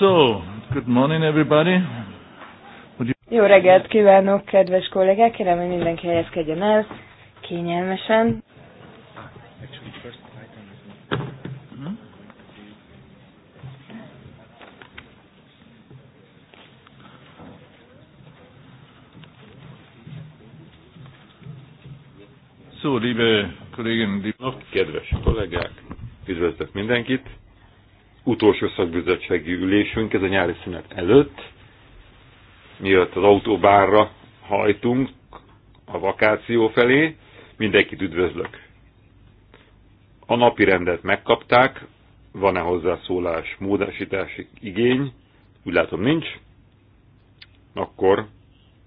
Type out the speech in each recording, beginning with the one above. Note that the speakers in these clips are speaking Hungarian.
So, good morning everybody. Would you... Jó reggelt kívánok, kedves kollégák! Kérem, hogy mindenki helyezkedjen el kényelmesen. Hmm? So, liebe Kolleginnen, liebe... Kedves kollégák, üdvözlök mindenkit! utolsó szakbizottsági ülésünk, ez a nyári szünet előtt, miatt az autóbárra hajtunk a vakáció felé, mindenkit üdvözlök. A napi rendet megkapták, van-e hozzászólás, módosítási igény, úgy látom nincs, akkor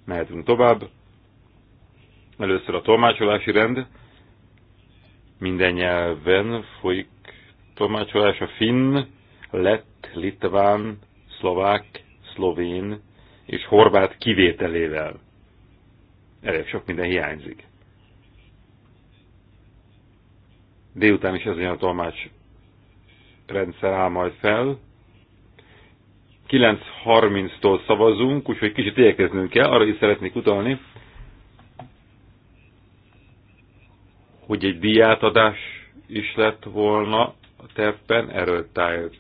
mehetünk tovább. Először a tolmácsolási rend, minden nyelven folyik tolmácsolás, a finn, lett, litván, szlovák, szlovén és horvát kivételével. Elég sok minden hiányzik. Délután is az a tolmács rendszer áll majd fel. 9.30-tól szavazunk, úgyhogy kicsit érkeznünk kell. Arra is szeretnék utalni, hogy egy diátadás is lett volna a tervben, erről tájött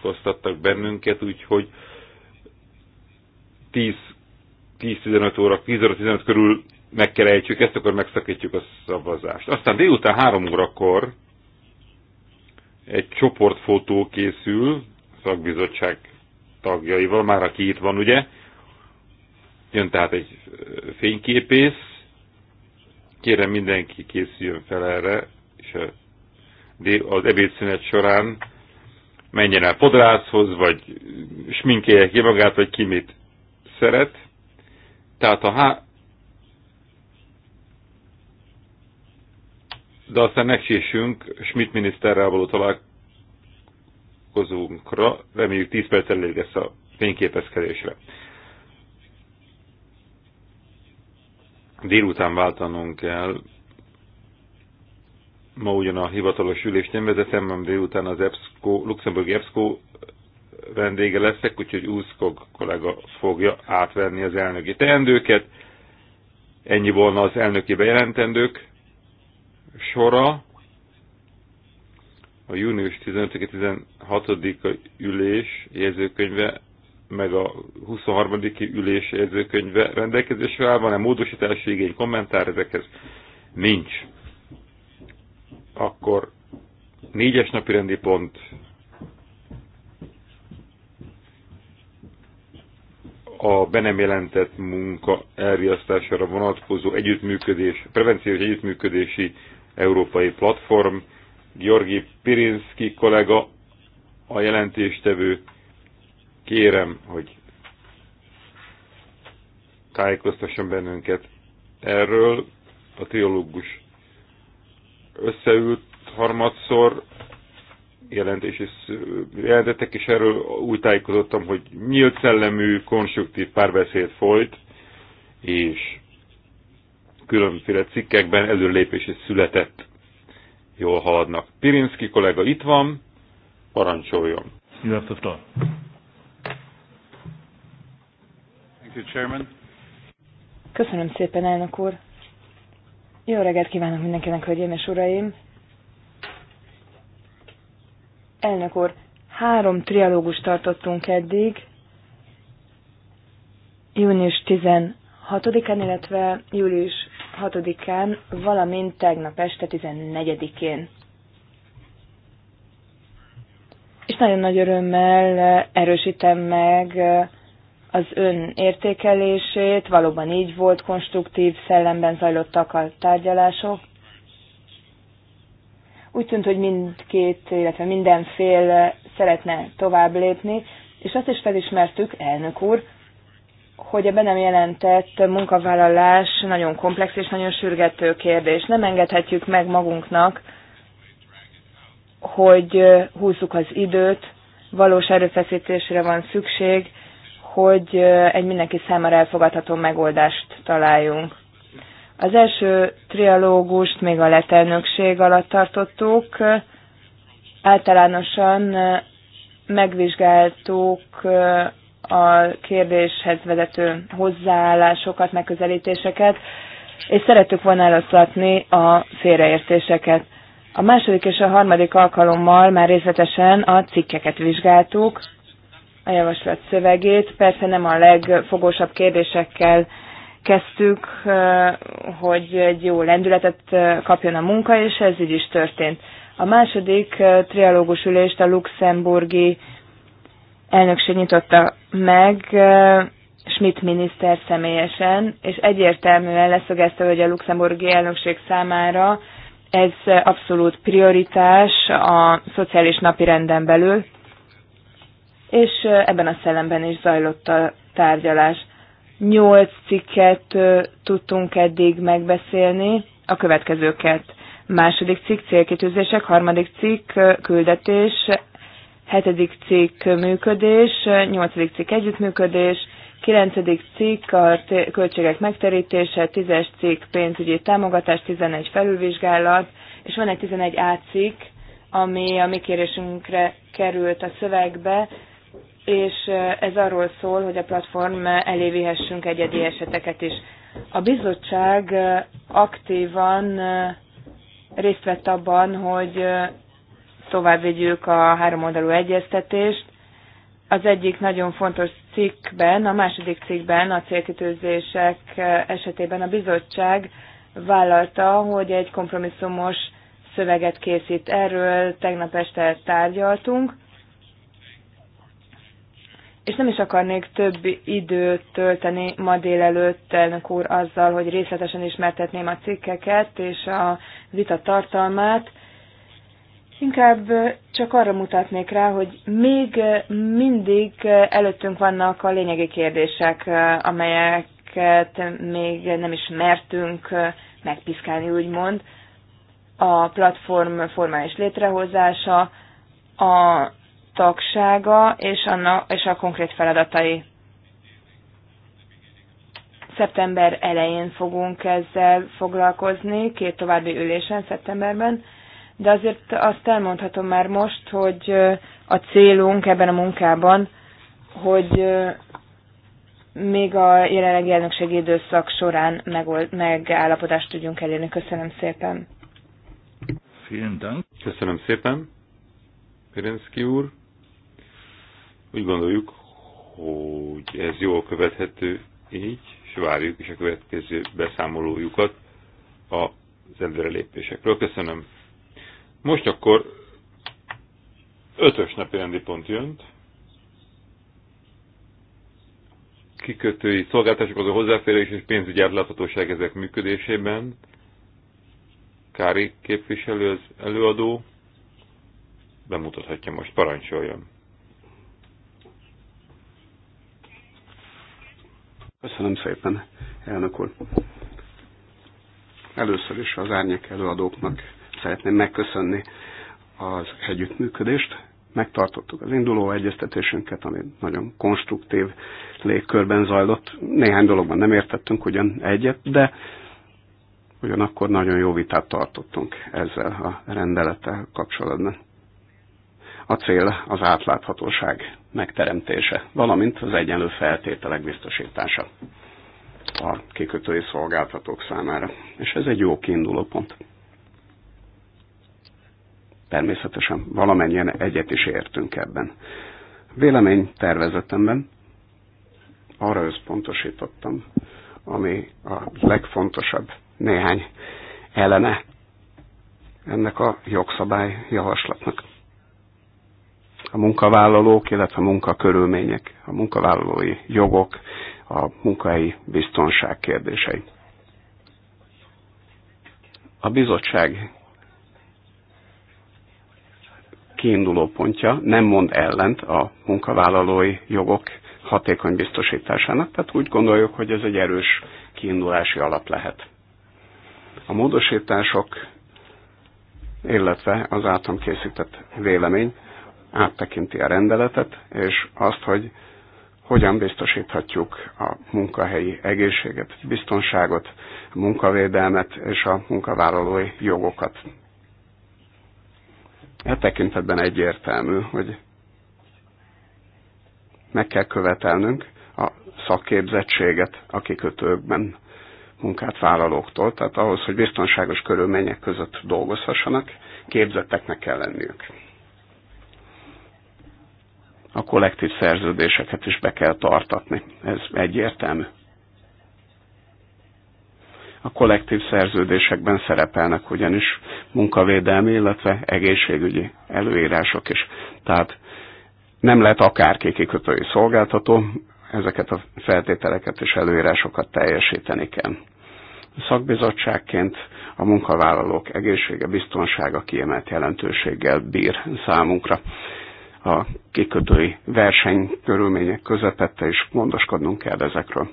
tájékoztattak bennünket, úgyhogy 10-15 óra, 10 óra 15 körül meg kell ejtsük ezt, akkor megszakítjuk a szavazást. Aztán délután 3 órakor egy csoportfotó készül szakbizottság tagjaival, már aki itt van, ugye? Jön tehát egy fényképész, kérem mindenki készüljön fel erre, és az ebédszünet során menjen el podrászhoz, vagy sminkelje ki magát, vagy ki mit szeret. Tehát a há... De aztán megsésünk Schmidt miniszterrel való találkozunkra, reméljük 10 perc elég lesz a fényképezkedésre. Délután váltanunk kell Ma ugyan a hivatalos ülést nem vezetem, mert délután az EBSCO, Luxemburgi EBSCO vendége leszek, úgyhogy Úszkog kollega fogja átvenni az elnöki teendőket. Ennyi volna az elnöki bejelentendők sora. A június 15-16-a ülés jegyzőkönyve, meg a 23. ülés jegyzőkönyve rendelkezésre áll, van-e módosítási igény, kommentár, ezekhez nincs. Akkor négyes napi rendi pont a be nem jelentett munka elriasztására vonatkozó együttműködés, prevenciós együttműködési európai platform. Georgi Pirinski kollega a jelentéstevő. Kérem, hogy tájékoztasson bennünket erről a triológus összeült harmadszor, jelentés is, jelentettek, és erről úgy tájékozottam, hogy nyílt szellemű, konstruktív párbeszéd folyt, és különféle cikkekben előlépés is született. Jól haladnak. Pirinski kollega itt van, parancsoljon. You have Thank you, Chairman. Köszönöm szépen, elnök úr. Jó reggelt kívánok mindenkinek, hölgyeim és uraim! Elnök úr, három trialógus tartottunk eddig, június 16-án, illetve július 6-án, valamint tegnap este 14-én. És nagyon nagy örömmel erősítem meg az ön értékelését. Valóban így volt, konstruktív szellemben zajlottak a tárgyalások. Úgy tűnt, hogy mindkét, illetve minden fél szeretne tovább lépni, és azt is felismertük, elnök úr, hogy a nem jelentett munkavállalás nagyon komplex és nagyon sürgető kérdés. Nem engedhetjük meg magunknak, hogy húzzuk az időt, valós erőfeszítésre van szükség, hogy egy mindenki számára elfogadható megoldást találjunk. Az első trialógust még a letelnökség alatt tartottuk. Általánosan megvizsgáltuk a kérdéshez vezető hozzáállásokat, megközelítéseket, és szerettük volna eloszlatni a félreértéseket. A második és a harmadik alkalommal már részletesen a cikkeket vizsgáltuk, a javaslat szövegét. Persze nem a legfogósabb kérdésekkel kezdtük, hogy egy jó lendületet kapjon a munka, és ez így is történt. A második trialógus ülést a luxemburgi elnökség nyitotta meg Schmidt miniszter személyesen, és egyértelműen leszögezte, hogy a luxemburgi elnökség számára ez abszolút prioritás a szociális napirenden belül, és ebben a szellemben is zajlott a tárgyalás. Nyolc cikket tudtunk eddig megbeszélni, a következőket. Második cikk célkitűzések, harmadik cikk küldetés, hetedik cikk működés, nyolcadik cikk együttműködés, kilencedik cikk a költségek megterítése, tízes cikk pénzügyi támogatás, tizenegy felülvizsgálat, és van egy tizenegy A cikk, ami a mi kérésünkre került a szövegbe, és ez arról szól, hogy a platform elévihessünk egyedi eseteket is. A bizottság aktívan részt vett abban, hogy tovább vigyük a háromoldalú egyeztetést. Az egyik nagyon fontos cikkben, a második cikkben a célkitűzések esetében a bizottság vállalta, hogy egy kompromisszumos szöveget készít. Erről tegnap este tárgyaltunk és nem is akarnék több időt tölteni ma délelőtt, elnök úr, azzal, hogy részletesen ismertetném a cikkeket és a vita tartalmát. Inkább csak arra mutatnék rá, hogy még mindig előttünk vannak a lényegi kérdések, amelyeket még nem ismertünk megpiszkálni, úgymond. A platform formális létrehozása, a tagsága és, anna, és a konkrét feladatai. Szeptember elején fogunk ezzel foglalkozni, két további ülésen szeptemberben, de azért azt elmondhatom már most, hogy a célunk ebben a munkában, hogy még a jelenlegi elnökségi időszak során megold, megállapodást tudjunk elérni. Köszönöm szépen. Köszönöm szépen. Pirinszki úr. Úgy gondoljuk, hogy ez jól követhető így, és várjuk is a következő beszámolójukat az előrelépésekről. Köszönöm. Most akkor ötös napi rendi pont jönt. Kikötői az a hozzáférés és pénzügyi átláthatóság ezek működésében. Kári képviselő az előadó bemutathatja most, parancsoljon. Köszönöm szépen, elnök úr. Először is az árnyék előadóknak szeretném megköszönni az együttműködést. Megtartottuk az induló egyeztetésünket, ami nagyon konstruktív légkörben zajlott. Néhány dologban nem értettünk ugyan egyet, de ugyanakkor nagyon jó vitát tartottunk ezzel a rendelettel kapcsolatban. A cél az átláthatóság megteremtése, valamint az egyenlő feltételek biztosítása a kikötői szolgáltatók számára. És ez egy jó kiinduló pont. Természetesen valamennyien egyet is értünk ebben. Vélemény tervezetemben arra összpontosítottam, ami a legfontosabb néhány eleme ennek a jogszabály javaslatnak a munkavállalók, illetve a munkakörülmények, a munkavállalói jogok, a munkai biztonság kérdései. A bizottság kiinduló pontja nem mond ellent a munkavállalói jogok hatékony biztosításának, tehát úgy gondoljuk, hogy ez egy erős kiindulási alap lehet. A módosítások, illetve az általam készített vélemény áttekinti a rendeletet, és azt, hogy hogyan biztosíthatjuk a munkahelyi egészséget, biztonságot, a munkavédelmet és a munkavállalói jogokat. E tekintetben egyértelmű, hogy meg kell követelnünk a szakképzettséget a kikötőkben munkát vállalóktól, tehát ahhoz, hogy biztonságos körülmények között dolgozhassanak, képzetteknek kell lenniük a kollektív szerződéseket is be kell tartatni. Ez egyértelmű. A kollektív szerződésekben szerepelnek ugyanis munkavédelmi, illetve egészségügyi előírások is. Tehát nem lehet akárki kikötői szolgáltató, ezeket a feltételeket és előírásokat teljesíteni kell. A szakbizottságként a munkavállalók egészsége, biztonsága kiemelt jelentőséggel bír számunkra a kikötői verseny körülmények közepette és gondoskodnunk kell ezekről.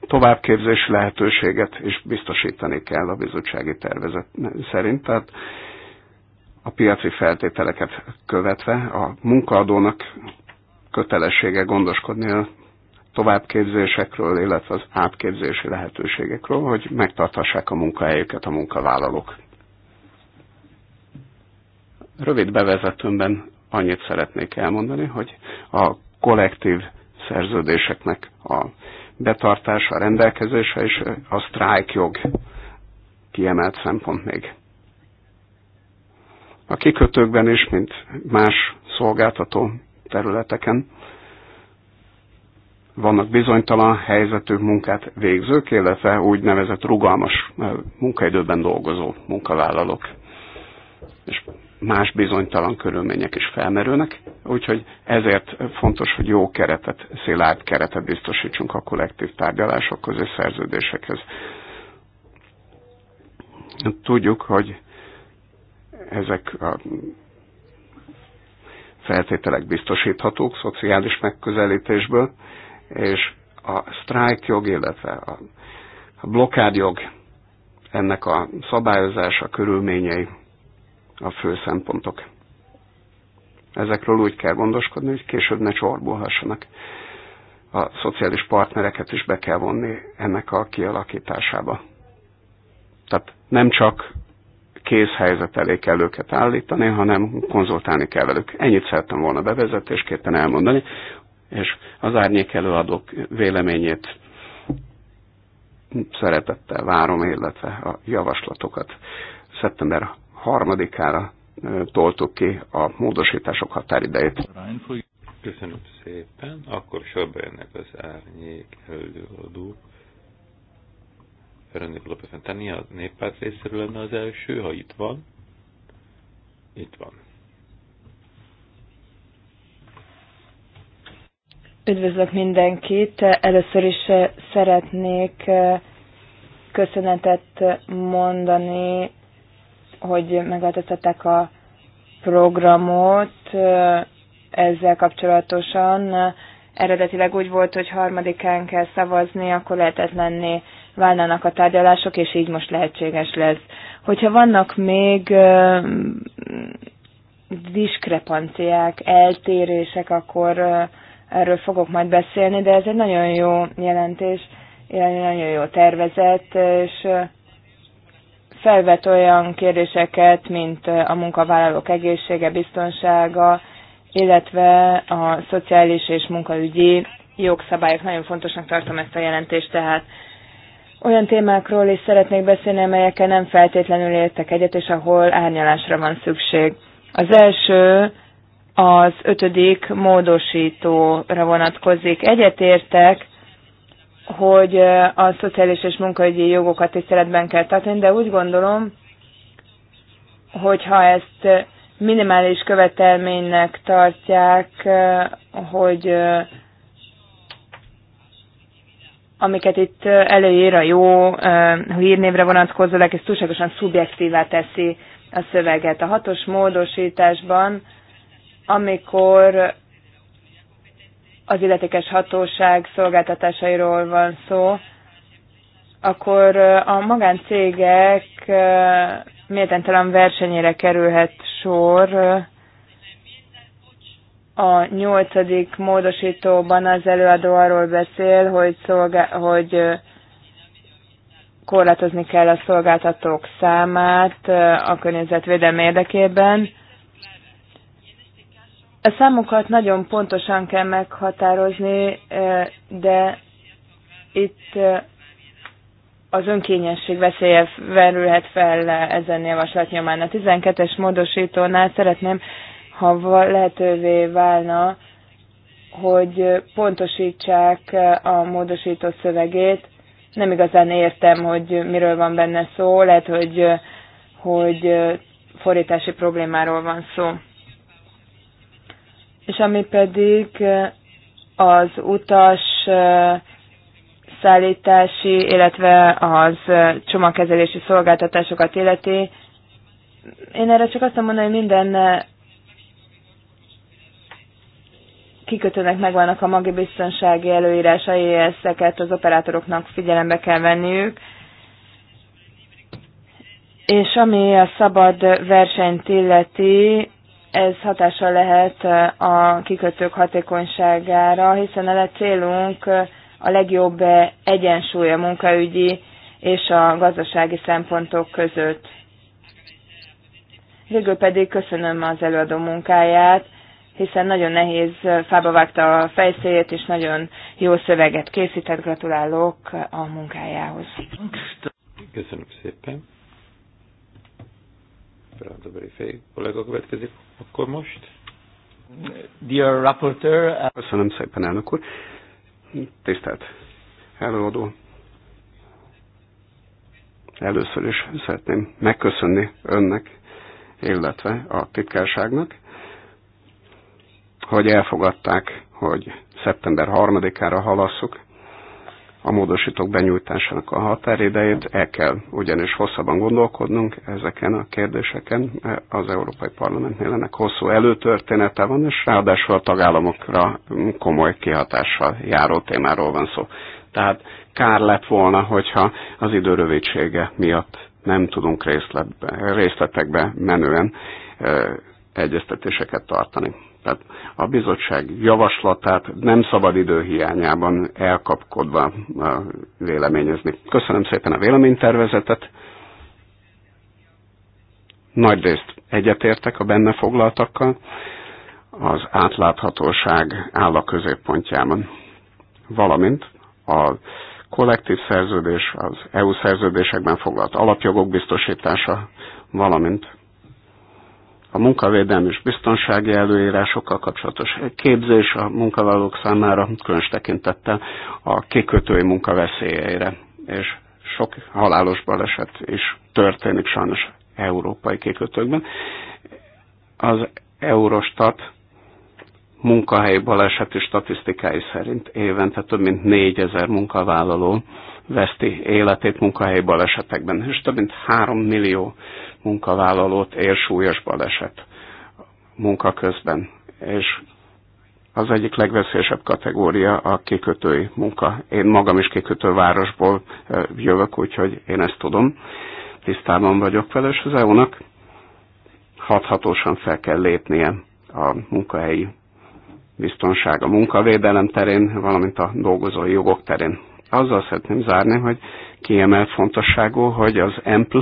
Továbbképzés lehetőséget is biztosítani kell a bizottsági tervezet szerint, tehát a piaci feltételeket követve a munkaadónak kötelessége gondoskodni a továbbképzésekről, illetve az átképzési lehetőségekről, hogy megtarthassák a munkahelyüket a munkavállalók. Rövid bevezetőmben annyit szeretnék elmondani, hogy a kollektív szerződéseknek a betartása, a rendelkezése és a jog kiemelt szempont még. A kikötőkben is, mint más szolgáltató területeken vannak bizonytalan helyzetű munkát végzők, illetve úgynevezett rugalmas eh, munkaidőben dolgozó munkavállalók. És más bizonytalan körülmények is felmerülnek, úgyhogy ezért fontos, hogy jó keretet, szilárd keretet biztosítsunk a kollektív tárgyalásokhoz és szerződésekhez. Tudjuk, hogy ezek a feltételek biztosíthatók szociális megközelítésből, és a jog, illetve a blokkádjog ennek a szabályozása körülményei a fő szempontok. Ezekről úgy kell gondoskodni, hogy később ne csorbulhassanak. A szociális partnereket is be kell vonni ennek a kialakításába. Tehát nem csak készhelyzet elé kell őket állítani, hanem konzultálni kell velük. Ennyit szerettem volna bevezetésképpen elmondani, és az árnyék előadók véleményét szeretettel várom, illetve a javaslatokat. Szeptember harmadikára toltuk ki a módosítások határidejét. Köszönöm szépen. Akkor sorba jönnek az árnyék előadók. René Lopefentani a néppárt részéről lenne az első, ha itt van. Itt van. Üdvözlök mindenkit! Először is szeretnék köszönetet mondani hogy megváltoztatták a programot ezzel kapcsolatosan. Eredetileg úgy volt, hogy harmadikán kell szavazni, akkor lehetetlenné válnának a tárgyalások, és így most lehetséges lesz. Hogyha vannak még diskrepanciák, eltérések, akkor erről fogok majd beszélni, de ez egy nagyon jó jelentés, nagyon jó tervezet, és felvet olyan kérdéseket, mint a munkavállalók egészsége, biztonsága, illetve a szociális és munkaügyi jogszabályok. Nagyon fontosnak tartom ezt a jelentést, tehát olyan témákról is szeretnék beszélni, amelyekkel nem feltétlenül értek egyet, és ahol árnyalásra van szükség. Az első az ötödik módosítóra vonatkozik. Egyetértek hogy a szociális és munkaügyi jogokat tiszteletben kell tartani, de úgy gondolom, hogy ha ezt minimális követelménynek tartják, hogy amiket itt előír a jó hírnévre vonatkozólag, ez túlságosan szubjektívá teszi a szöveget. A hatos módosításban, amikor az illetékes hatóság szolgáltatásairól van szó, akkor a magáncégek méltánytalan versenyére kerülhet sor. A nyolcadik módosítóban az előadó arról beszél, hogy, szolgál, hogy korlátozni kell a szolgáltatók számát a környezetvédelem érdekében. A számokat nagyon pontosan kell meghatározni, de itt az önkényesség veszélye verülhet fel ezen javaslat nyomán. A 12-es módosítónál szeretném, ha lehetővé válna, hogy pontosítsák a módosító szövegét. Nem igazán értem, hogy miről van benne szó, lehet, hogy, hogy forítási problémáról van szó és ami pedig az utas szállítási, illetve az csomagkezelési szolgáltatásokat illeti. Én erre csak azt mondom, hogy minden kikötőnek megvannak a magi biztonsági előírásai, ezeket az operátoroknak figyelembe kell venniük. És ami a szabad versenyt illeti, ez hatással lehet a kikötők hatékonyságára, hiszen a célunk a legjobb egyensúly a munkaügyi és a gazdasági szempontok között. Végül pedig köszönöm az előadó munkáját, hiszen nagyon nehéz, fába vágta a fejszéjét, és nagyon jó szöveget készített. Gratulálok a munkájához. Köszönöm szépen. Feladoberi Fej következik. Akkor most? Dear Rapporteur. Uh, Köszönöm szépen, elnök úr. Tisztelt előadó. Először is szeretném megköszönni önnek, illetve a titkárságnak, hogy elfogadták, hogy szeptember 3-ára halasszuk a módosítók benyújtásának a határidejét, el kell ugyanis hosszabban gondolkodnunk ezeken a kérdéseken. Az Európai Parlamentnél ennek hosszú előtörténete van, és ráadásul a tagállamokra komoly kihatással járó témáról van szó. Tehát kár lett volna, hogyha az idő rövidsége miatt nem tudunk részletbe, részletekbe menően egyeztetéseket tartani tehát a bizottság javaslatát nem szabad időhiányában elkapkodva véleményezni. Köszönöm szépen a véleménytervezetet. Nagy részt egyetértek a benne foglaltakkal az átláthatóság áll a középpontjában. Valamint a kollektív szerződés, az EU szerződésekben foglalt alapjogok biztosítása, valamint a munkavédelmi és biztonsági előírásokkal kapcsolatos képzés a munkavállalók számára, különös tekintettel a kikötői munkaveszélyeire, és sok halálos baleset is történik sajnos európai kikötőkben. Az Eurostat munkahelyi baleseti statisztikái szerint évente több mint 4000 munkavállaló veszti életét munkahelyi balesetekben, és több mint 3 millió munkavállalót ér súlyos baleset munka közben. És az egyik legveszélyesebb kategória a kikötői munka. Én magam is kikötővárosból jövök, úgyhogy én ezt tudom. Tisztában vagyok vele, és az EU-nak hathatósan fel kell lépnie a munkahelyi biztonság, a munkavédelem terén, valamint a dolgozói jogok terén. Azzal szeretném zárni, hogy kiemelt fontosságú, hogy az EMPL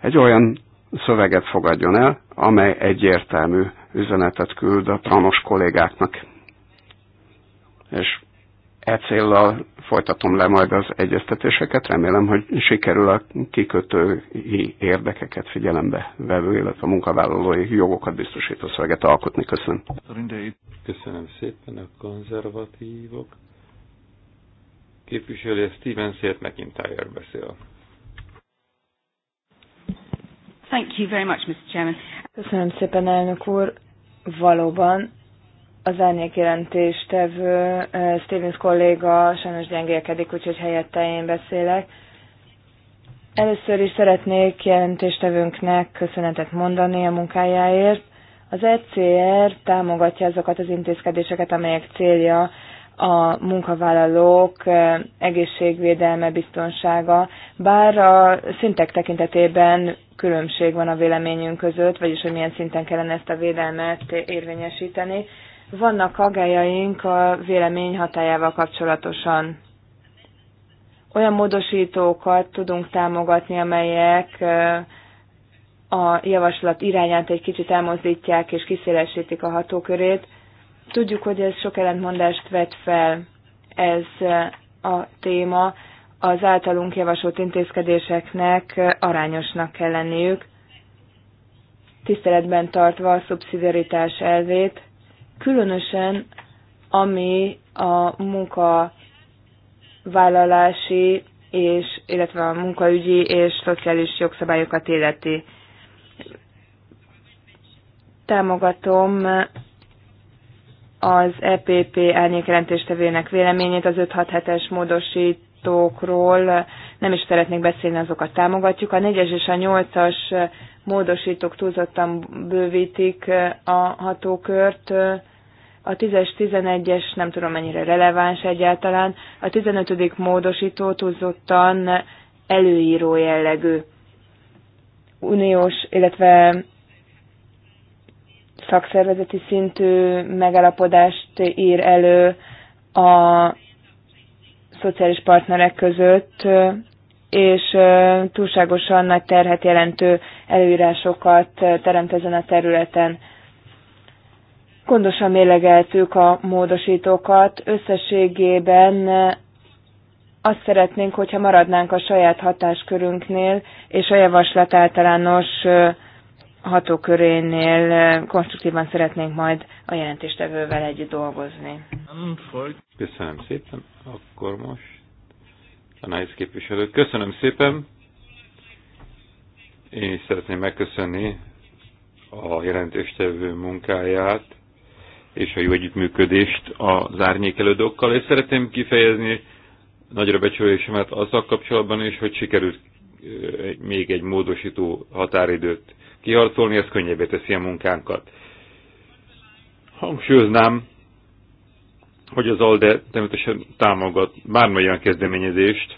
egy olyan szöveget fogadjon el, amely egyértelmű üzenetet küld a tanos kollégáknak. És e céllal folytatom le majd az egyeztetéseket, remélem, hogy sikerül a kikötői érdekeket figyelembe vevő, illetve a munkavállalói jogokat biztosító szöveget alkotni. Köszönöm. Köszönöm szépen a konzervatívok. Képviselő Steven Szért McIntyre beszél. Thank you very much, Mr. Chairman. Köszönöm szépen, elnök úr. Valóban az árnyékjelentéstevő eh, Stevens kolléga sajnos gyengélkedik, úgyhogy helyette én beszélek. Először is szeretnék jelentéstevőnknek köszönetet mondani a munkájáért. Az ECR támogatja azokat az intézkedéseket, amelyek célja a munkavállalók eh, egészségvédelme, biztonsága, bár a szintek tekintetében különbség van a véleményünk között, vagyis hogy milyen szinten kellene ezt a védelmet érvényesíteni. Vannak agályaink a vélemény hatájával kapcsolatosan. Olyan módosítókat tudunk támogatni, amelyek a javaslat irányát egy kicsit elmozdítják és kiszélesítik a hatókörét. Tudjuk, hogy ez sok ellentmondást vet fel ez a téma, az általunk javasolt intézkedéseknek arányosnak kell lenniük, tiszteletben tartva a szubszidiaritás elvét, különösen ami a munkavállalási és, illetve a munkaügyi és szociális jogszabályokat illeti. Támogatom az EPP árnyékjelentéstevének véleményét az 567-es módosít módosítókról nem is szeretnék beszélni, azokat támogatjuk. A 4-es és a 8-as módosítók túlzottan bővítik a hatókört. A 10-es, 11-es nem tudom mennyire releváns egyáltalán. A 15. módosító túlzottan előíró jellegű. Uniós, illetve szakszervezeti szintű megalapodást ír elő a szociális partnerek között, és túlságosan nagy terhet jelentő előírásokat teremt ezen a területen. Gondosan mélegeltük a módosítókat, összességében azt szeretnénk, hogyha maradnánk a saját hatáskörünknél, és a javaslat általános hatókörénél eh, konstruktívan szeretnénk majd a jelentéstevővel együtt dolgozni. Köszönöm szépen. Akkor most a NICE képviselő. Köszönöm szépen. Én is szeretném megköszönni a jelentéstevő munkáját és a jó együttműködést az árnyékelődókkal, és szeretném kifejezni nagyra becsülésemet azzal kapcsolatban is, hogy sikerült eh, még egy módosító határidőt kiharcolni, ez könnyebbé teszi a munkánkat. Hangsúlyoznám, hogy az ALDE természetesen támogat bármilyen kezdeményezést,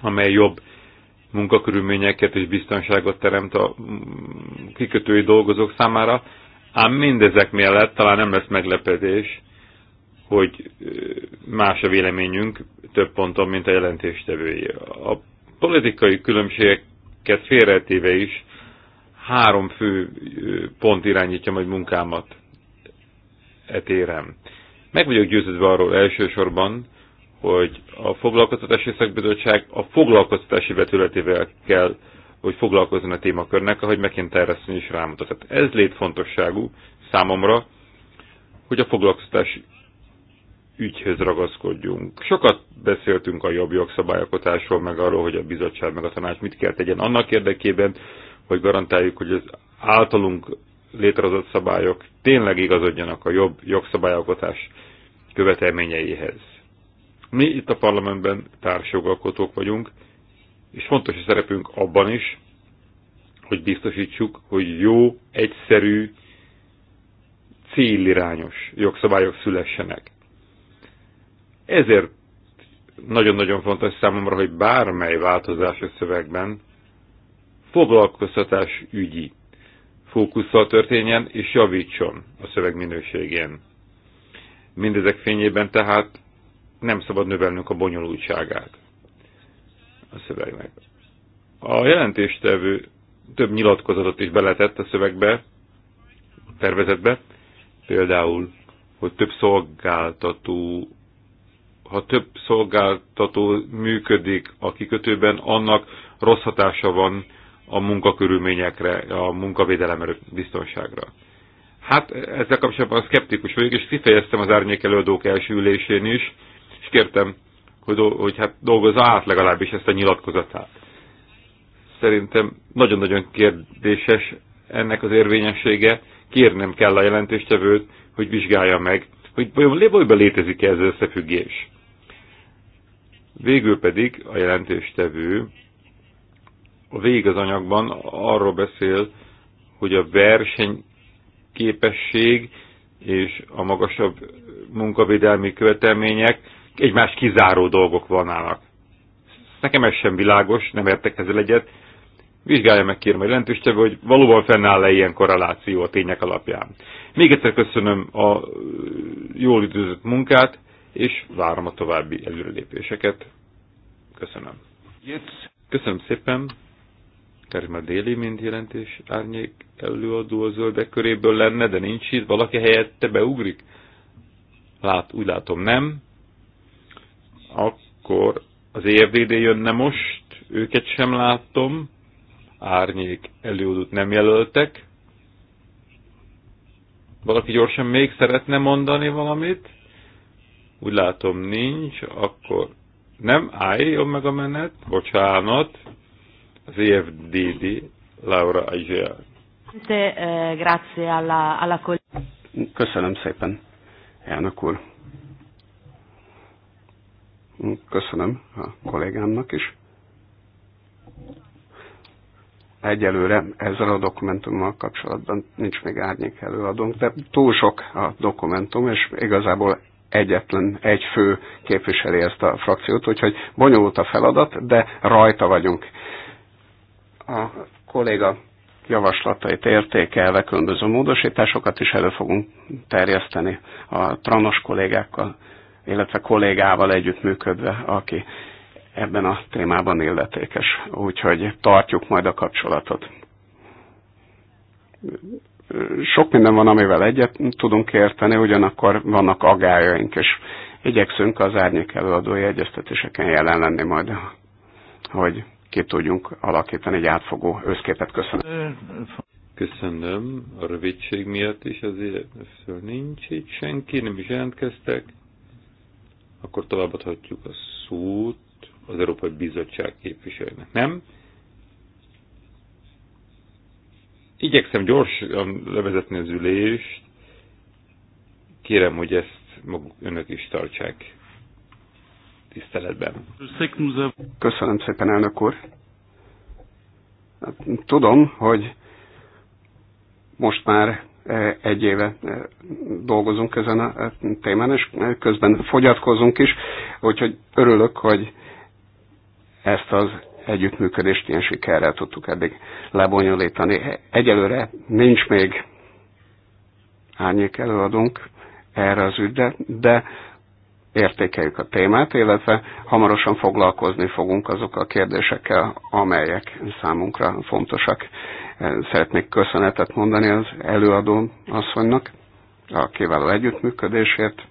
amely jobb munkakörülményeket és biztonságot teremt a mm, kikötői dolgozók számára, ám mindezek mellett talán nem lesz meglepetés, hogy más a véleményünk több ponton, mint a jelentéstevői. A politikai különbségeket félretéve is három fő pont irányítja majd munkámat etérem. Meg vagyok győződve arról elsősorban, hogy a foglalkoztatási szakbizottság a foglalkoztatási vetületével kell, hogy foglalkozzon a témakörnek, ahogy megint asszony is rámutatott. Ez létfontosságú számomra, hogy a foglalkoztatási ügyhöz ragaszkodjunk. Sokat beszéltünk a jobb jogszabályokatásról, meg arról, hogy a bizottság meg a tanács mit kell tegyen annak érdekében, hogy garantáljuk, hogy az általunk létrehozott szabályok tényleg igazodjanak a jobb jogszabályalkotás követelményeihez. Mi itt a parlamentben társjogalkotók vagyunk, és fontos a szerepünk abban is, hogy biztosítsuk, hogy jó, egyszerű, célirányos jogszabályok szülessenek. Ezért nagyon-nagyon fontos számomra, hogy bármely változás a szövegben foglalkoztatás ügyi fókusszal történjen és javítson a szöveg minőségén. Mindezek fényében tehát nem szabad növelnünk a bonyolultságát a szövegnek. A jelentéstevő több nyilatkozatot is beletett a szövegbe, a tervezetbe, például, hogy több szolgáltató, ha több szolgáltató működik a kikötőben, annak rossz hatása van a munkakörülményekre, a munkavédelemre, biztonságra. Hát ezzel kapcsolatban szkeptikus vagyok, és kifejeztem az árnyék előadók első ülésén is, és kértem, hogy, hogy hát dolgozza át legalábbis ezt a nyilatkozatát. Szerintem nagyon-nagyon kérdéses ennek az érvényessége, kérnem kell a jelentéstevőt, hogy vizsgálja meg, hogy vajon létezik-e ez összefüggés. Végül pedig a jelentéstevő a vég az anyagban arról beszél, hogy a versenyképesség és a magasabb munkavédelmi követelmények egymás kizáró dolgok vannának. Nekem ez sem világos, nem értek ezzel egyet. Vizsgálja meg kérem a hogy valóban fennáll-e ilyen korreláció a tények alapján. Még egyszer köszönöm a jól időzött munkát, és várom a további előrelépéseket. Köszönöm. Köszönöm szépen a déli mint jelentés árnyék előadó a zöldek köréből lenne, de nincs itt, valaki helyette beugrik? Lát, úgy látom, nem. Akkor az EFDD jönne most, őket sem látom, árnyék előadót nem jelöltek. Valaki gyorsan még szeretne mondani valamit? Úgy látom, nincs, akkor nem álljon meg a menet, bocsánat, az EFDD, Laura Agia. Eh, Köszönöm szépen, elnök úr. Köszönöm a kollégámnak is. Egyelőre ezzel a dokumentummal kapcsolatban nincs még árnyék előadónk, de túl sok a dokumentum, és igazából egyetlen egy fő képviseli ezt a frakciót, úgyhogy bonyolult a feladat, de rajta vagyunk a kolléga javaslatait értékelve különböző módosításokat is elő fogunk terjeszteni a tranos kollégákkal, illetve kollégával együttműködve, aki ebben a témában illetékes. Úgyhogy tartjuk majd a kapcsolatot. Sok minden van, amivel egyet tudunk érteni, ugyanakkor vannak agályaink, és igyekszünk az árnyék előadói egyeztetéseken jelen lenni majd, hogy ki tudjunk alakítani egy átfogó összképet. Köszönöm. Köszönöm. A rövidség miatt is azért föl nincs itt senki, nem is jelentkeztek. Akkor továbbadhatjuk a szót az Európai Bizottság képviselőnek, nem? Igyekszem gyorsan levezetni az ülést. Kérem, hogy ezt maguk önök is tartsák tiszteletben. Köszönöm szépen, elnök úr. Tudom, hogy most már e, egy éve e, dolgozunk ezen a e, témán, és közben fogyatkozunk is, úgyhogy örülök, hogy ezt az együttműködést ilyen sikerrel tudtuk eddig lebonyolítani. Egyelőre nincs még árnyék előadunk erre az ügyre, de értékeljük a témát, illetve hamarosan foglalkozni fogunk azokkal a kérdésekkel, amelyek számunkra fontosak. Szeretnék köszönetet mondani az előadó asszonynak a kiváló együttműködésért.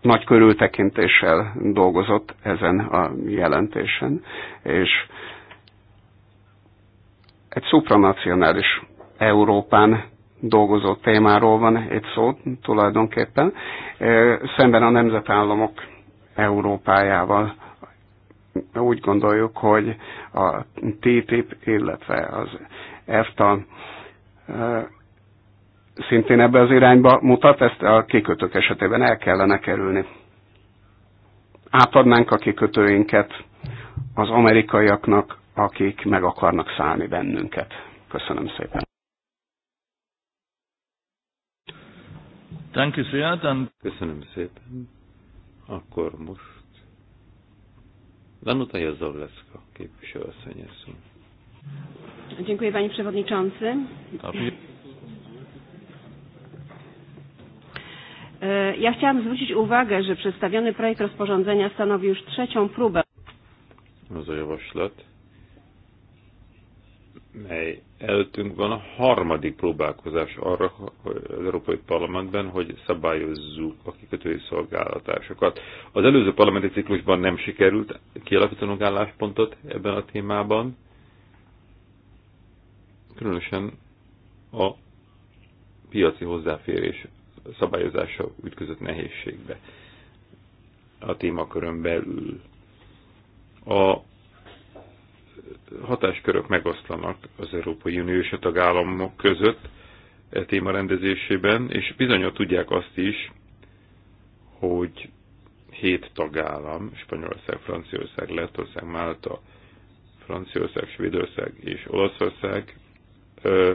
Nagy körültekintéssel dolgozott ezen a jelentésen, és egy szupranacionális Európán dolgozó témáról van egy szó tulajdonképpen, szemben a nemzetállamok Európájával úgy gondoljuk, hogy a TTIP, illetve az EFTA szintén ebbe az irányba mutat, ezt a kikötők esetében el kellene kerülni. Átadnánk a kikötőinket az amerikaiaknak, akik meg akarnak szállni bennünket. Köszönöm szépen. Danke sehr, dann... Köszönöm szépen. Akkor most... Danuta Jazowlecka, képviselőasszony eszó. Dziękuję Panie Przewodniczący. E, ja chciałam zwrócić uwagę, że przedstawiony projekt rozporządzenia stanowi już trzecią próbę. Az a javaslat, mely előttünk van a harmadik próbálkozás arra hogy az Európai Parlamentben, hogy szabályozzuk a kikötői szolgáltatásokat. Az előző parlamenti ciklusban nem sikerült kialakítanunk álláspontot ebben a témában, különösen a piaci hozzáférés szabályozása ütközött nehézségbe a témakörön belül. A hatáskörök megoszlanak az Európai Unió és a tagállamok között e téma rendezésében, és bizonyos tudják azt is, hogy hét tagállam, Spanyolország, Franciaország, Lettország, Málta, Franciaország, Svédország és Olaszország ö,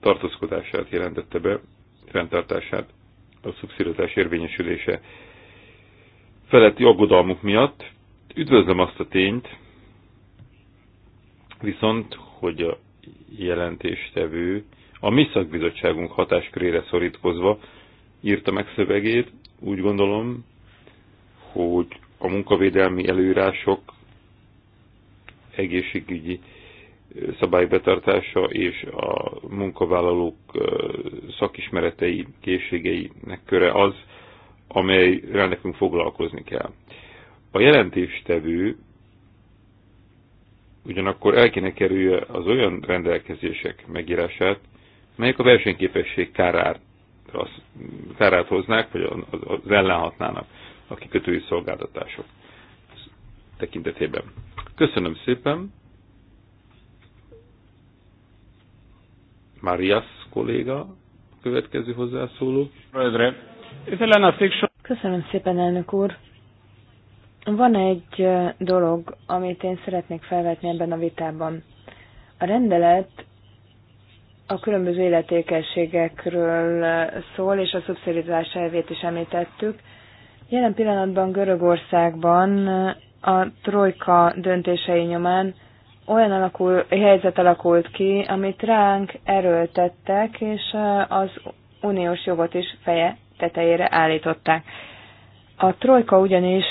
tartózkodását jelentette be, fenntartását, a szubszidozás érvényesülése feletti aggodalmuk miatt. Üdvözlöm azt a tényt, viszont, hogy a jelentéstevő a mi szakbizottságunk hatáskörére szorítkozva írta meg szövegét, úgy gondolom, hogy a munkavédelmi előírások egészségügyi szabálybetartása és a munkavállalók szakismeretei, készségeinek köre az, amely nekünk foglalkozni kell. A jelentéstevő Ugyanakkor el kéne kerülje az olyan rendelkezések megírását, melyek a versenyképesség kárát, kárát hoznák, vagy az ellenhatnának a kikötői szolgáltatások tekintetében. Köszönöm szépen! Marias kolléga, következő hozzászóló. Köszönöm szépen, elnök úr! Van egy dolog, amit én szeretnék felvetni ebben a vitában. A rendelet a különböző életékességekről szól, és a szubszidizás elvét is említettük. Jelen pillanatban Görögországban a trojka döntései nyomán olyan alakul, helyzet alakult ki, amit ránk erőltettek, és az uniós jogot is feje tetejére állították. A trojka ugyanis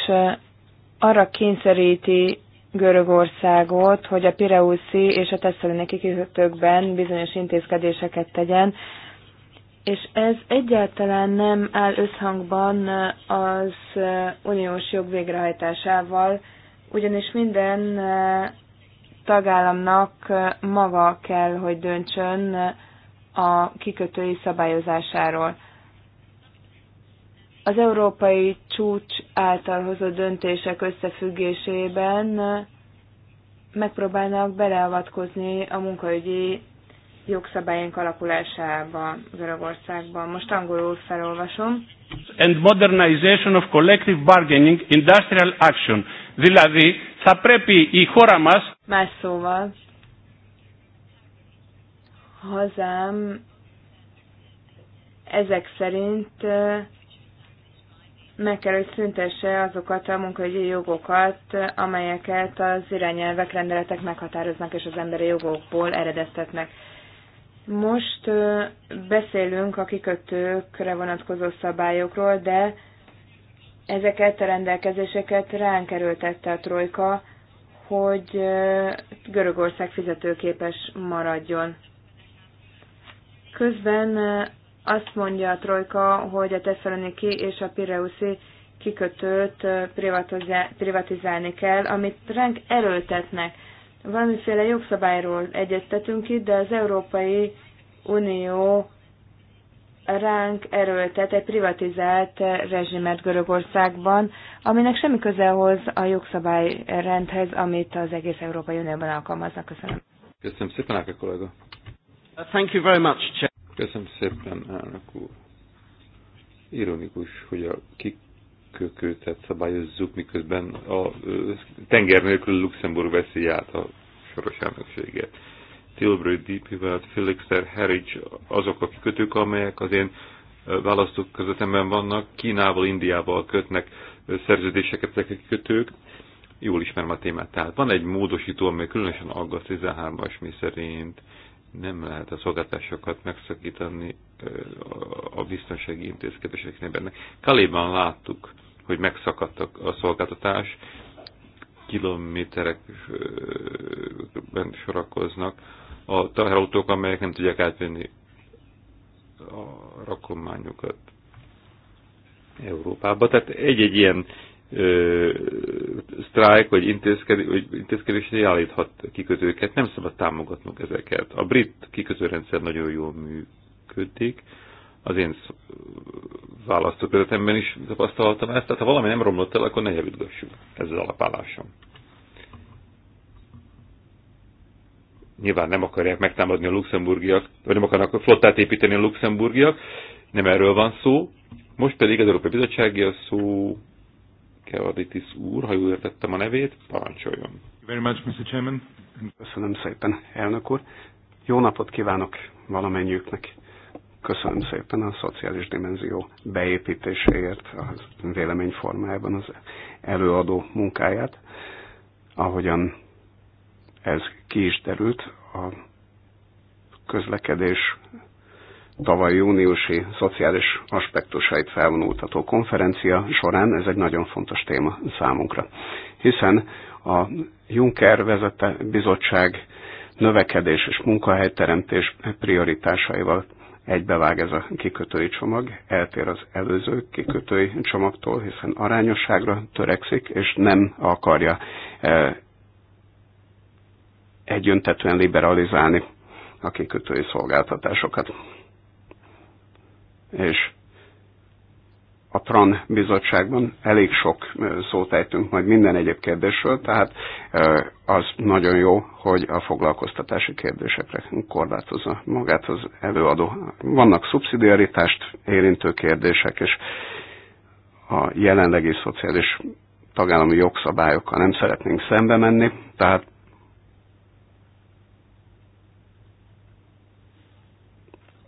arra kényszeríti Görögországot, hogy a Pireuszi és a Tesszaloniki kikötőkben bizonyos intézkedéseket tegyen, és ez egyáltalán nem áll összhangban az uniós jog végrehajtásával, ugyanis minden tagállamnak maga kell, hogy döntsön a kikötői szabályozásáról. Az európai csúcs által hozott döntések összefüggésében megpróbálnak beleavatkozni a munkaügyi jogszabályunk alakulásába Görögországban. Most angolul felolvasom. And modernization of collective bargaining, industrial action. Δηλαδή, θα πρέπει η χώρα μας... Más szóval, hazám ezek szerint meg kell, hogy szüntesse azokat a munkaügyi jogokat, amelyeket az irányelvek, rendeletek meghatároznak és az emberi jogokból eredeztetnek. Most beszélünk a kikötőkre vonatkozó szabályokról, de ezeket a rendelkezéseket ránk erőltette a trojka, hogy Görögország fizetőképes maradjon. Közben azt mondja a Trojka, hogy a Tesszaloniki és a Pireuszi kikötőt privatizálni kell, amit ránk erőltetnek. Valamiféle jogszabályról egyeztetünk itt, de az Európai Unió ránk erőltet egy privatizált rezsimet Görögországban, aminek semmi köze hoz a jogszabályrendhez, amit az egész Európai Unióban alkalmaznak. Köszönöm. Köszönöm szépen, Áke kollega. Thank you very much, Köszönöm szépen, elnök úr. Ironikus, hogy a kikökőtet szabályozzuk, miközben a tenger nélkül Luxemburg veszi át a soros elnökséget. Tilbury, Welt, Felixter, Harwich azok a kikötők, amelyek az én választók közöttemben vannak, Kínával, Indiával kötnek szerződéseket ezek a kikötők. Jól ismerem a témát. Tehát van egy módosító, amely különösen aggaszt 13-as, mi szerint nem lehet a szolgáltásokat megszakítani a biztonsági intézkedéseknél benne. Kaléban láttuk, hogy megszakadtak a szolgáltatás, kilométerek sorakoznak a teherautók, amelyek nem tudják átvenni a rakományokat Európába. Tehát egy-egy ilyen sztrájk vagy, intézkedés, vagy intézkedésnél állíthat kikötőket, nem szabad támogatnunk ezeket. A brit kikötőrendszer nagyon jól működik, az én választókörzetemben is tapasztaltam ezt, tehát ha valami nem romlott el, akkor ne javítgassuk ezzel alapállásom. Nyilván nem akarják megtámadni a luxemburgiak, vagy nem akarnak flottát építeni a luxemburgiak, nem erről van szó. Most pedig az Európai Bizottsági a szó Kevaditis úr, ha jól értettem a nevét, parancsoljon. Very much, Mr. Chairman. Köszönöm szépen, elnök úr. Jó napot kívánok valamennyiüknek. Köszönöm szépen a szociális dimenzió beépítéséért az véleményformájában az előadó munkáját. Ahogyan ez ki is derült, a közlekedés tavaly júniusi szociális aspektusait felvonultató konferencia során ez egy nagyon fontos téma számunkra. Hiszen a Juncker vezette bizottság növekedés és munkahelyteremtés prioritásaival egybevág ez a kikötői csomag, eltér az előző kikötői csomagtól, hiszen arányosságra törekszik, és nem akarja e, egyöntetően liberalizálni a kikötői szolgáltatásokat és a TRAN bizottságban elég sok szót ejtünk majd minden egyéb kérdésről, tehát az nagyon jó, hogy a foglalkoztatási kérdésekre korlátozza magát az előadó. Vannak szubszidiaritást érintő kérdések, és a jelenlegi szociális tagállami jogszabályokkal nem szeretnénk szembe menni, tehát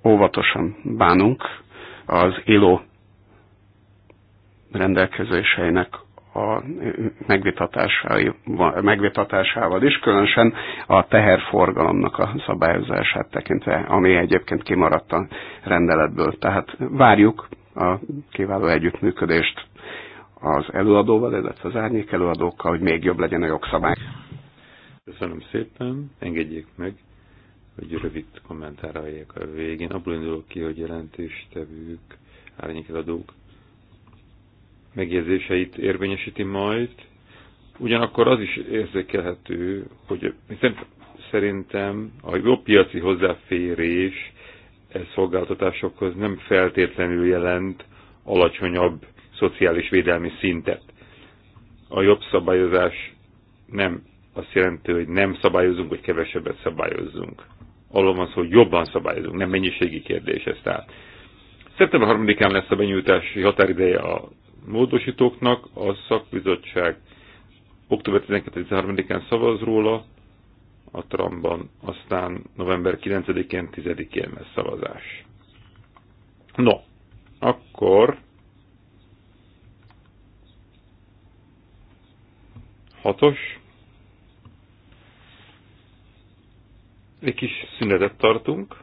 óvatosan bánunk az ILO rendelkezéseinek a megvitatásával is, különösen a teherforgalomnak a szabályozását tekintve, ami egyébként kimaradt a rendeletből. Tehát várjuk a kiváló együttműködést az előadóval, illetve az árnyék előadókkal, hogy még jobb legyen a jogszabály. Köszönöm szépen, engedjék meg, hogy rövid kommentáraljak a végén. Abból indulok ki, hogy jelentéstevők, árnyékeladók megjegyzéseit érvényesíti majd. Ugyanakkor az is érzékelhető, hogy szerintem a jobb piaci hozzáférés e szolgáltatásokhoz nem feltétlenül jelent alacsonyabb szociális védelmi szintet. A jobb szabályozás nem azt jelenti, hogy nem szabályozunk, vagy kevesebbet szabályozzunk. Arról van szó, hogy jobban szabályozunk, nem mennyiségi kérdés ez tehát. Szeptember 3-án lesz a benyújtási határideje a módosítóknak, a szakbizottság október 12-13-án szavaz róla, a Tramban, aztán november 9-én, 10-én lesz szavazás. No, akkor hatos egy kis szünetet tartunk.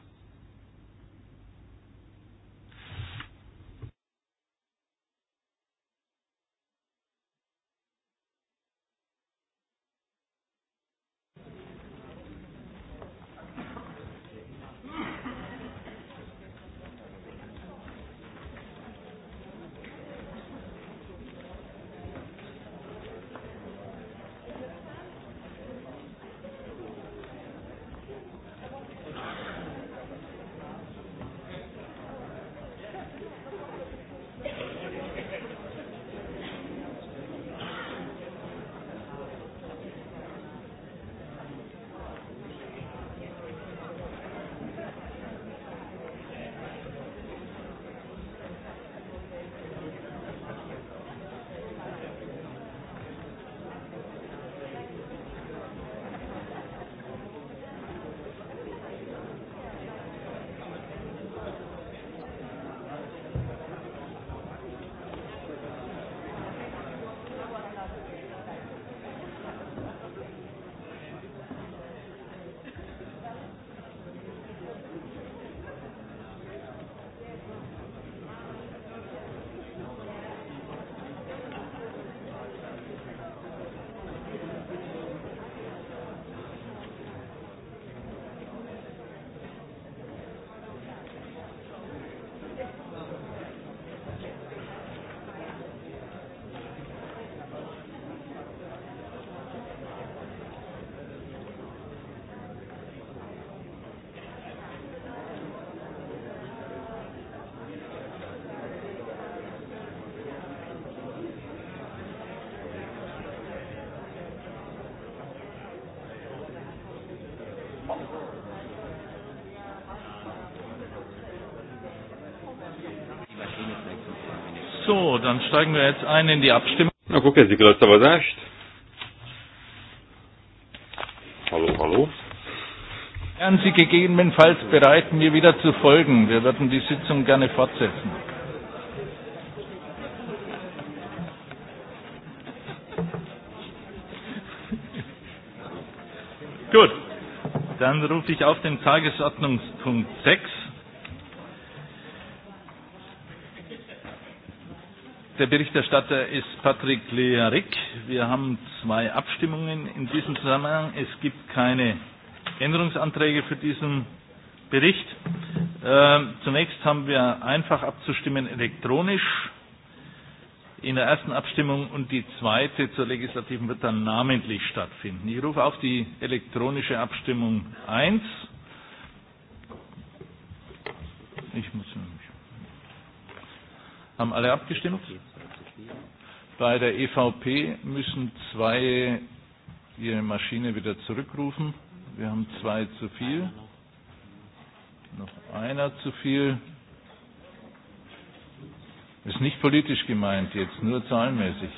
dann steigen wir jetzt ein in die Abstimmung. Na, Akkor kezdjük el a szavazást. Hallo, hallo. Wären Sie gegebenenfalls bereit, mir wieder zu folgen? Wir würden die Sitzung gerne fortsetzen. Gut, dann rufe ich auf den Tagesordnungspunkt 6 Der Berichterstatter ist Patrick Learik. Wir haben zwei Abstimmungen in diesem Zusammenhang. Es gibt keine Änderungsanträge für diesen Bericht. Ähm, zunächst haben wir einfach abzustimmen elektronisch in der ersten Abstimmung und die zweite zur legislativen wird dann namentlich stattfinden. Ich rufe auf die elektronische Abstimmung 1. Ich muss, haben alle abgestimmt? Okay. Bei der EVP müssen zwei ihre Maschine wieder zurückrufen. Wir haben zwei zu viel. Noch einer zu viel. Ist nicht politisch gemeint jetzt, nur zahlenmäßig.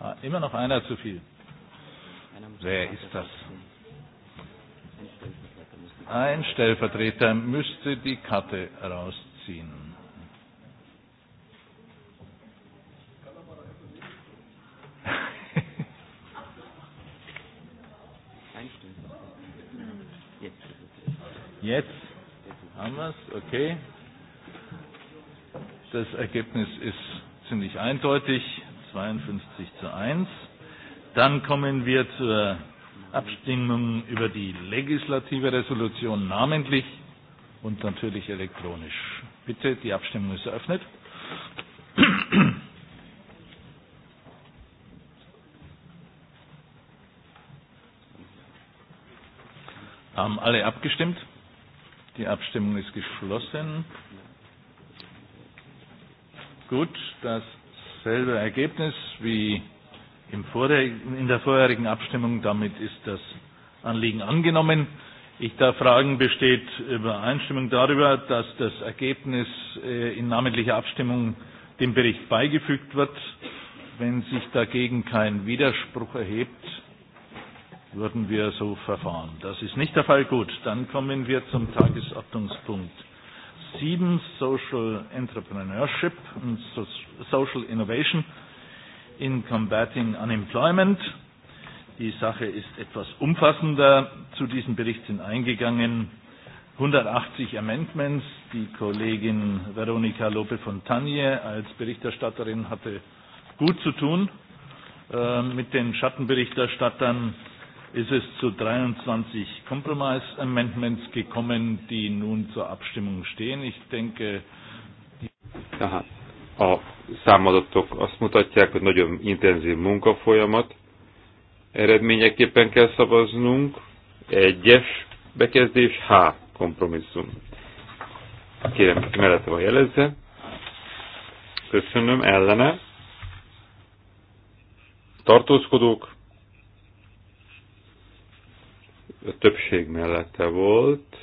Ah, immer noch einer zu viel. Wer ist das? Ein Stellvertreter müsste die Karte rausziehen. Okay. Das Ergebnis ist ziemlich eindeutig, 52 zu 1. Dann kommen wir zur Abstimmung über die legislative Resolution namentlich und natürlich elektronisch. Bitte, die Abstimmung ist eröffnet. Haben alle abgestimmt? Die Abstimmung ist geschlossen. Gut, dasselbe Ergebnis wie im in der vorherigen Abstimmung. Damit ist das Anliegen angenommen. Ich darf fragen, besteht Übereinstimmung darüber, dass das Ergebnis äh, in namentlicher Abstimmung dem Bericht beigefügt wird? Wenn sich dagegen kein Widerspruch erhebt, würden wir so verfahren. Das ist nicht der Fall. Gut, dann kommen wir zum Tagesordnungspunkt 7, Social Entrepreneurship und Social Innovation in Combating Unemployment. Die Sache ist etwas umfassender. Zu diesem Bericht sind eingegangen 180 Amendments. Die Kollegin Veronika Lope von Tanje als Berichterstatterin hatte gut zu tun äh, mit den Schattenberichterstattern ist es zu 23 Compromise Amendments gekommen, die nun zur Abstimmung stehen. Ich denke, die Aha. a számadatok azt mutatják, hogy nagyon intenzív munkafolyamat eredményeképpen kell szavaznunk. Egyes bekezdés H kompromisszum. Kérem, aki mellette van jelezze. Köszönöm, ellene. Tartózkodók a többség mellette volt.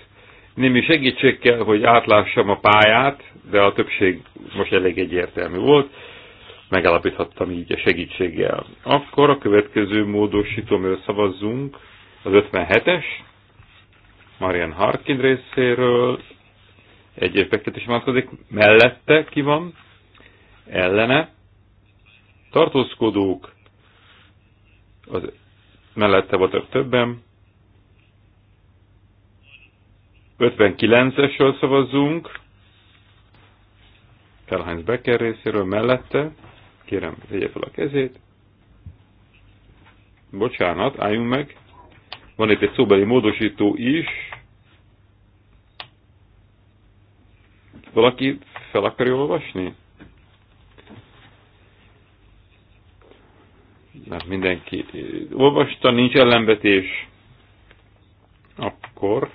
Némi segítség kell, hogy átlássam a pályát, de a többség most elég egyértelmű volt. Megállapíthattam így a segítséggel. Akkor a következő hogy szavazzunk, az 57-es, Marian Harkin részéről, egy effektet is imádkozik, mellette ki van, ellene, tartózkodók, az mellette voltak többen, 59-esről szavazzunk. Karl-Heinz Becker részéről mellette. Kérem, vegye fel a kezét. Bocsánat, álljunk meg. Van itt egy szóbeli módosító is. Valaki fel akarja olvasni? Na mindenki olvasta, nincs ellenvetés. Akkor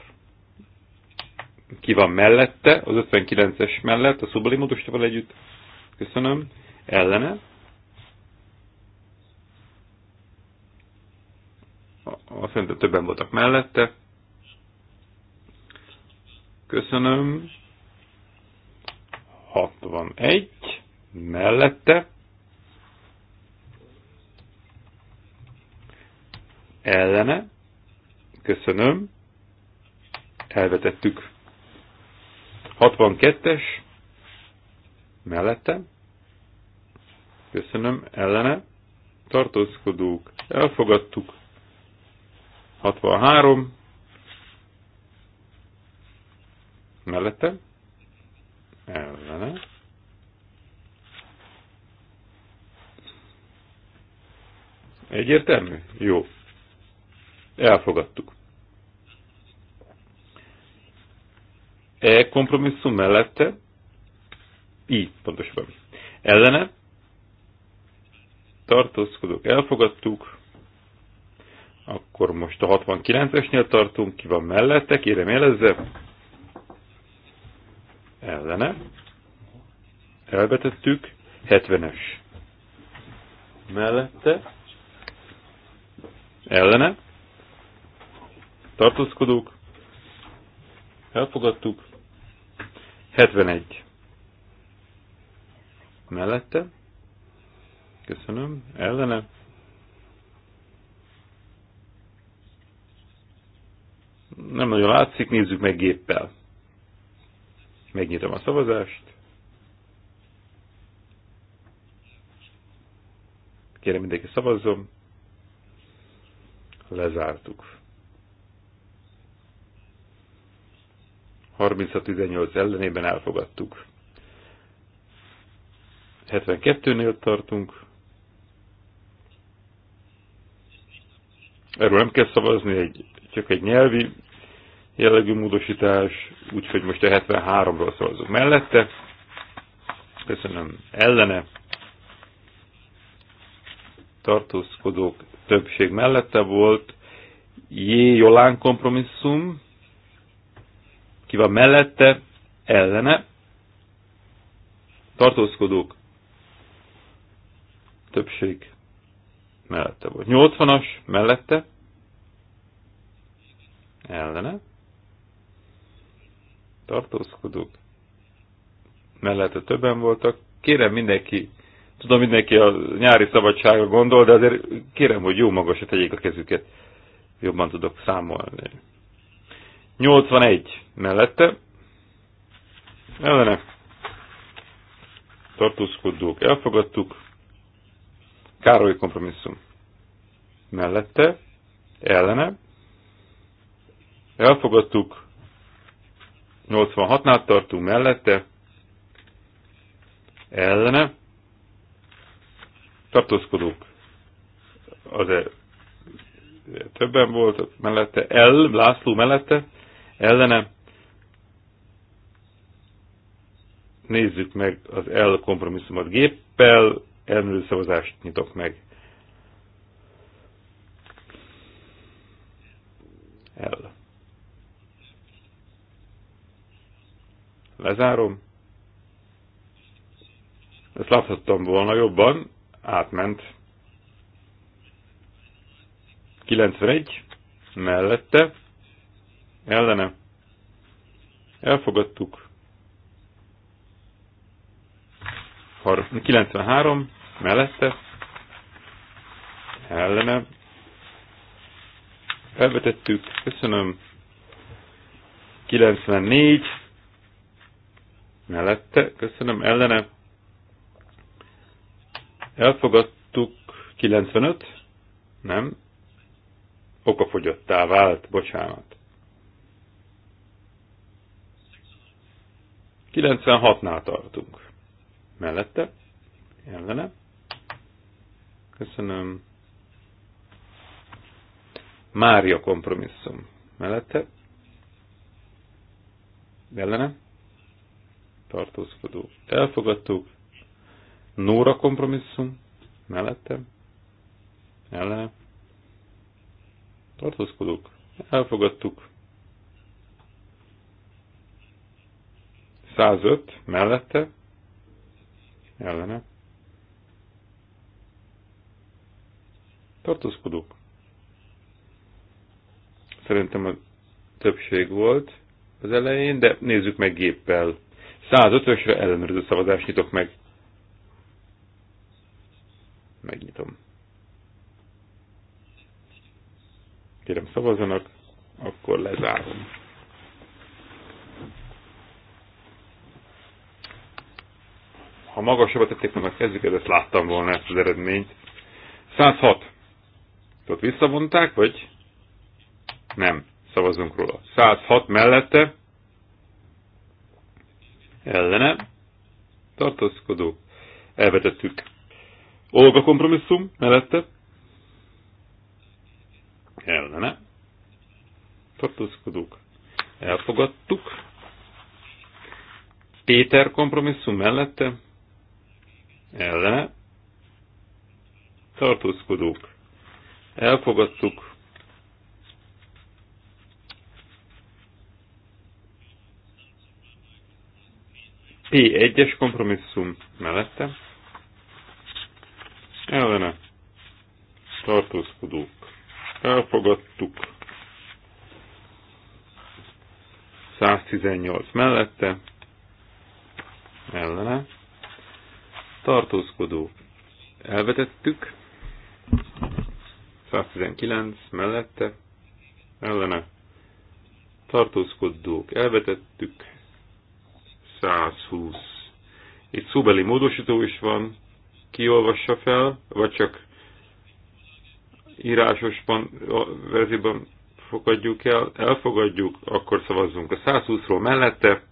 ki van mellette, az 59-es mellett, a módostával együtt. Köszönöm. Ellene. Azt szerintem többen voltak mellette. Köszönöm. 61 mellette. Ellene. Köszönöm. Elvetettük. 62-es mellette, köszönöm, ellene, tartózkodók, elfogadtuk, 63 mellette, ellene, Egyértelmű? Jó. Elfogadtuk. E kompromisszum mellette, I pontosabban, ellene, tartózkodók elfogadtuk, akkor most a 69-esnél tartunk, ki van mellette, kérem jelezze, ellene, elvetettük, 70-es, mellette, ellene, tartózkodók, elfogadtuk, 71. Mellette. Köszönöm. Ellene. Nem nagyon látszik, nézzük meg géppel. Megnyitom a szavazást. Kérem mindenki szavazzon. Lezártuk. 36-18 ellenében elfogadtuk. 72-nél tartunk. Erről nem kell szavazni, egy, csak egy nyelvi jellegű módosítás, úgyhogy most a 73-ról szavazunk mellette. Köszönöm ellene. Tartózkodók többség mellette volt. J. Jolán kompromisszum, ki van mellette, ellene, tartózkodók, többség mellette volt. 80-as mellette, ellene, tartózkodók, mellette többen voltak. Kérem mindenki, tudom mindenki a nyári szabadságra gondol, de azért kérem, hogy jó magasra tegyék a kezüket. Jobban tudok számolni. 81 mellette ellene tartózkodók elfogadtuk, Károly kompromisszum mellette ellene elfogadtuk, 86-nál tartunk mellette ellene tartózkodók az -e többen volt mellette, El László mellette ellene. Nézzük meg az L kompromisszumot géppel, ellenőrző szavazást nyitok meg. L. Lezárom. Ezt láthattam volna jobban, átment. 91 mellette ellene elfogadtuk. 93 mellette ellene elvetettük, köszönöm. 94 mellette, köszönöm, ellene elfogadtuk 95, nem, okafogyottá vált, bocsánat. 96-nál tartunk. Mellette? Ellene? Köszönöm. Mária kompromisszum. Mellette? Ellene? Tartózkodó. Elfogadtuk. Nóra kompromisszum. Mellette? Ellene? Tartózkodók. Elfogadtuk. 105 mellette, ellene. Tartózkodók. Szerintem a többség volt az elején, de nézzük meg géppel. 105-ösre ellenőrző szavazást nyitok meg. Megnyitom. Kérem szavazzanak, akkor lezárom. Ha magasabbat tették meg a kezüket, ezt láttam volna ezt az eredményt. 106. Ott visszavonták, vagy? Nem. Szavazunk róla. 106 mellette. Ellene. Tartózkodó. Elvetettük. Olga kompromisszum mellette. Ellene. Tartózkodók. Elfogadtuk. Péter kompromisszum mellette ellene tartózkodók elfogadtuk, P1-es kompromisszum mellette ellene tartózkodók elfogadtuk, 118 mellette ellene tartózkodó elvetettük, 119 mellette, ellene tartózkodók elvetettük, 120. Itt szóbeli módosító is van, kiolvassa fel, vagy csak írásos verzióban fogadjuk el, elfogadjuk, akkor szavazzunk a 120-ról mellette,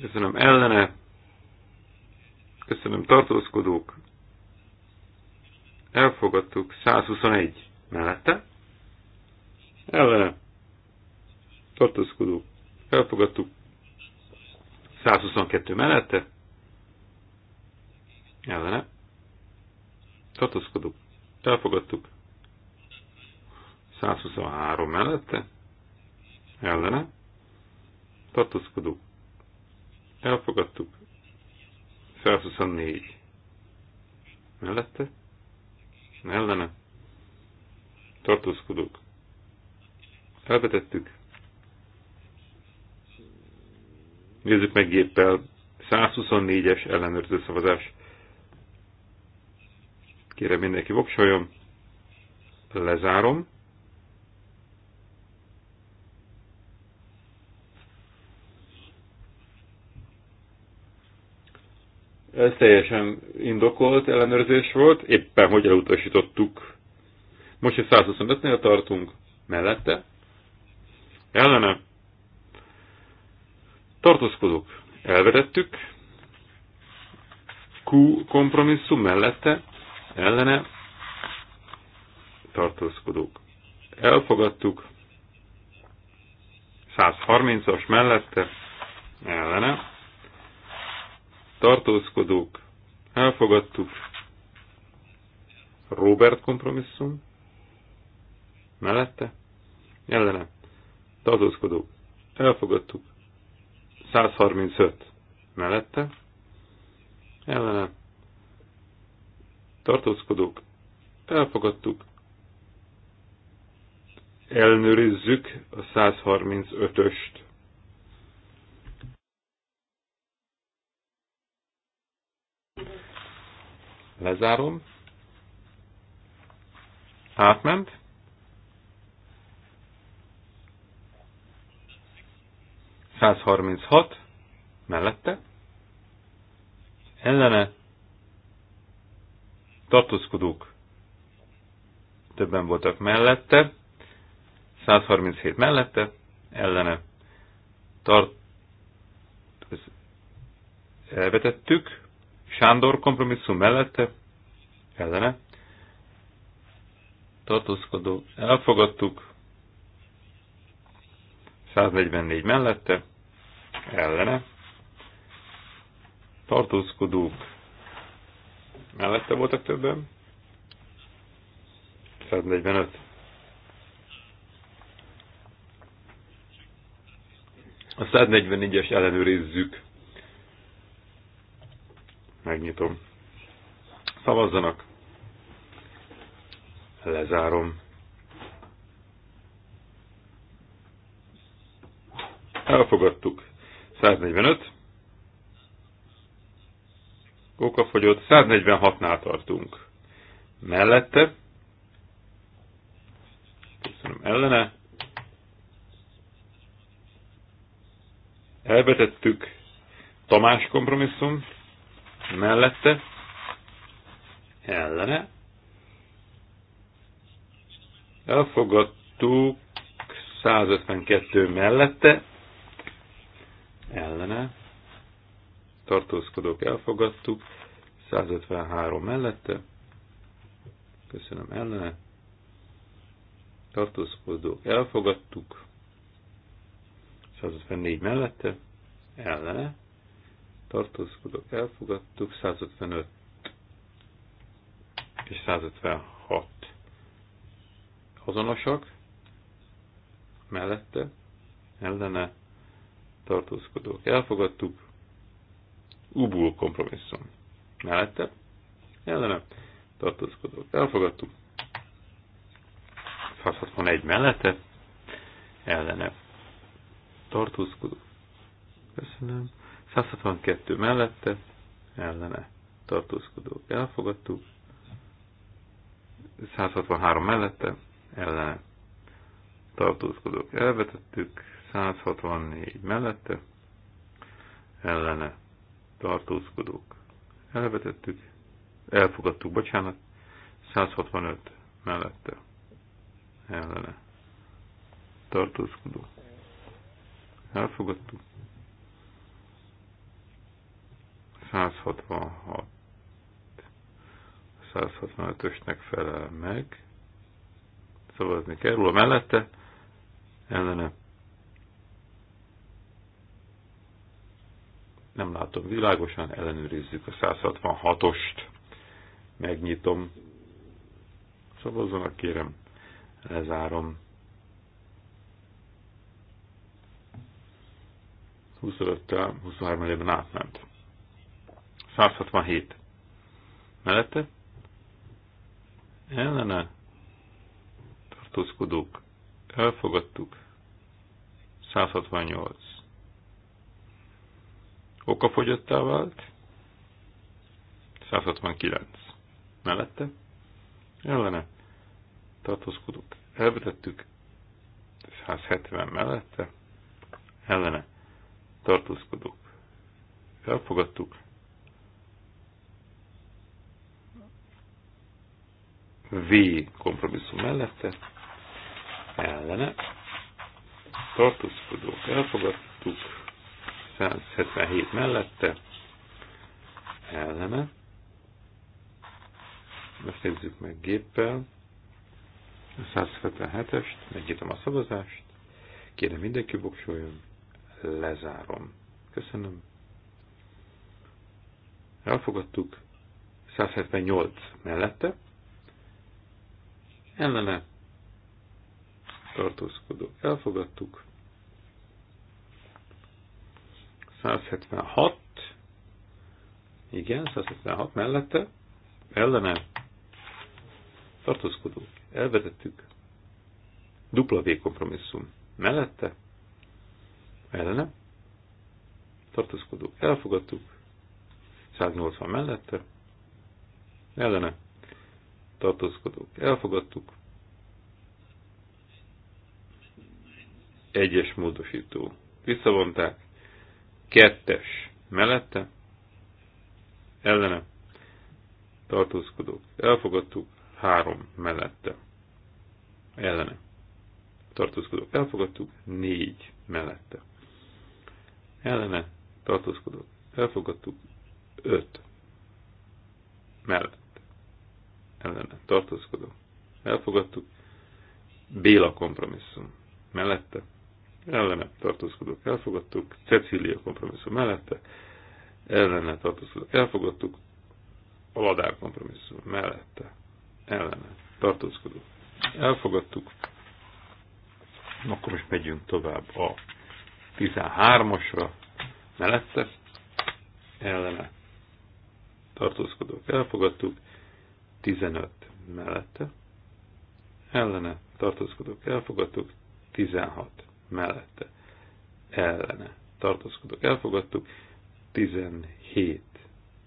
köszönöm ellene, Köszönöm. Tartózkodók. Elfogadtuk. 121. Mellette. Ellene. Tartózkodók. Elfogadtuk. 122 mellette. Ellene. Tartózkodók. Elfogadtuk. 123 mellette. Ellene. Tartózkodók. Elfogadtuk. 124. Mellette? Ellene? Tartózkodók. Elvetettük. Nézzük meg géppel. 124-es ellenőrző szavazás. Kérem mindenki voksoljon. Lezárom. Ez teljesen indokolt ellenőrzés volt, éppen hogy elutasítottuk. Most egy 125-nél tartunk, mellette. Ellene. Tartózkodók. Elvetettük. Q kompromisszum mellette. Ellene. Tartózkodók. Elfogadtuk. 130-as mellette. Ellene tartózkodók, elfogadtuk. Robert kompromisszum, mellette, ellene, tartózkodók, elfogadtuk. 135, mellette, ellene, tartózkodók, elfogadtuk. Elnőrizzük a 135-öst. Lezárom. Átment. Százharminchat. Mellette. Ellene. Tartózkodók. Többen voltak mellette. 137 mellette. Ellene. Tart elvetettük, Sándor kompromisszum mellette, ellene, tartózkodó, elfogadtuk, 144 mellette, ellene, tartózkodók, mellette voltak többen, 145. A 144-es ellenőrizzük. Megnyitom. Szavazzanak. Lezárom. Elfogadtuk. 145. fogyott. 146-nál tartunk. Mellette. Köszönöm. Ellene. Elvetettük. Tamás kompromisszum mellette, ellene. Elfogadtuk 152 mellette, ellene. Tartózkodók elfogadtuk, 153 mellette, köszönöm ellene. Tartózkodók elfogadtuk, 154 mellette, ellene tartózkodók elfogadtuk, 155 és 156 azonosak, mellette, ellene tartózkodók. Elfogadtuk Ubul kompromisszum. Mellette, ellene tartózkodók. Elfogadtuk 161 mellette, ellene tartózkodók. Köszönöm. 162 mellette, ellene tartózkodók elfogadtuk, 163 mellette, ellene tartózkodók elvetettük, 164 mellette, ellene tartózkodók elvetettük, elfogadtuk, bocsánat, 165 mellette, ellene tartózkodók elfogadtuk, 166 165-ösnek felel meg. Szavazni kell róla mellette, ellene. Nem látom világosan, ellenőrizzük a 166-ost. Megnyitom. Szavazzanak kérem, lezárom. 25-tel 23 ben átment. 167. Mellette? Ellene? Tartózkodók. Elfogadtuk. 168. Okafogyottá vált. 169. Mellette? Ellene? Tartózkodók. Elvetettük. 170 mellette? Ellene? Tartózkodók. Elfogadtuk. V kompromisszum mellette, ellene, tartózkodók elfogadtuk, 177 mellette, ellene, Most nézzük meg géppel, 177-est, megnyitom a szavazást, kérem mindenki boksoljon, lezárom. Köszönöm. Elfogadtuk, 178 mellette, ellene tartózkodók elfogadtuk. 176, igen, 176 mellette, ellene tartózkodók elvetettük. Dupla V kompromisszum mellette, ellene tartózkodók elfogadtuk. 180 mellette, ellene tartózkodók elfogadtuk. Egyes módosító visszavonták, kettes mellette, ellene tartózkodók elfogadtuk, három mellette, ellene tartózkodók elfogadtuk, négy mellette, ellene tartózkodók elfogadtuk, öt mellett ellene tartózkodó. Elfogadtuk. Béla kompromisszum mellette ellene tartózkodók elfogadtuk, Cecília kompromisszum mellette, ellene tartózkodók elfogadtuk, a Ladár kompromisszum mellette, ellene tartózkodók elfogadtuk. Akkor most megyünk tovább a 13-asra, mellette, ellene tartózkodók elfogadtuk, 15 mellette, ellene tartózkodók elfogadtuk, 16 mellette, ellene tartózkodók elfogadtuk, 17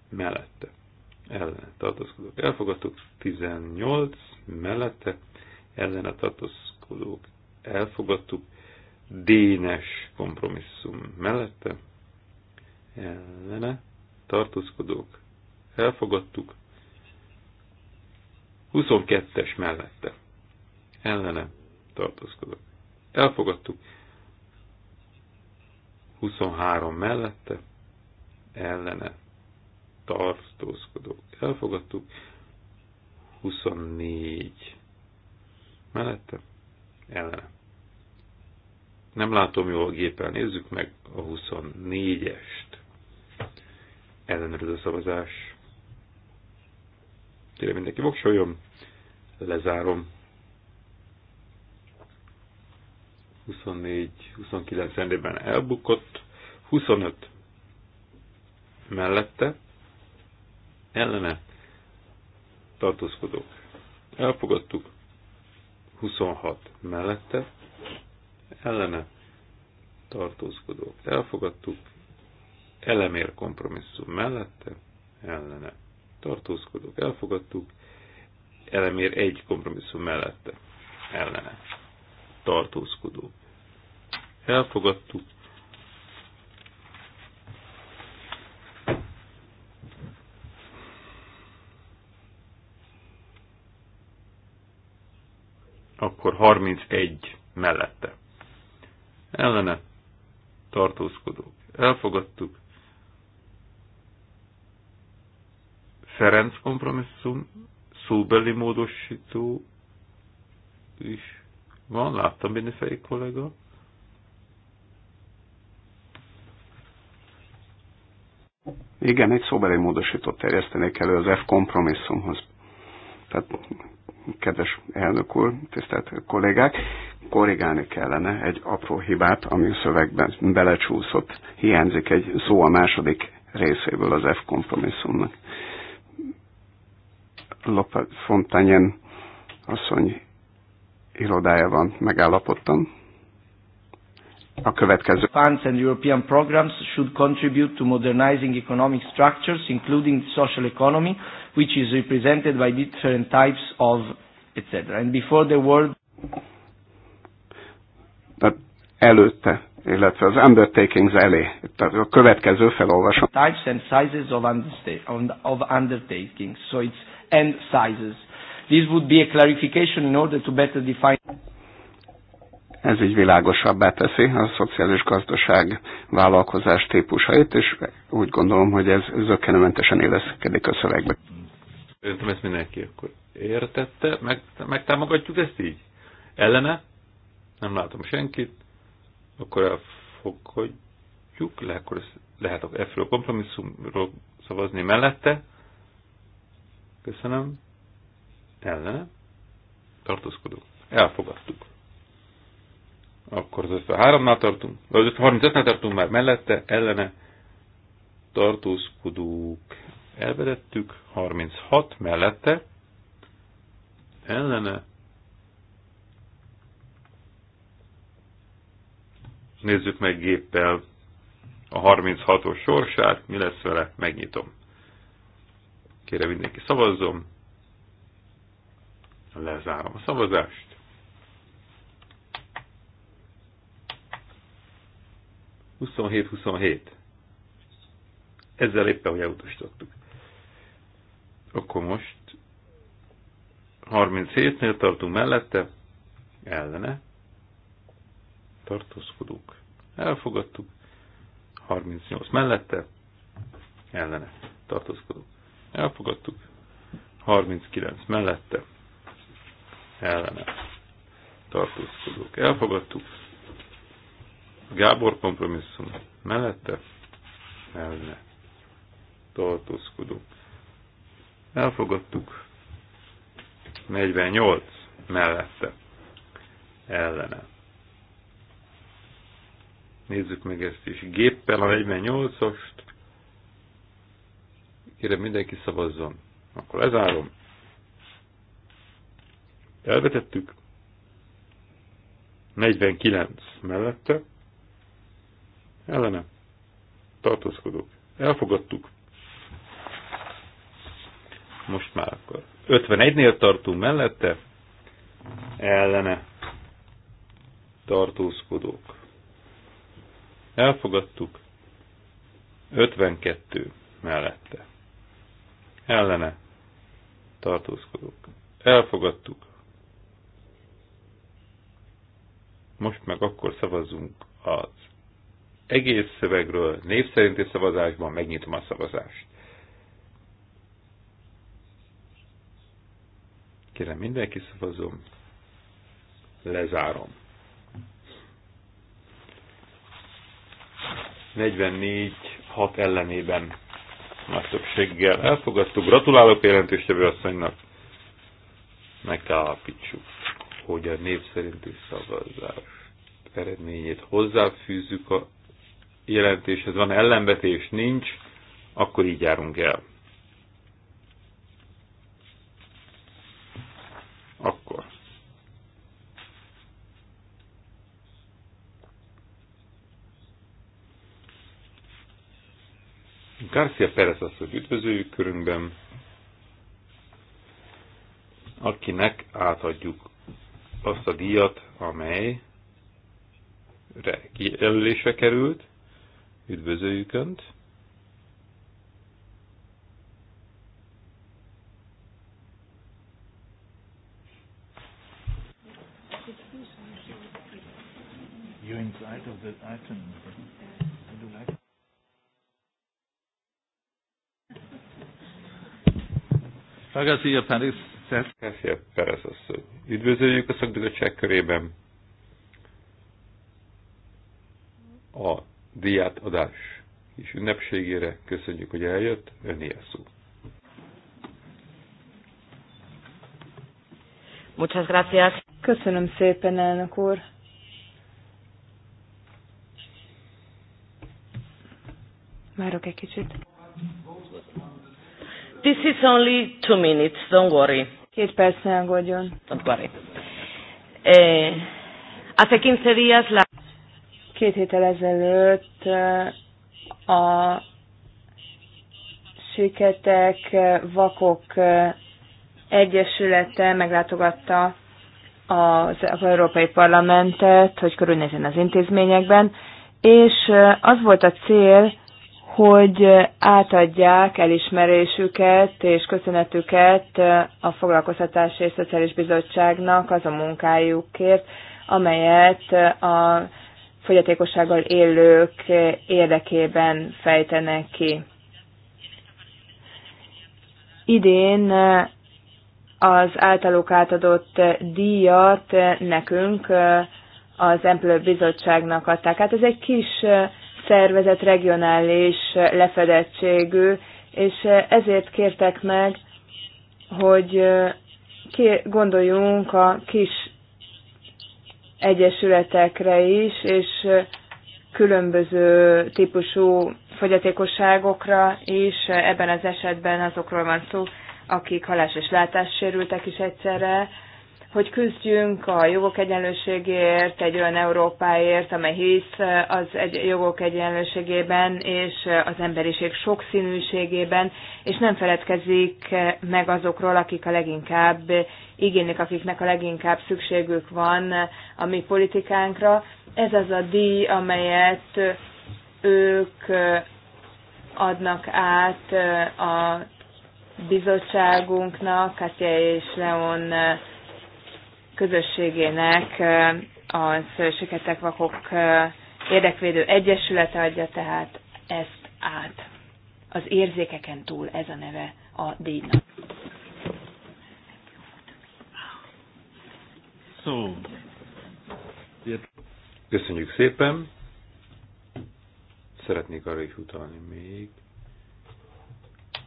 mellette, ellene tartózkodók elfogadtuk, 18 mellette, ellene tartózkodók elfogadtuk, dénes kompromisszum mellette, ellene tartózkodók elfogadtuk, 22-es mellette. Ellenem tartózkodok. Elfogadtuk. 23 mellette. Ellene tartózkodok. Elfogadtuk. 24 mellette. Ellene. Nem látom jól a gépen. nézzük meg a 24-est. Ellenőrző szavazás tényleg mindenki voksoljon. Lezárom. 24-29 rendében elbukott. 25 mellette ellene tartózkodók. Elfogadtuk 26 mellette ellene tartózkodók. Elfogadtuk elemér kompromisszum mellette ellene tartózkodók elfogadtuk, elemér egy kompromisszum mellette, ellene, tartózkodó. Elfogadtuk. Akkor 31 mellette. Ellene, tartózkodók. Elfogadtuk. Ferenc kompromisszum, szóbeli módosító is van, láttam fejé kollega. Igen, egy szóbeli módosítót terjesztenék elő az F kompromisszumhoz. Tehát, kedves elnök úr, tisztelt kollégák, korrigálni kellene egy apró hibát, ami a szövegben belecsúszott. Hiányzik egy szó a második részéből az F kompromisszumnak. Lope Fontanyen asszony irodájában megállapodtam. A következő. Funds and European programs should contribute to modernizing economic structures, including the social economy, which is represented by different types of etc. And before the world... Tehát előtte, illetve az undertakings elé, tehát a következő felolvasom. Types and sizes of, of, undertakings. So it's and sizes. This would be a clarification in order to better define ez így világosabbá teszi a szociális gazdaság vállalkozás típusait, és úgy gondolom, hogy ez zökkenőmentesen éleszkedik a szövegbe. Szerintem ezt mindenki akkor értette. Meg, megtámogatjuk ezt így? Ellene? Nem látom senkit. Akkor elfogadjuk. Le, akkor lehet a kompromisszumról szavazni mellette. Köszönöm. Ellene. Tartózkodó. Elfogadtuk. Akkor az 53-nál tartunk, vagy 35-nál tartunk már mellette, ellene tartózkodók elvedettük, 36 mellette, ellene Nézzük meg géppel a 36-os sorsát, mi lesz vele, megnyitom kérem mindenki szavazzon. Lezárom a szavazást. Huszonhét, huszonhét. Ezzel éppen, hogy elutasítottuk. Akkor most 37-nél tartunk mellette, ellene, tartózkodunk. Elfogadtuk. 38 mellette, ellene, tartózkodunk. Elfogadtuk. 39 mellette. Ellene. Tartózkodók. Elfogadtuk. Gábor kompromisszum. Mellette. Ellene. Tartózkodók. Elfogadtuk. 48 mellette. Ellene. Nézzük meg ezt is. Géppel a 48-ast. Kérem mindenki szavazzon. Akkor lezárom. Elvetettük. 49 mellette. Ellene. Tartózkodók. Elfogadtuk. Most már akkor. 51-nél tartunk mellette. Ellene. Tartózkodók. Elfogadtuk. 52 mellette ellene tartózkodok. Elfogadtuk. Most meg akkor szavazunk az egész szövegről, név szerinti szavazásban megnyitom a szavazást. Kérem, mindenki szavazom. Lezárom. 44 6 ellenében nagy többséggel elfogadtuk. Gratulálok jelentéstevő asszonynak. Megállapítsuk, hogy a népszerinti szavazás eredményét hozzáfűzzük a jelentéshez. Van ellenvetés, nincs, akkor így járunk el. Akkor Garcia Perez hogy üdvözöljük körünkben, akinek átadjuk azt a díjat, amely kijelölésre került. Üdvözöljük Önt! You're of the Garcia Perez. Garcia Perez asszony. Üdvözöljük a szakbizottság körében a diát adás és ünnepségére köszönjük, hogy eljött. Öné a szó. Muchas gracias. Köszönöm szépen, elnök úr. Várok egy kicsit. This is only two minutes, don't worry. Két perc, ne aggódjon. Don't worry. Eh, hace 15 días la... Két héttel ezelőtt eh, a süketek, eh, vakok eh, egyesülete meglátogatta az, az Európai Parlamentet, hogy körülnézzen az intézményekben, és az volt a cél, hogy átadják elismerésüket és köszönetüket a Foglalkoztatási és Szociális Bizottságnak az a munkájukért, amelyet a fogyatékossággal élők érdekében fejtenek ki. Idén az általuk átadott díjat nekünk az Emplő Bizottságnak adták. Hát ez egy kis szervezet regionális lefedettségű, és ezért kértek meg, hogy gondoljunk a kis egyesületekre is, és különböző típusú fogyatékosságokra is, ebben az esetben azokról van szó, akik halás és látássérültek is egyszerre, hogy küzdjünk a jogok egyenlőségért, egy olyan Európáért, amely hisz az egy jogok egyenlőségében és az emberiség sokszínűségében, és nem feledkezik meg azokról, akik a leginkább igénylik, akiknek a leginkább szükségük van a mi politikánkra. Ez az a díj, amelyet ők adnak át a bizottságunknak, Katja és Leon közösségének a süketek vakok érdekvédő egyesülete adja tehát ezt át. Az érzékeken túl ez a neve a díjnak. So. Köszönjük szépen. Szeretnék arra is utalni még,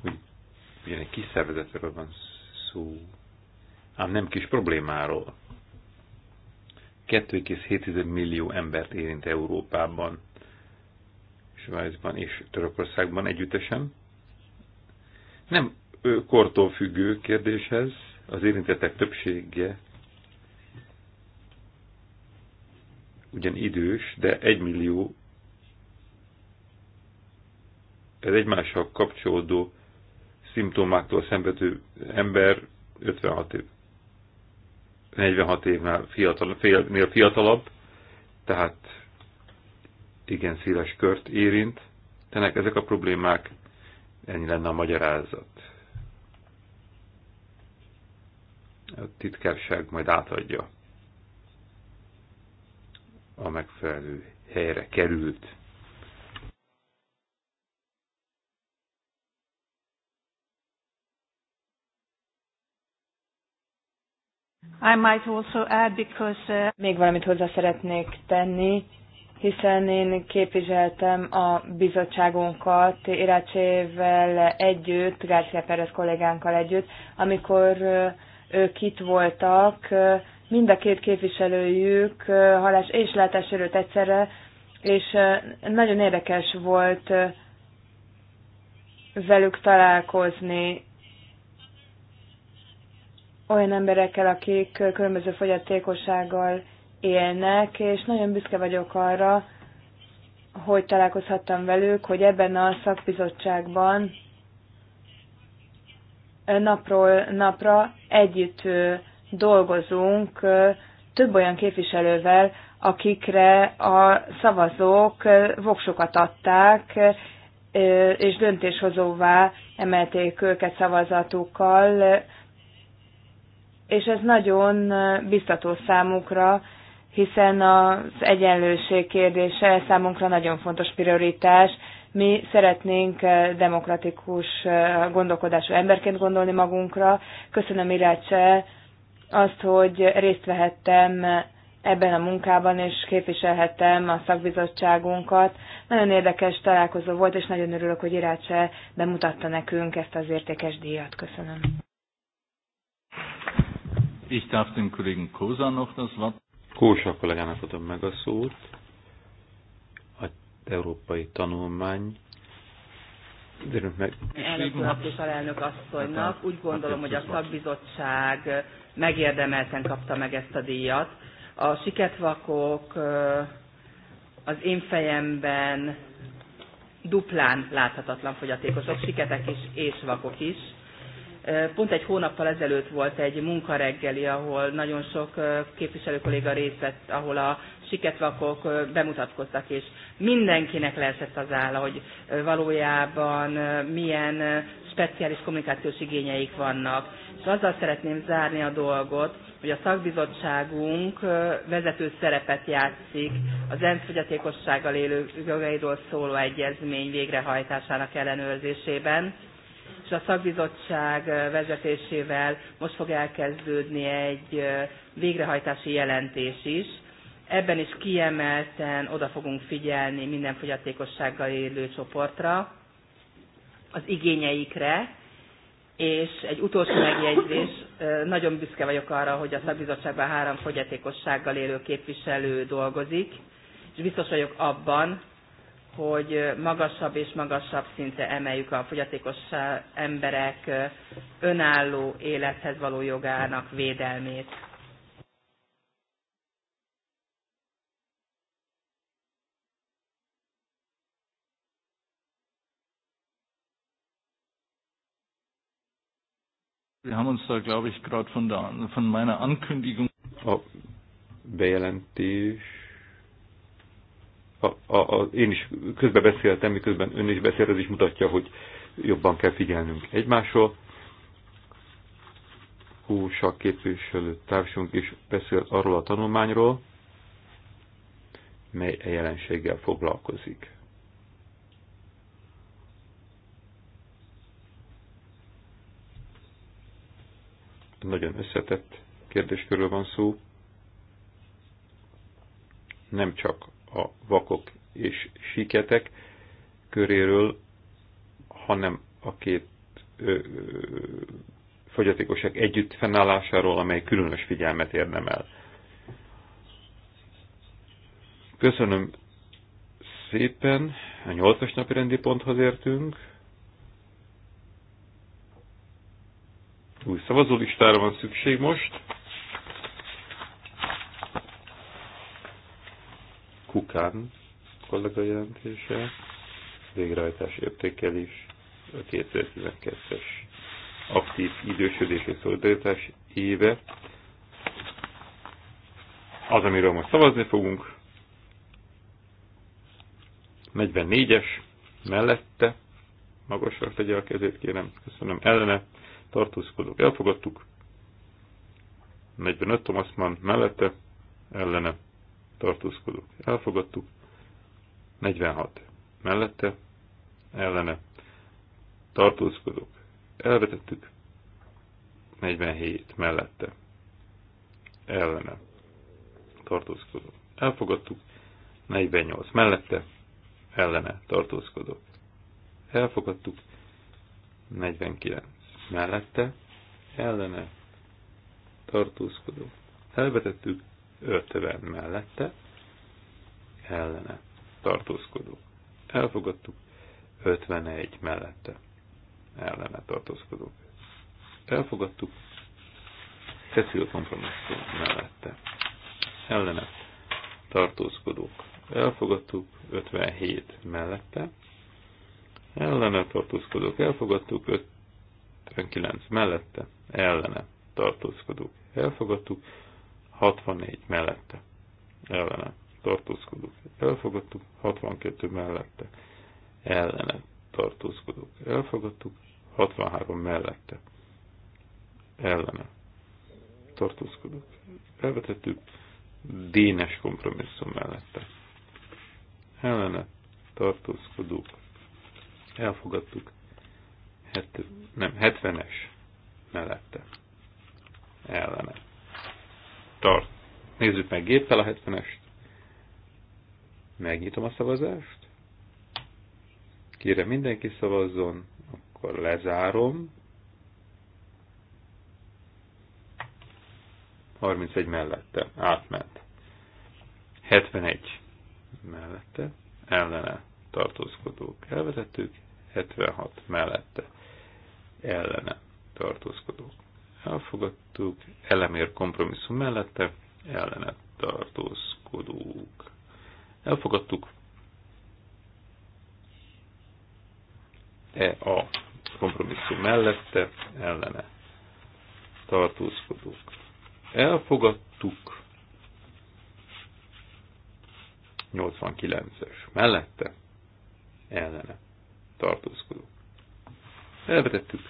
hogy ugyan egy kis szervezetről van szó, ám nem kis problémáról. 2,7 millió embert érint Európában, Svájcban és Törökországban együttesen. Nem kortól függő kérdéshez, az érintettek többsége ugyan idős, de egy millió ez egymással kapcsolódó szimptomáktól szenvedő ember 56 év 46 évnél fiatal, fiatalabb, tehát igen széles kört érint. Ennek ezek a problémák, ennyi lenne a magyarázat. A titkárság majd átadja a megfelelő helyre került I might also add because, uh... Még valamit hozzá szeretnék tenni, hiszen én képviseltem a bizottságunkat Irácsével együtt, Gárcia Pérez kollégánkkal együtt, amikor ők itt voltak, mind a két képviselőjük halás és látássérült egyszerre, és nagyon érdekes volt velük találkozni olyan emberekkel, akik különböző fogyatékossággal élnek, és nagyon büszke vagyok arra, hogy találkozhattam velük, hogy ebben a szakbizottságban napról napra együtt dolgozunk több olyan képviselővel, akikre a szavazók voksokat adták, és döntéshozóvá emelték őket szavazatukkal, és ez nagyon biztató számukra, hiszen az egyenlőség kérdése számunkra nagyon fontos prioritás. Mi szeretnénk demokratikus gondolkodású emberként gondolni magunkra. Köszönöm Irácse azt, hogy részt vehettem ebben a munkában, és képviselhettem a szakbizottságunkat. Nagyon érdekes találkozó volt, és nagyon örülök, hogy Irácse bemutatta nekünk ezt az értékes díjat. Köszönöm. Ich darf den Kollegen Kosa noch das Wort. Kosa kollégának adom meg a szót. Az európai tanulmány elnök alelnök asszonynak. Úgy gondolom, hogy a szakbizottság megérdemelten kapta meg ezt a díjat. A siketvakok az én fejemben duplán láthatatlan fogyatékosok, siketek is és vakok is Pont egy hónappal ezelőtt volt egy munkareggeli, ahol nagyon sok képviselő kolléga részt vett, ahol a siketvakok bemutatkoztak, és mindenkinek leesett az álla, hogy valójában milyen speciális kommunikációs igényeik vannak. És azzal szeretném zárni a dolgot, hogy a szakbizottságunk vezető szerepet játszik az ENSZ fogyatékossággal élő jogairól szóló egyezmény végrehajtásának ellenőrzésében és a szakbizottság vezetésével most fog elkezdődni egy végrehajtási jelentés is. Ebben is kiemelten oda fogunk figyelni minden fogyatékossággal élő csoportra, az igényeikre, és egy utolsó megjegyzés, nagyon büszke vagyok arra, hogy a szakbizottságban három fogyatékossággal élő képviselő dolgozik, és biztos vagyok abban, hogy magasabb és magasabb szintre emeljük a fogyatékos emberek önálló élethez való jogának védelmét. Wir haben uns da, glaube ich, gerade von, der, von meiner Ankündigung. Oh, bejelentés a, a, a, én is közben beszéltem, miközben ön is beszélt, ez is mutatja, hogy jobban kell figyelnünk egymásról. Húsa képviselő társunk is beszél arról a tanulmányról, mely a e jelenséggel foglalkozik. Nagyon összetett kérdéskörről van szó. Nem csak a vakok és siketek köréről, hanem a két ö, fogyatékosság együtt fennállásáról, amely különös figyelmet érdemel. Köszönöm szépen, a nyolcas napi rendi ponthoz értünk. Új szavazólistára van szükség most. Kukán kollega jelentése, végrehajtás értékelés, a 2012-es aktív idősödési szolidaritás éve. Az, amiről most szavazni fogunk, 44-es, mellette, magasra tegye a kezét, kérem, köszönöm, ellene, tartózkodók, elfogadtuk, 45 Thomasman mellette, ellene, tartózkodok. Elfogadtuk. 46. Mellette, ellene, tartózkodok. Elvetettük. 47. Mellette, ellene, tartózkodok. Elfogadtuk. 48. Mellette, ellene, tartózkodok. Elfogadtuk. 49. Mellette, ellene, tartózkodók. Elvetettük. 50 mellette ellene tartózkodók. Elfogadtuk 51 mellette ellene tartózkodók. Elfogadtuk Cecil kompromisszum mellette ellene tartózkodók. Elfogadtuk 57 mellette ellene tartózkodók. Elfogadtuk 59 mellette ellene tartózkodók. Elfogadtuk 64 mellette ellene tartózkodók elfogadtuk, 62 mellette ellene tartózkodók elfogadtuk, 63 mellette ellene tartózkodók elvetettük, dénes kompromisszum mellette ellene tartózkodók elfogadtuk, het, nem, 70-es mellette ellene géppel. Nézzük meg géppel a 70-est. Megnyitom a szavazást. Kérem mindenki szavazzon, akkor lezárom. 31 mellette, átment. 71 mellette, ellene tartózkodók elvetettük, 76 mellette, ellene tartózkodók elfogadtuk, elemér kompromisszum mellette ellene tartózkodók. Elfogadtuk e a kompromisszum mellette ellene tartózkodók. Elfogadtuk 89-es mellette ellene tartózkodók. Elvetettük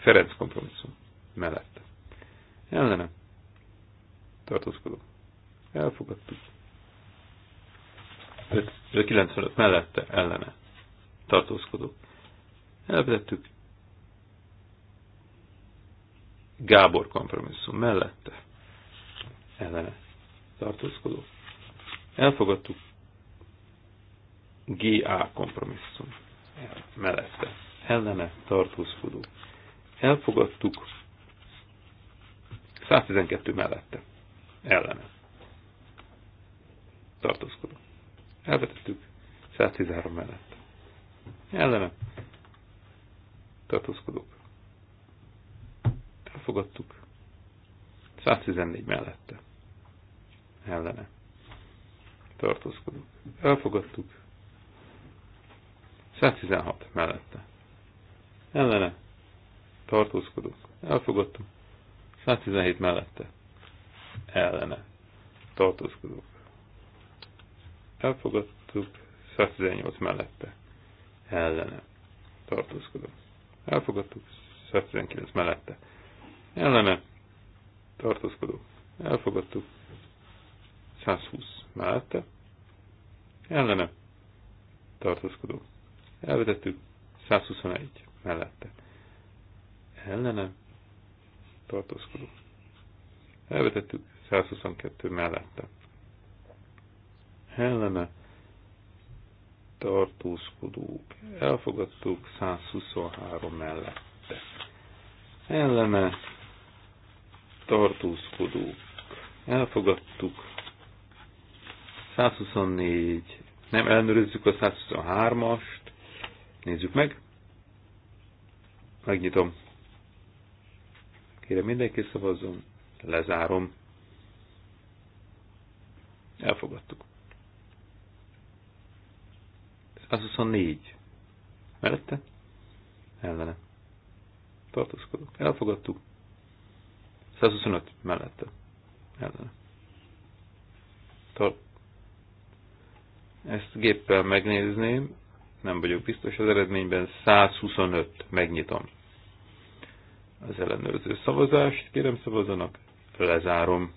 Ferenc kompromisszum mellette. Ellene. Tartózkodó. Elfogadtuk. 5, 95 mellette, ellene. Tartózkodó. Elvetettük. Gábor kompromisszum mellette. Ellene. Tartózkodó. Elfogadtuk. GA kompromisszum mellette. Ellene tartózkodó. Elfogadtuk 112 mellette. Ellene. Tartózkodó. Elvetettük. 113 mellette. Ellene. Tartózkodók. Elfogadtuk. 114 mellette. Ellene. Tartózkodók. Elfogadtuk. 116 mellette. Ellene. Tartózkodók. Elfogadtuk. 117 mellette. Ellene. Tartózkodók. Elfogadtuk. 118 mellette. Ellene. Tartózkodók. Elfogadtuk. 119 mellette. Ellene. Tartózkodók. Elfogadtuk. 120 mellette. Ellene. Tartózkodók. Elvetettük. 121 mellette. Ellene tartózkodó. Elvetettük 122 mellette. Ellene tartózkodók. Elfogadtuk 123 mellette. Ellene tartózkodók. Elfogadtuk 124. Nem ellenőrizzük a 123-ast. Nézzük meg. Megnyitom. Kérem mindenki szavazzon, lezárom. Elfogadtuk. 24. Mellette? Ellene. Tartózkodok. Elfogadtuk. 125 mellette. Ellene. Tart. Ezt géppel megnézném, nem vagyok biztos az eredményben, 125, megnyitom az ellenőrző szavazást. Kérem szavazanak, lezárom.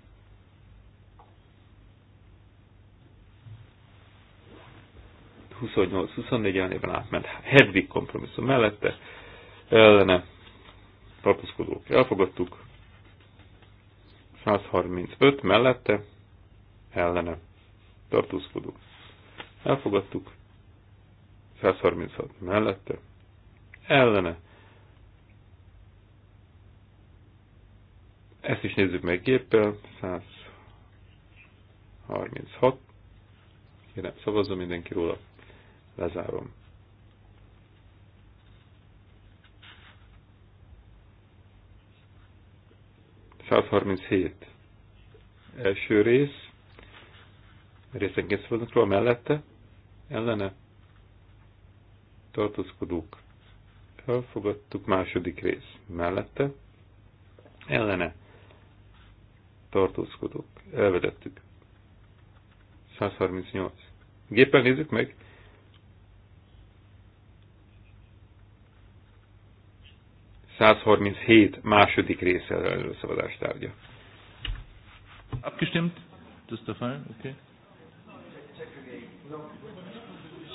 ellenében átment Hedwig kompromisszum mellette, ellene tartózkodók elfogadtuk, 135 mellette, ellene tartózkodók elfogadtuk, 136 mellette, ellene Ezt is nézzük meg géppel. 136. Kérem, szavazzon mindenki róla. Lezárom. hét Első rész. Részenként szavaznak róla mellette. Ellene. Tartózkodók. Elfogadtuk második rész. Mellette. Ellene tartózkodók, Elvedettük. 138. Géppel nézzük meg. ...137 második része előszavazás szavazás tárgya. Abgestimmt? Das ist der Fall? Okay.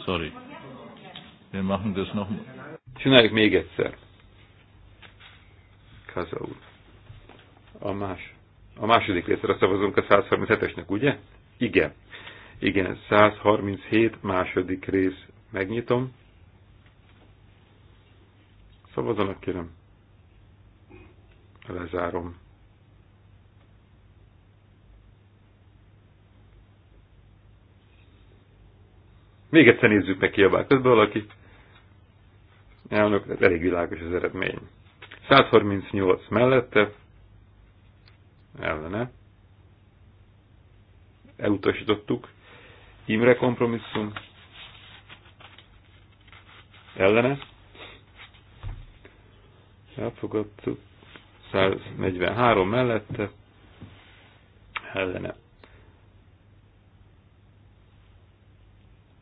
Sorry. Wir machen das noch... Csináljuk még egyszer. Kaza úr. A más a második részre szavazunk a 137-esnek, ugye? Igen. Igen, 137 második rész. Megnyitom. Szavazanak, kérem. Lezárom. Még egyszer nézzük meg a közben valaki. Elnök, elég világos az eredmény. 138 mellette, ellene. Elutasítottuk. Imre kompromisszum ellene. Elfogadtuk. 143 mellette ellene.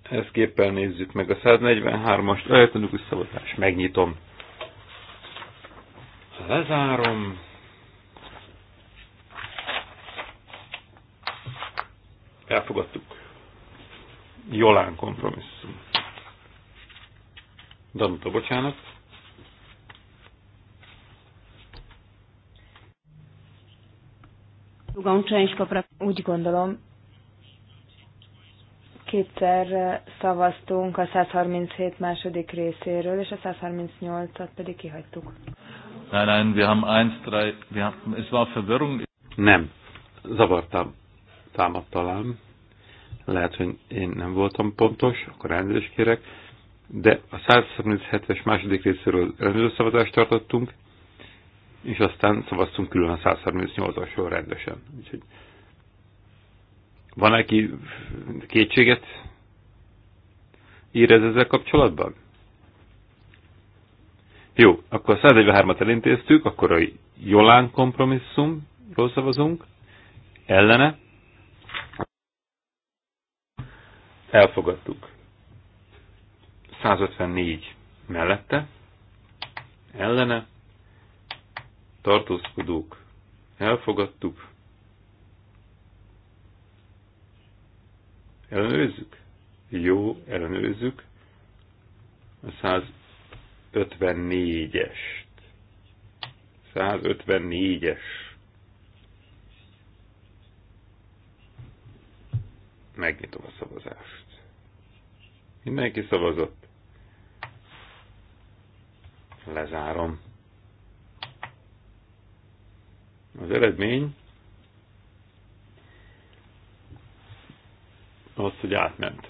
Ezt képpel nézzük meg. A 143-ast elektronikus szavazás. Megnyitom. Lezárom. Elfogadtuk. Jolán kompromisszum. Danuta, bocsánat. Úgy gondolom, kétszer szavaztunk a 137 második részéről, és a 138-at pedig kihagytuk. Nein, nein, wir haben eins, drei, wir haben, es war Verwirrung. Nem, zavartam támadt talán, lehet, hogy én nem voltam pontos, akkor elnézést kérek, de a 137-es második részéről rendőrszavazást szavazást tartottunk, és aztán szavaztunk külön a 138-asról rendesen. Úgyhogy van, aki kétséget érez ezzel kapcsolatban? Jó, akkor a 143-at elintéztük, akkor a Jolán kompromisszumról szavazunk, ellene, Elfogadtuk. 154 mellette, ellene, tartózkodók, elfogadtuk. Ellenőrizzük? Jó, ellenőrizzük. A 154-est. 154-es. Megnyitom a szavazást. Mindenki szavazott. Lezárom. Az eredmény az, hogy átment.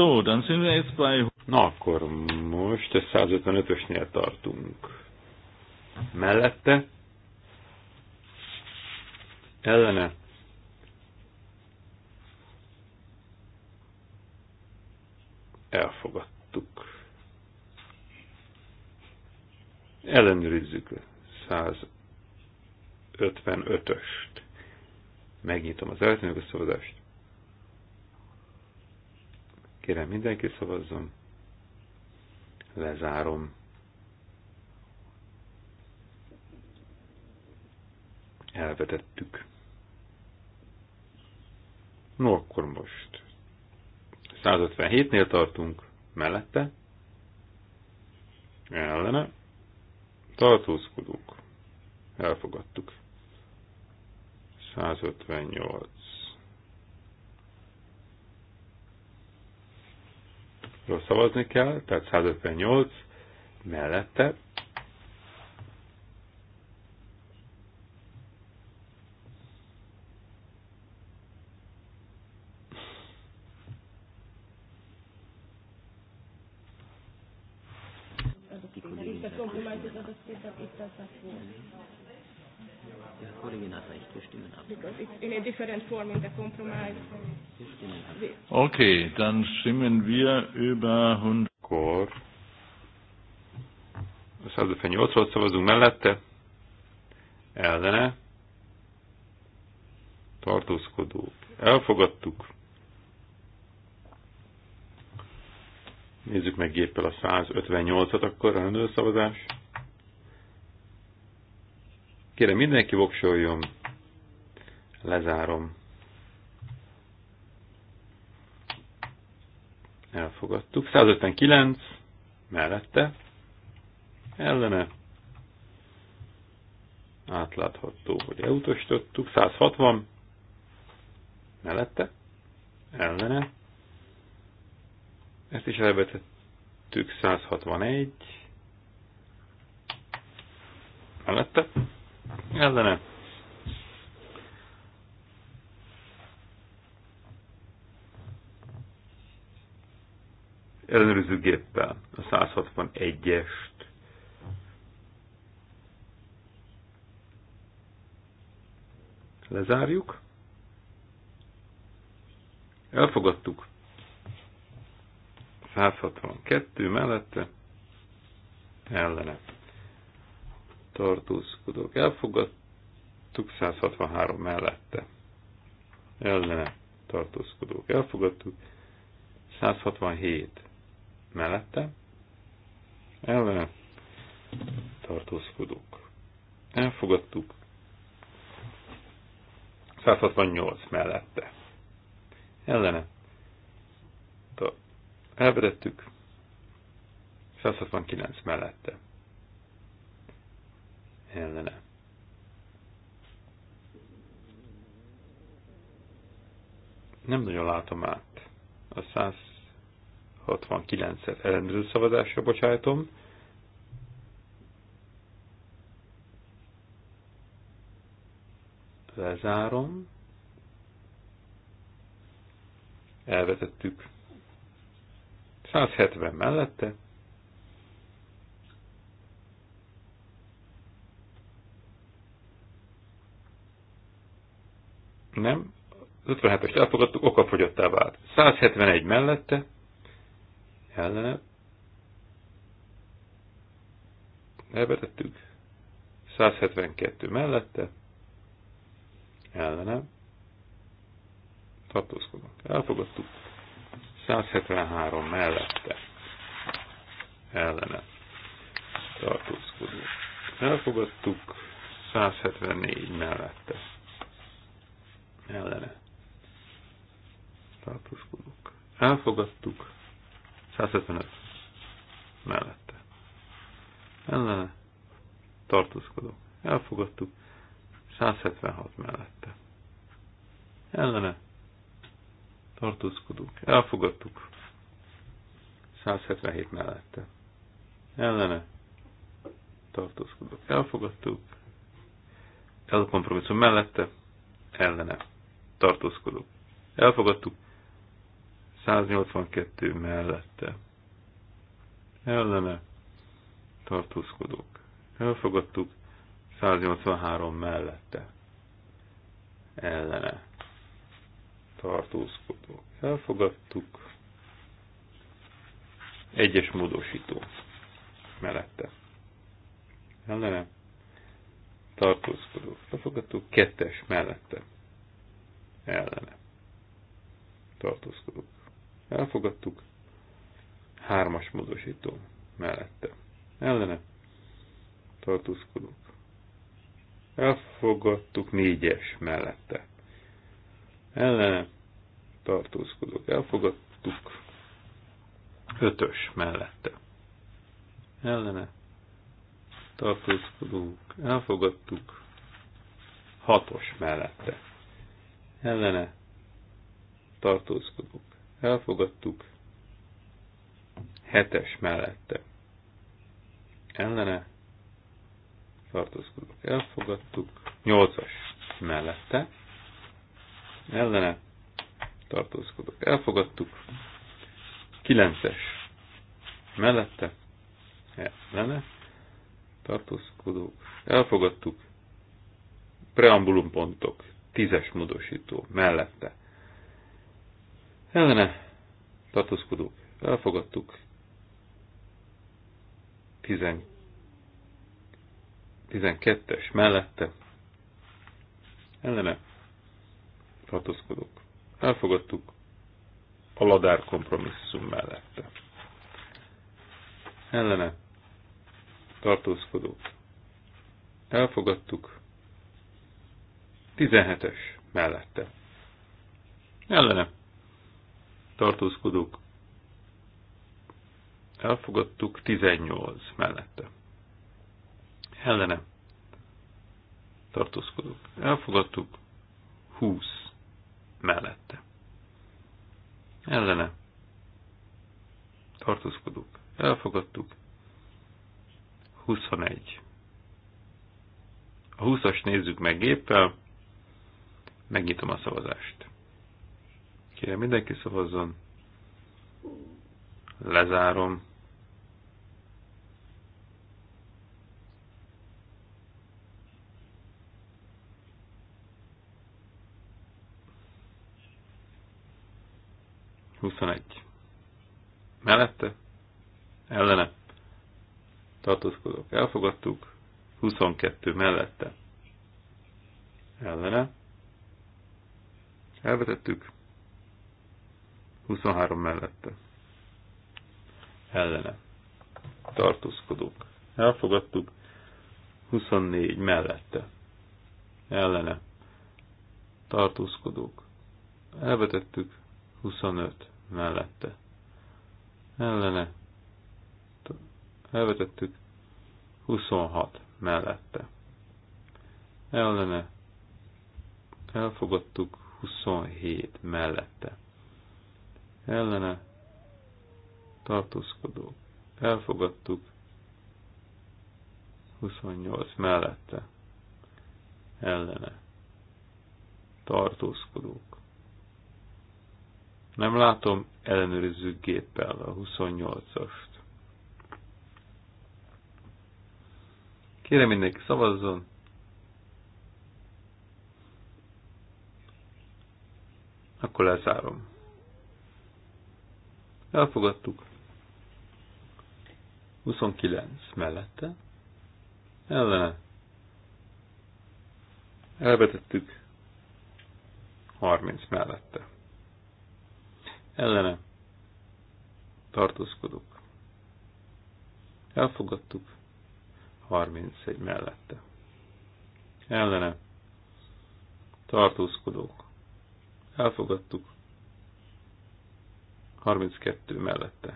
So, dann sind wir jetzt bei... Na akkor most a 155-ösnél tartunk. Mellette ellene elfogadtuk. Ellenőrizzük 155-öst. Megnyitom az eltűnő szavazást. Kérem mindenki szavazzon. Lezárom. Elvetettük. No, akkor most 157-nél tartunk mellette. Ellene. Tartózkodunk. Elfogadtuk. 158 ról szavazni kell, tehát 158 mellette. Hát Because it's in a different form in the compromise. Okay, dann stimmen wir über 100. kor. Akkor 158 volt szavazunk mellette, ellene, tartózkodók. Elfogadtuk. Nézzük meg géppel a 158-at, akkor a szavazás. Kérem, mindenki voksoljon. Lezárom. elfogadtuk. 159 mellette, ellene, átlátható, hogy elutasítottuk. 160 mellette, ellene, ezt is elvetettük 161 mellette, ellene, ellenőrző géppel a 161-est. Lezárjuk. Elfogadtuk. 162 mellette ellene tartózkodók. Elfogadtuk 163 mellette ellene tartózkodók. Elfogadtuk 167 mellette, ellene tartózkodók. Elfogadtuk. 168 mellette. Ellene. Elvedettük. 169 mellette. Ellene. Nem nagyon látom át. A 100 69-et ellenőrző szavazásra bocsájtom. Lezárom. Elvetettük. 170 mellette. Nem, 57-est elfogadtuk, okafogyottá vált. 171 mellette ellene elvetettük, 172 mellette ellene tartózkodunk, elfogadtuk, 173 mellette ellene tartózkodunk, elfogadtuk, 174 mellette ellene tartózkodunk, elfogadtuk, 155 mellette. Ellene tartózkodó. elfogadtuk. 176 mellette. Ellene tartózkodunk. elfogadtuk. 177 mellette. Ellene tartózkodók elfogadtuk. kompromisszum mellette. Ellene tartózkodók elfogadtuk. 182 mellette. Ellene tartózkodók. Elfogadtuk 183 mellette. Ellene tartózkodók. Elfogadtuk egyes módosító mellette. Ellene tartózkodók. Elfogadtuk kettes mellette. Ellene tartózkodók elfogadtuk. Hármas módosító mellette. Ellene tartózkodunk. Elfogadtuk négyes mellette. Ellene tartózkodok. Elfogadtuk ötös mellette. Ellene tartózkodunk. Elfogadtuk hatos mellette. Ellene tartózkodunk elfogadtuk. Hetes mellette ellene tartózkodók elfogadtuk. Nyolcas mellette ellene tartózkodók elfogadtuk. Kilences mellette ellene tartózkodók elfogadtuk. Preambulum pontok tízes módosító mellette Ellene tartózkodók elfogadtuk. 12-es mellette ellene tartózkodók elfogadtuk a ladár kompromisszum mellette. Ellene tartózkodók elfogadtuk 17-es mellette. Ellene tartózkodók elfogadtuk 18 mellette. Ellene tartózkodók elfogadtuk 20 mellette. Ellene tartózkodók elfogadtuk 21. A 20-as nézzük meg géppel, megnyitom a szavazást. Kérem, mindenki szavazzon. Lezárom. Huszonegy. Mellette? Ellene? Tartózkodók. Elfogadtuk. 22 mellette. Ellene? Elvetettük. 23 mellette. Ellene. Tartózkodók. Elfogadtuk. 24 mellette. Ellene. Tartózkodók. Elvetettük. 25 mellette. Ellene. Elvetettük. 26 mellette. Ellene. Elfogadtuk. 27 mellette ellene tartózkodók elfogadtuk, 28 mellette ellene tartózkodók. Nem látom, ellenőriző géppel a 28-ast. Kérem mindenki szavazzon. Akkor lezárom. Elfogadtuk. 29 mellette. Ellene. Elvetettük. 30 mellette. Ellene. Tartózkodok. Elfogadtuk. 31 mellette. Ellene. Tartózkodók. Elfogadtuk. 32 mellette.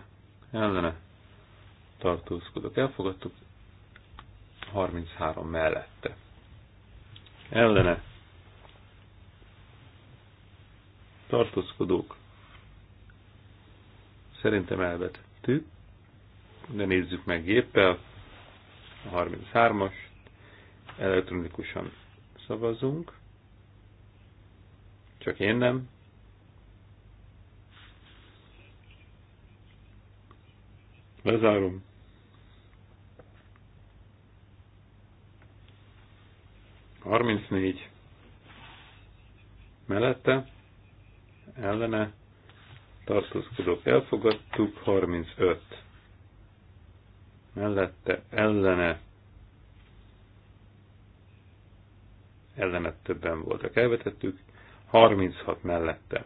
Ellene tartózkodok. Elfogadtuk 33 mellette. Ellene tartózkodók. Szerintem elvetettük, de nézzük meg géppel. A 33-as. Elektronikusan szavazunk. Csak én nem. Lezárom. Harmincnégy. Mellette, ellene, tartózkodók elfogadtuk, 35. Mellette, ellene, ellenet többen voltak, elvetettük, 36 mellette.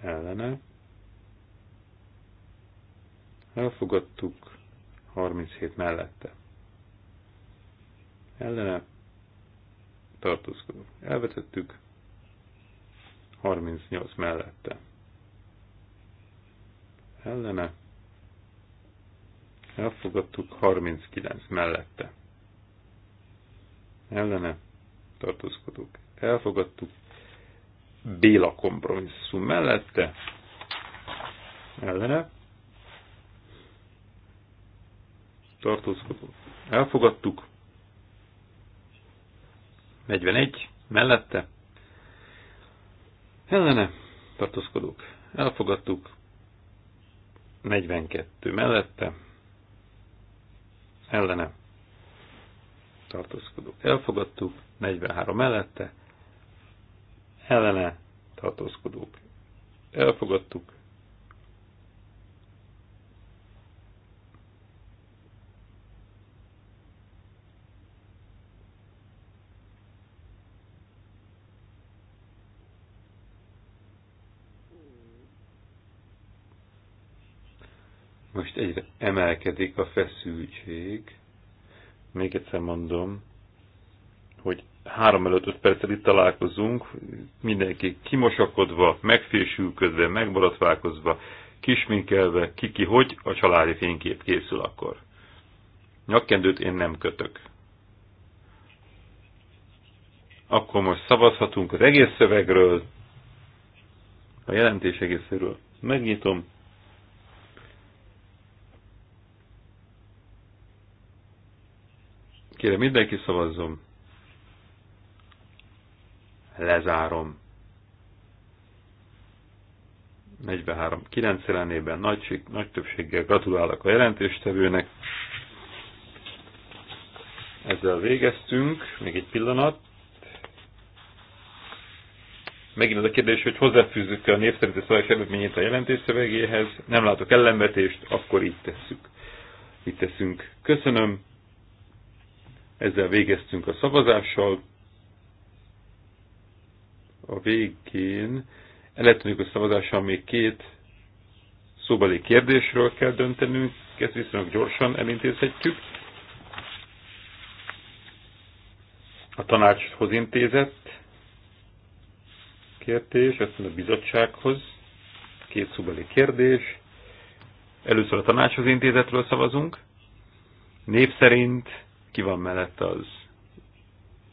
Ellene, Elfogadtuk 37 mellette. Ellene tartózkodunk. Elvetettük 38 mellette. Ellene elfogadtuk 39 mellette. Ellene tartózkodunk. Elfogadtuk Béla kompromisszum mellette. Ellene tartózkodó. Elfogadtuk. 41 mellette. Ellene tartózkodók. Elfogadtuk. 42 mellette. Ellene tartózkodók. Elfogadtuk. 43 mellette. Ellene tartózkodók. Elfogadtuk. most egyre emelkedik a feszültség. Még egyszer mondom, hogy három előtt öt perccel itt találkozunk, mindenki kimosakodva, megfésülködve, megbaratválkozva, kisminkelve, kiki hogy a családi fénykép készül akkor. Nyakkendőt én nem kötök. Akkor most szavazhatunk az egész szövegről, a jelentés egészéről. Megnyitom. Kérem, mindenki szavazzom. Lezárom. 43. 9 jelenében nagy, nagy többséggel gratulálok a jelentéstevőnek. Ezzel végeztünk. Még egy pillanat. Megint az a kérdés, hogy hozzáfűzzük -e a népszerinti szavazás eredményét a jelentés szövegéhez. Nem látok ellenvetést, akkor így tesszük. Így teszünk. Köszönöm. Ezzel végeztünk a szavazással. A végén elektronikus szavazással még két szóbeli kérdésről kell döntenünk, ezt viszonylag gyorsan elintézhetjük. A tanácshoz intézett kérdés, aztán a bizottsághoz két szóbeli kérdés. Először a tanácshoz intézetről szavazunk. Név szerint ki van mellette, az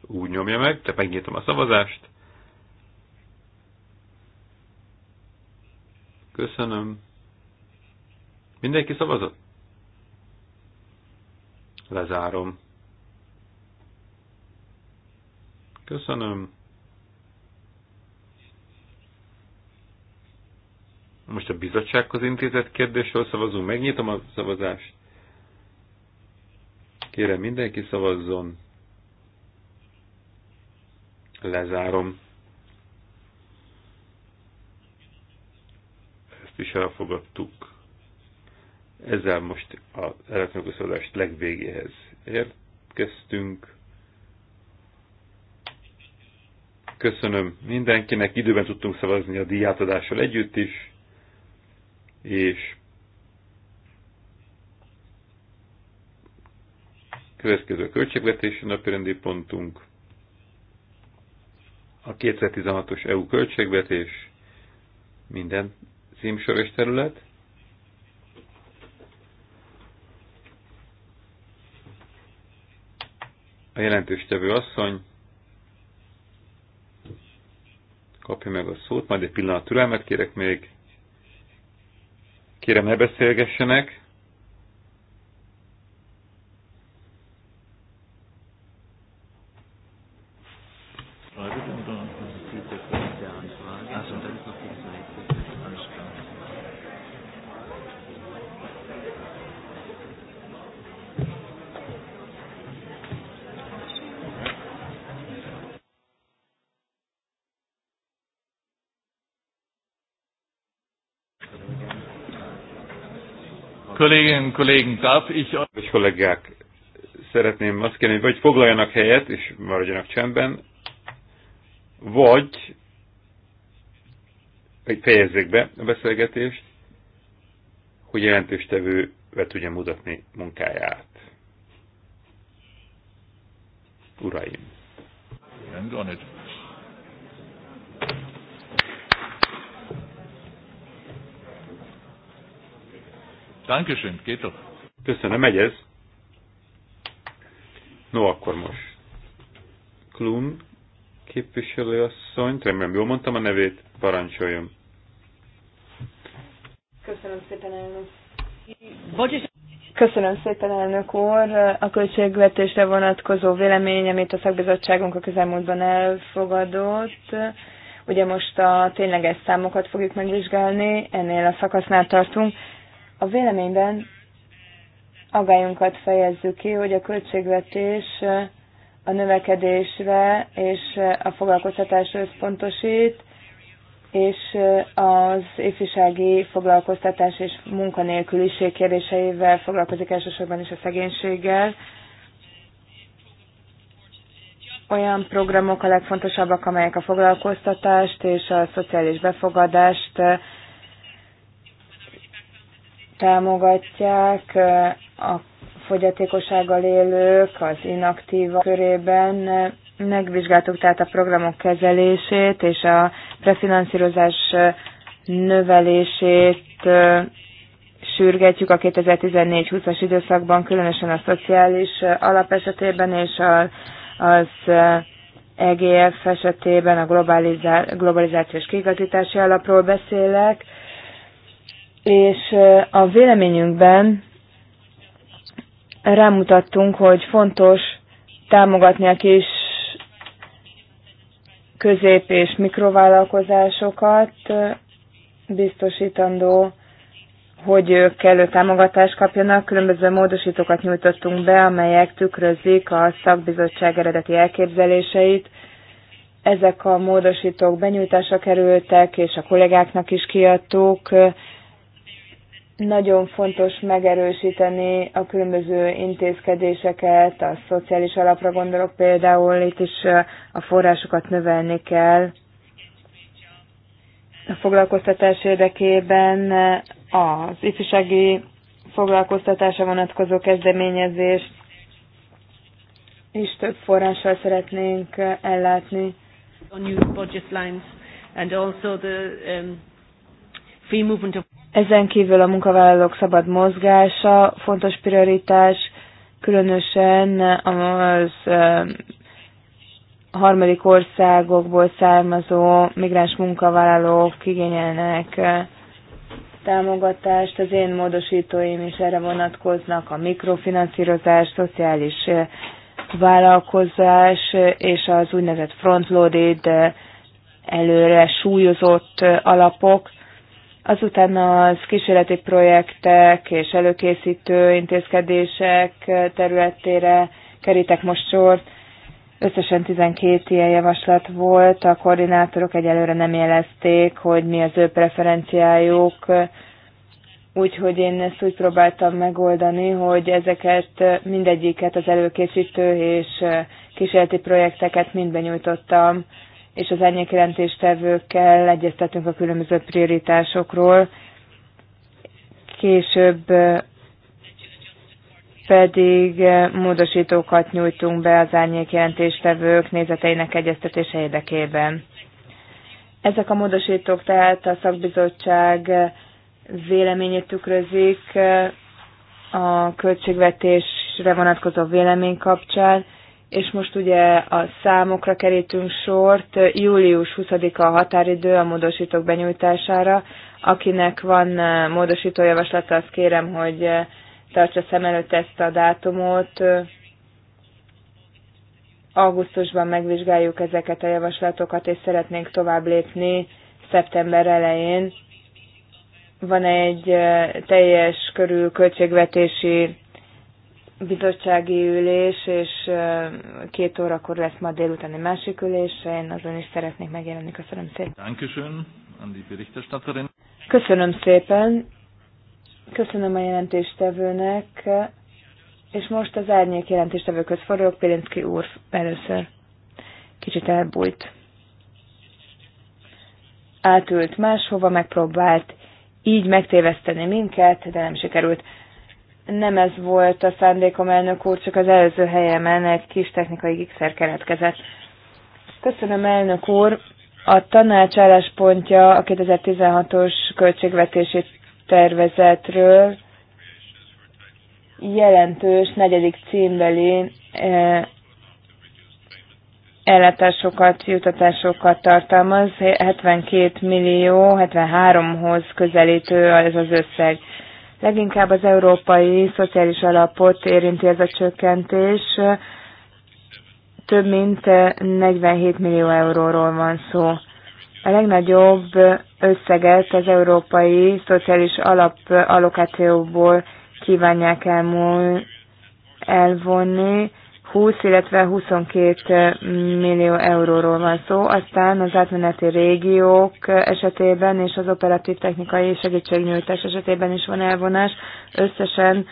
úgy nyomja meg, tehát megnyitom a szavazást. Köszönöm. Mindenki szavazott? Lezárom. Köszönöm. Most a bizottsághoz intézett kérdésről szavazunk. Megnyitom a szavazást. Kérem mindenki szavazzon. Lezárom. Ezt is elfogadtuk. Ezzel most az elektronikus szavazást legvégéhez érkeztünk. Köszönöm mindenkinek, időben tudtunk szavazni a díjátadással együtt is, és Következő költségvetési napirendi pontunk a 2016-os EU költségvetés minden címsoros terület. A jelentős tevő asszony kapja meg a szót, majd egy pillanat türelmet kérek még. Kérem, ne beszélgessenek. Kolleginnen und Kollegen, darf ich... És kollégák, szeretném azt kérni, vagy foglaljanak helyet, és maradjanak csendben, vagy egy fejezzék be a beszélgetést, hogy tevő be tudja mutatni munkáját. Uraim! Dankeschön, geht doch. Köszönöm, megy ez. No, akkor most. Klum képviselőasszonyt, remélem jól mondtam a nevét, parancsoljon. Köszönöm szépen, elnök. Bocs, Köszönöm szépen, elnök úr. A költségvetésre vonatkozó vélemény, amit a szakbizottságunk a közelmúltban elfogadott, ugye most a tényleges számokat fogjuk megvizsgálni, ennél a szakasznál tartunk. A véleményben agályunkat fejezzük ki, hogy a költségvetés a növekedésre és a foglalkoztatásra összpontosít, és az ifjúsági foglalkoztatás és munkanélküliség kérdéseivel foglalkozik elsősorban is a szegénységgel. Olyan programok a legfontosabbak, amelyek a foglalkoztatást és a szociális befogadást támogatják a fogyatékossággal élők az inaktívak körében. Megvizsgáltuk tehát a programok kezelését és a prefinanszírozás növelését sürgetjük a 2014-20-as időszakban, különösen a szociális alap esetében és a, az EGF esetében a globalizációs kigazítási alapról beszélek és a véleményünkben rámutattunk, hogy fontos támogatni a kis közép- és mikrovállalkozásokat, biztosítandó, hogy ők kellő támogatást kapjanak. Különböző módosítókat nyújtottunk be, amelyek tükrözik a szakbizottság eredeti elképzeléseit. Ezek a módosítók benyújtása kerültek, és a kollégáknak is kiadtuk. Nagyon fontos megerősíteni a különböző intézkedéseket, a szociális alapra gondolok például, itt is a forrásokat növelni kell. A foglalkoztatás érdekében az ifjúsági foglalkoztatása vonatkozó kezdeményezést is több forrással szeretnénk ellátni. Um, free movement of ezen kívül a munkavállalók szabad mozgása fontos prioritás, különösen az harmadik országokból származó migráns munkavállalók igényelnek támogatást. Az én módosítóim is erre vonatkoznak, a mikrofinanszírozás, szociális vállalkozás és az úgynevezett frontloaded előre súlyozott alapok. Azután az kísérleti projektek és előkészítő intézkedések területére kerítek most sort. Összesen 12 ilyen javaslat volt, a koordinátorok egyelőre nem jelezték, hogy mi az ő preferenciájuk, úgyhogy én ezt úgy próbáltam megoldani, hogy ezeket mindegyiket, az előkészítő és kísérleti projekteket mind benyújtottam és az árnyékjelentéstevőkkel egyeztetünk a különböző prioritásokról. Később pedig módosítókat nyújtunk be az árnyékjelentéstevők nézeteinek egyeztetése érdekében. Ezek a módosítók tehát a szakbizottság véleményét tükrözik a költségvetésre vonatkozó vélemény kapcsán, és most ugye a számokra kerítünk sort, július 20-a a határidő a módosítók benyújtására. Akinek van eh, módosító javaslata, azt kérem, hogy eh, tartsa szem előtt ezt a dátumot. Augusztusban megvizsgáljuk ezeket a javaslatokat, és szeretnénk tovább lépni szeptember elején. Van egy eh, teljes körű költségvetési bizottsági ülés, és két órakor lesz ma délután egy másik ülés, én azon is szeretnék megjelenni. Köszönöm szépen. Köszönöm szépen. Köszönöm a jelentéstevőnek, és most az árnyék jelentéstevőköz fordulok, Pilinszki úr először. Kicsit elbújt. Átült máshova, megpróbált így megtéveszteni minket, de nem sikerült. Nem ez volt a szándékom, elnök úr, csak az előző helyemen egy kis technikai gigszer keletkezett. Köszönöm, elnök úr. A tanács álláspontja a 2016-os költségvetési tervezetről jelentős negyedik címbeli e, ellátásokat, jutatásokat tartalmaz, 72 millió, 73-hoz közelítő ez az összeg. Leginkább az európai szociális alapot érinti ez a csökkentés. Több mint 47 eh, millió euróról van szó. A legnagyobb összeget az európai szociális alap alokációból kívánják elmúl elvonni. 20, illetve 22 millió euróról van szó, aztán az átmeneti régiók esetében és az operatív technikai segítségnyújtás esetében is van elvonás. Összesen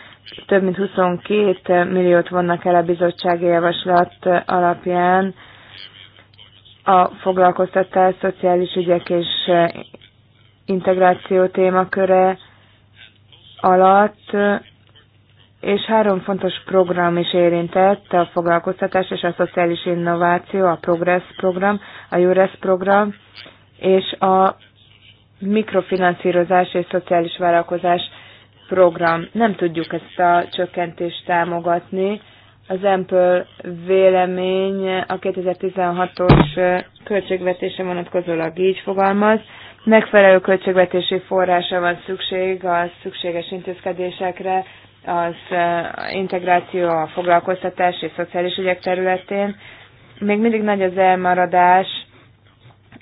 több mint 22 milliót vannak el a bizottsági javaslat alapján a foglalkoztatás, szociális ügyek és integráció témaköre alatt és három fontos program is érintett, a foglalkoztatás és a szociális innováció, a Progress program, a Jures program, és a mikrofinanszírozás és szociális vállalkozás program. Nem tudjuk ezt a csökkentést támogatni. Az Ample vélemény a 2016-os költségvetése vonatkozólag így fogalmaz. Megfelelő költségvetési forrása van szükség a szükséges intézkedésekre, az integráció a foglalkoztatás és szociális ügyek területén. Még mindig nagy az elmaradás,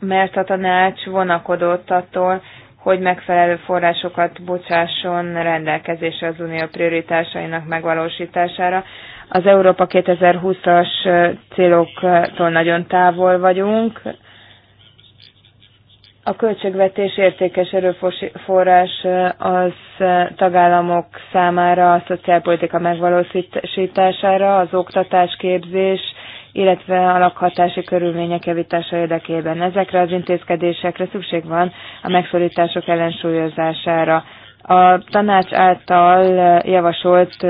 mert a tanács vonakodott attól, hogy megfelelő forrásokat bocsásson rendelkezésre az unió prioritásainak megvalósítására. Az Európa 2020-as céloktól nagyon távol vagyunk, a költségvetés értékes erőforrás az tagállamok számára a szociálpolitika megvalósítására, az oktatás, képzés, illetve a lakhatási körülmények javítása érdekében. Ezekre az intézkedésekre szükség van a megszorítások ellensúlyozására. A tanács által javasolt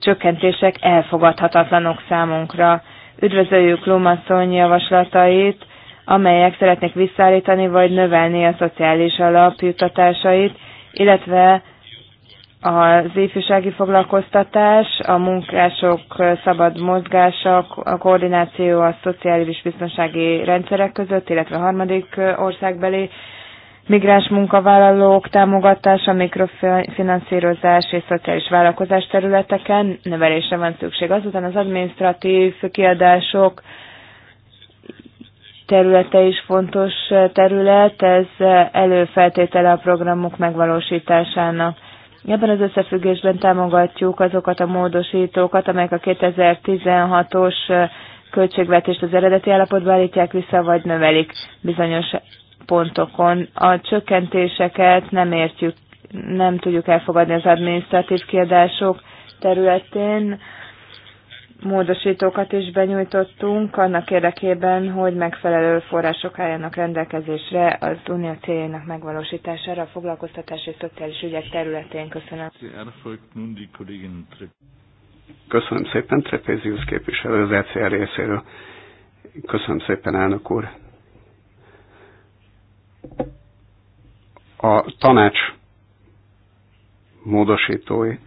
csökkentések elfogadhatatlanok számunkra. Üdvözöljük Lumasszony javaslatait, amelyek szeretnék visszaállítani vagy növelni a szociális alapjutatásait, illetve az ifjúsági foglalkoztatás, a munkások szabad mozgása, a koordináció a szociális biztonsági rendszerek között, illetve a harmadik országbeli migráns munkavállalók támogatása, mikrofinanszírozás és szociális vállalkozás területeken növelésre van szükség. Azután az administratív kiadások területe is fontos terület, ez előfeltétele a programok megvalósításának. Ebben az összefüggésben támogatjuk azokat a módosítókat, amelyek a 2016-os költségvetést az eredeti állapotba állítják vissza, vagy növelik bizonyos pontokon. A csökkentéseket nem értjük, nem tudjuk elfogadni az adminisztratív kiadások területén módosítókat is benyújtottunk annak érdekében, hogy megfelelő források álljanak rendelkezésre az unió céljának megvalósítására a foglalkoztatási és szociális ügyek területén. Köszönöm. Köszönöm szépen, Trepézius képviselő az ECR részéről. Köszönöm szépen, elnök úr. A tanács módosítói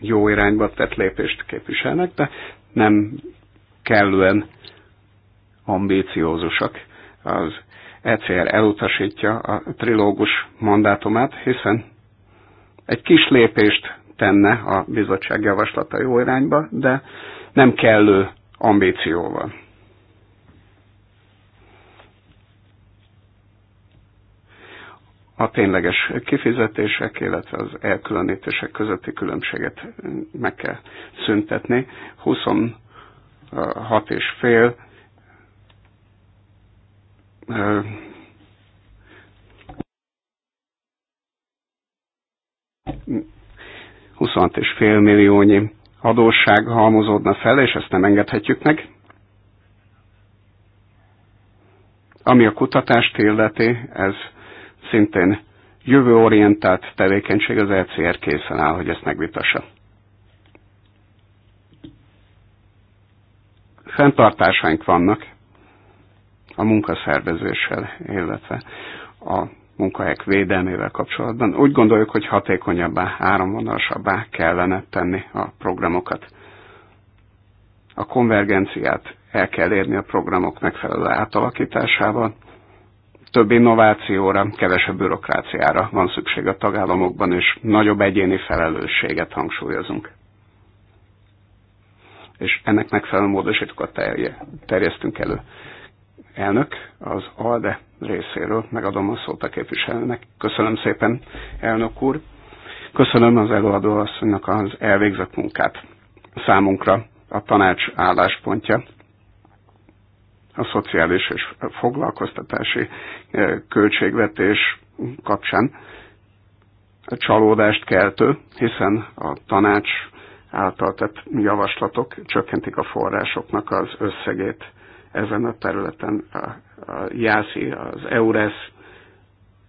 jó irányba tett lépést képviselnek, de nem kellően ambíciózusak. Az ECR elutasítja a trilógus mandátumát, hiszen egy kis lépést tenne a bizottság javaslata jó irányba, de nem kellő ambícióval. a tényleges kifizetések, illetve az elkülönítések közötti különbséget meg kell szüntetni. 26 és fél és fél milliónyi adósság halmozódna fel, és ezt nem engedhetjük meg. Ami a kutatást illeti, ez szintén jövőorientált tevékenység, az ECR készen áll, hogy ezt megvitassa. Fentartásaink vannak a munkaszervezéssel, illetve a munkahelyek védelmével kapcsolatban. Úgy gondoljuk, hogy hatékonyabbá, áramvonalasabbá kellene tenni a programokat. A konvergenciát el kell érni a programok megfelelő átalakításával, több innovációra, kevesebb bürokráciára van szükség a tagállamokban, és nagyobb egyéni felelősséget hangsúlyozunk. És ennek megfelelő módosítókat terjesztünk elő. Elnök, az ALDE részéről megadom a szót a képviselőnek. Köszönöm szépen, elnök úr. Köszönöm az előadó asszonynak az elvégzett munkát. Számunkra a tanács álláspontja a szociális és foglalkoztatási eh, költségvetés kapcsán csalódást keltő, hiszen a tanács által tett javaslatok csökkentik a forrásoknak az összegét ezen a területen. A, a JASZI, az EURES,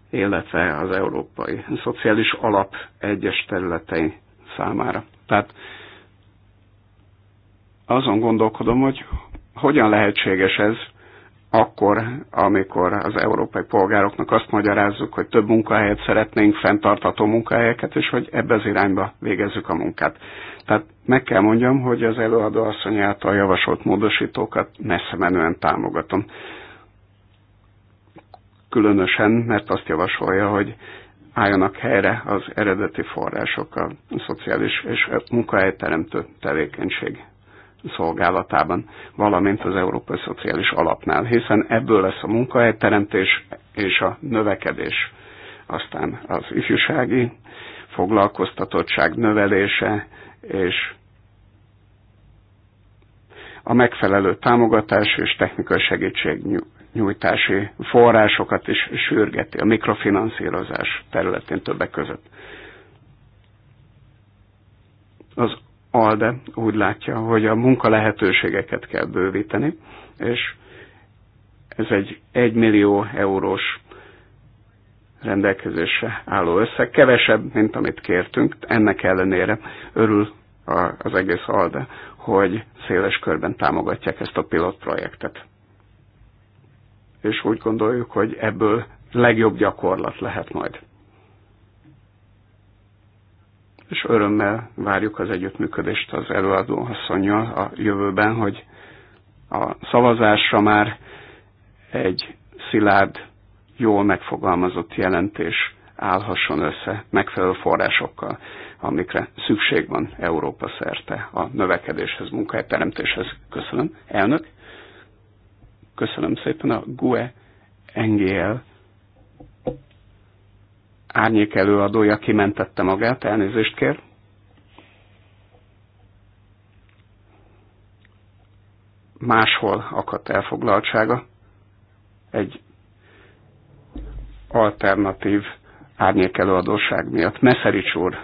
illetve az Európai Szociális Alap egyes területei számára. Tehát azon gondolkodom, hogy hogyan lehetséges ez akkor, amikor az európai polgároknak azt magyarázzuk, hogy több munkahelyet szeretnénk, fenntartató munkahelyeket, és hogy ebbe az irányba végezzük a munkát. Tehát meg kell mondjam, hogy az előadó asszony által javasolt módosítókat messze menően támogatom. Különösen, mert azt javasolja, hogy álljanak helyre az eredeti források, a szociális és munkahelyteremtő tevékenység szolgálatában, valamint az Európai Szociális Alapnál, hiszen ebből lesz a munkahelyteremtés és a növekedés. Aztán az ifjúsági foglalkoztatottság növelése és a megfelelő támogatás és technikai segítség nyújtási forrásokat is sürgeti a mikrofinanszírozás területén többek között. Az ALDE úgy látja, hogy a munka lehetőségeket kell bővíteni, és ez egy 1 millió eurós rendelkezésre álló összeg, kevesebb, mint amit kértünk, ennek ellenére örül az egész ALDE, hogy széles körben támogatják ezt a pilotprojektet. És úgy gondoljuk, hogy ebből legjobb gyakorlat lehet majd és örömmel várjuk az együttműködést az előadó asszonynal a jövőben, hogy a szavazásra már egy szilárd, jól megfogalmazott jelentés állhasson össze megfelelő forrásokkal, amikre szükség van Európa szerte a növekedéshez, munkahelyteremtéshez. Köszönöm, elnök. Köszönöm szépen a GUE NGL árnyék előadója kimentette magát, elnézést kér. Máshol akadt elfoglaltsága. Egy alternatív árnyék előadóság miatt. Meszerics úr,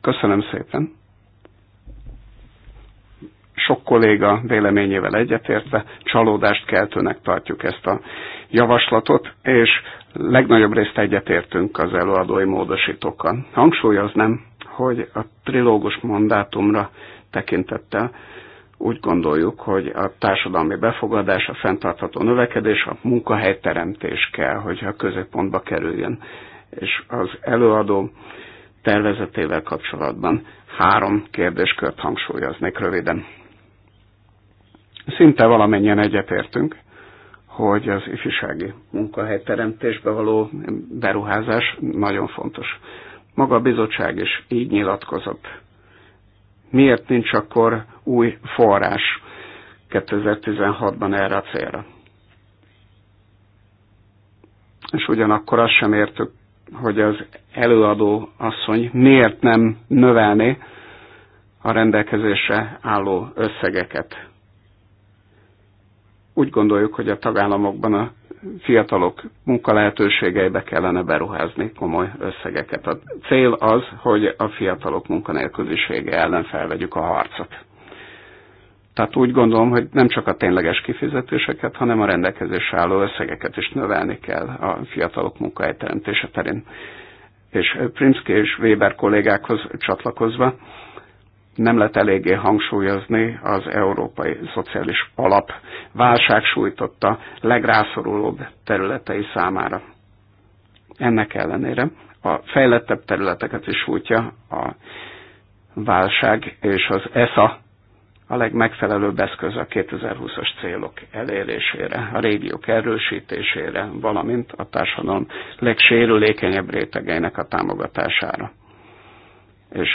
köszönöm szépen. Sok kolléga véleményével egyetértve csalódást keltőnek tartjuk ezt a javaslatot, és legnagyobb részt egyetértünk az előadói módosítókkal. Hangsúlyoznám, hogy a trilógus mandátumra tekintettel úgy gondoljuk, hogy a társadalmi befogadás, a fenntartható növekedés, a munkahelyteremtés kell, hogyha a középpontba kerüljön. És az előadó tervezetével kapcsolatban három kérdéskört hangsúlyoznék röviden. Szinte valamennyien egyetértünk, hogy az ifjúsági munkahelyteremtésbe való beruházás nagyon fontos. Maga a bizottság is így nyilatkozott. Miért nincs akkor új forrás 2016-ban erre a célra? És ugyanakkor azt sem értük, hogy az előadó asszony miért nem növelni a rendelkezésre álló összegeket úgy gondoljuk, hogy a tagállamokban a fiatalok munkalehetőségeibe kellene beruházni komoly összegeket. A cél az, hogy a fiatalok munkanélkülisége ellen felvegyük a harcot. Tehát úgy gondolom, hogy nem csak a tényleges kifizetéseket, hanem a rendelkezés álló összegeket is növelni kell a fiatalok munkahelyteremtése terén. És Primski és Weber kollégákhoz csatlakozva nem lehet eléggé hangsúlyozni az európai szociális alap válság sújtotta legrászorulóbb területei számára. Ennek ellenére a fejlettebb területeket is sújtja a válság, és az ESA a legmegfelelőbb eszköz a 2020-as célok elérésére, a régiók erősítésére, valamint a társadalom legsérülékenyebb rétegeinek a támogatására. És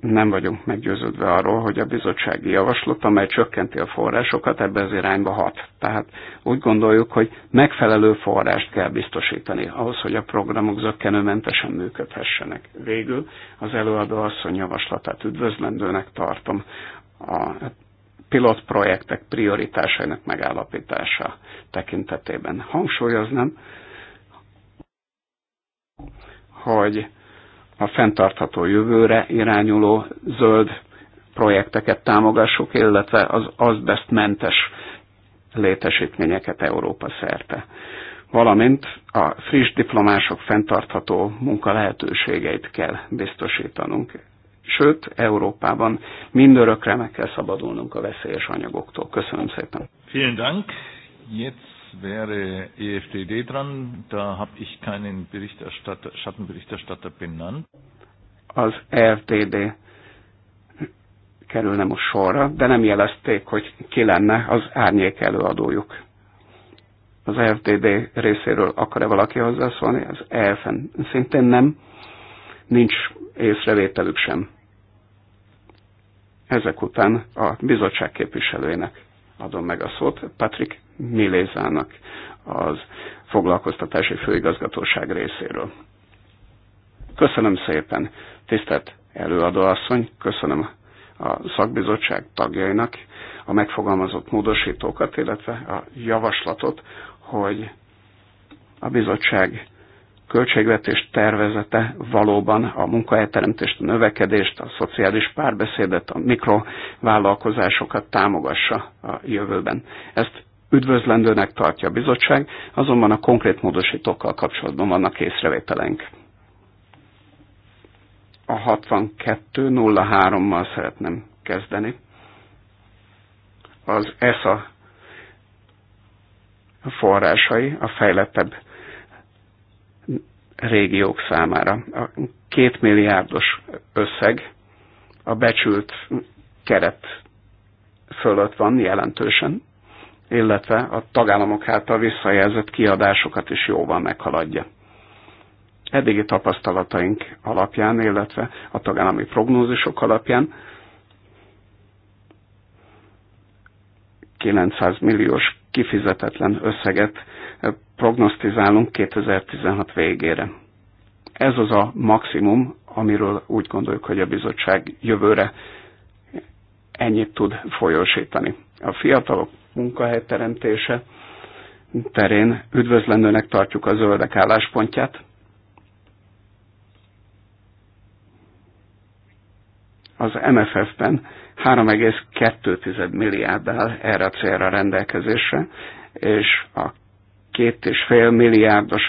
nem vagyunk meggyőződve arról, hogy a bizottsági javaslat, amely csökkenti a forrásokat, ebbe az irányba hat. Tehát úgy gondoljuk, hogy megfelelő forrást kell biztosítani ahhoz, hogy a programok zöggenőmentesen működhessenek. Végül az előadó asszony javaslatát üdvözlendőnek tartom a projektek prioritásainak megállapítása tekintetében. Hangsúlyoznám, hogy a fenntartható jövőre irányuló zöld projekteket támogassuk, illetve az azbestmentes létesítményeket Európa szerte valamint a friss diplomások fenntartható munka lehetőségeit kell biztosítanunk. Sőt, Európában mindörökre meg kell szabadulnunk a veszélyes anyagoktól. Köszönöm szépen. Vielen Dank. Jetzt wäre EFDD dran. Da habe ich keinen Berichterstatter, Schattenberichterstatter benannt. Als EFDD kerülne most sorra, de nem jelezték, hogy ki lenne az árnyék előadójuk. Az EFDD részéről akar-e valaki hozzászólni? Az EFN szintén nem. Nincs észrevételük sem. Ezek után a bizottság képviselőjének adom meg a szót. Patrick Milézának az foglalkoztatási főigazgatóság részéről. Köszönöm szépen, tisztelt előadóasszony, köszönöm a szakbizottság tagjainak a megfogalmazott módosítókat, illetve a javaslatot, hogy a bizottság költségvetés tervezete valóban a munkahelyteremtést, a növekedést, a szociális párbeszédet, a mikrovállalkozásokat támogassa a jövőben. Ezt üdvözlendőnek tartja a bizottság, azonban a konkrét módosítókkal kapcsolatban vannak észrevételenk. A 62.03-mal szeretném kezdeni. Az ESA forrásai a fejlettebb régiók számára. A két milliárdos összeg a becsült keret fölött van jelentősen, illetve a tagállamok által visszajelzett kiadásokat is jóval meghaladja. Eddigi tapasztalataink alapján, illetve a tagállami prognózisok alapján 900 milliós kifizetetlen összeget prognosztizálunk 2016 végére. Ez az a maximum, amiről úgy gondoljuk, hogy a bizottság jövőre ennyit tud folyósítani. A fiatalok munkahelyteremtése terén üdvözlendőnek tartjuk a zöldek álláspontját. Az MFF-ben 3,2 milliárd áll erre a célra rendelkezésre, és a két és fél milliárdos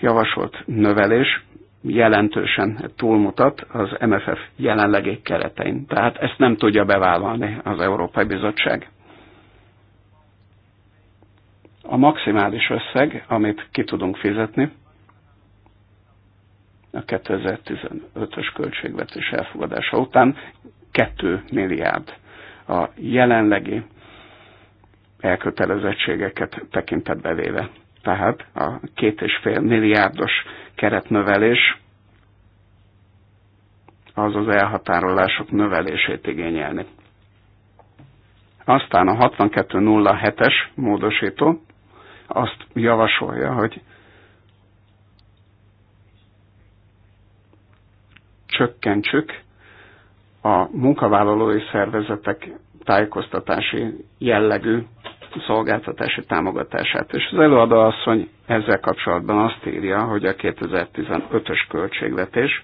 javasolt növelés jelentősen túlmutat az MFF jelenlegi keretein. Tehát ezt nem tudja bevállalni az Európai Bizottság. A maximális összeg, amit ki tudunk fizetni, a 2015-ös költségvetés elfogadása után 2 milliárd a jelenlegi elkötelezettségeket tekintetbe véve. Tehát a két milliárdos keretnövelés az az elhatárolások növelését igényelni. Aztán a 6207-es módosító azt javasolja, hogy csökkentsük a munkavállalói szervezetek tájékoztatási jellegű szolgáltatási támogatását. És az előadó asszony ezzel kapcsolatban azt írja, hogy a 2015-ös költségvetés,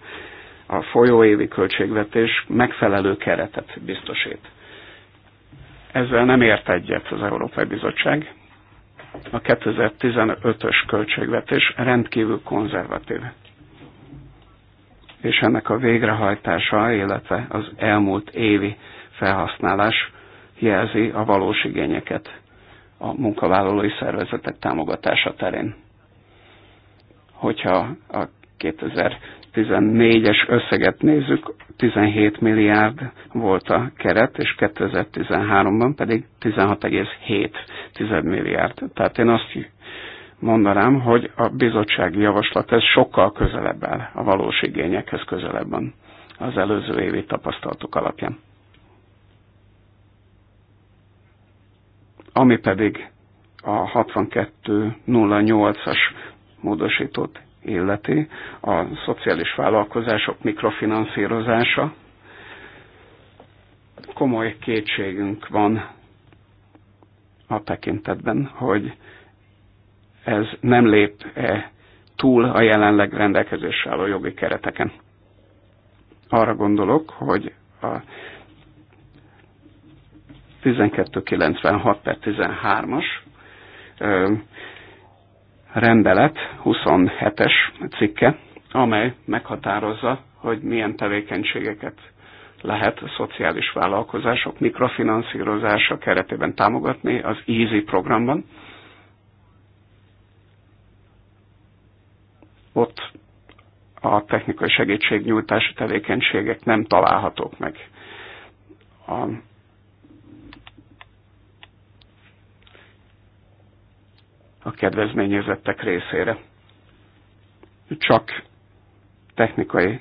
a folyóévi költségvetés megfelelő keretet biztosít. Ezzel nem ért egyet az Európai Bizottság, a 2015-ös költségvetés rendkívül konzervatív. És ennek a végrehajtása, illetve az elmúlt évi felhasználás jelzi a valós igényeket a munkavállalói szervezetek támogatása terén. Hogyha a 2000 2014-es összeget nézzük, 17 milliárd volt a keret, és 2013-ban pedig 16,7 milliárd. Tehát én azt mondanám, hogy a bizottsági javaslat ez sokkal közelebb áll a valós igényekhez közelebb van az előző évi tapasztalatok alapján. Ami pedig a 6208-as módosított illeti, a szociális vállalkozások mikrofinanszírozása. Komoly kétségünk van a tekintetben, hogy ez nem lép -e túl a jelenleg rendelkezésre álló jogi kereteken. Arra gondolok, hogy a 1296 per 13-as rendelet 27-es cikke, amely meghatározza, hogy milyen tevékenységeket lehet a szociális vállalkozások mikrofinanszírozása keretében támogatni az EASY programban. Ott a technikai segítségnyújtási tevékenységek nem találhatók meg. A a kedvezményezettek részére. Csak technikai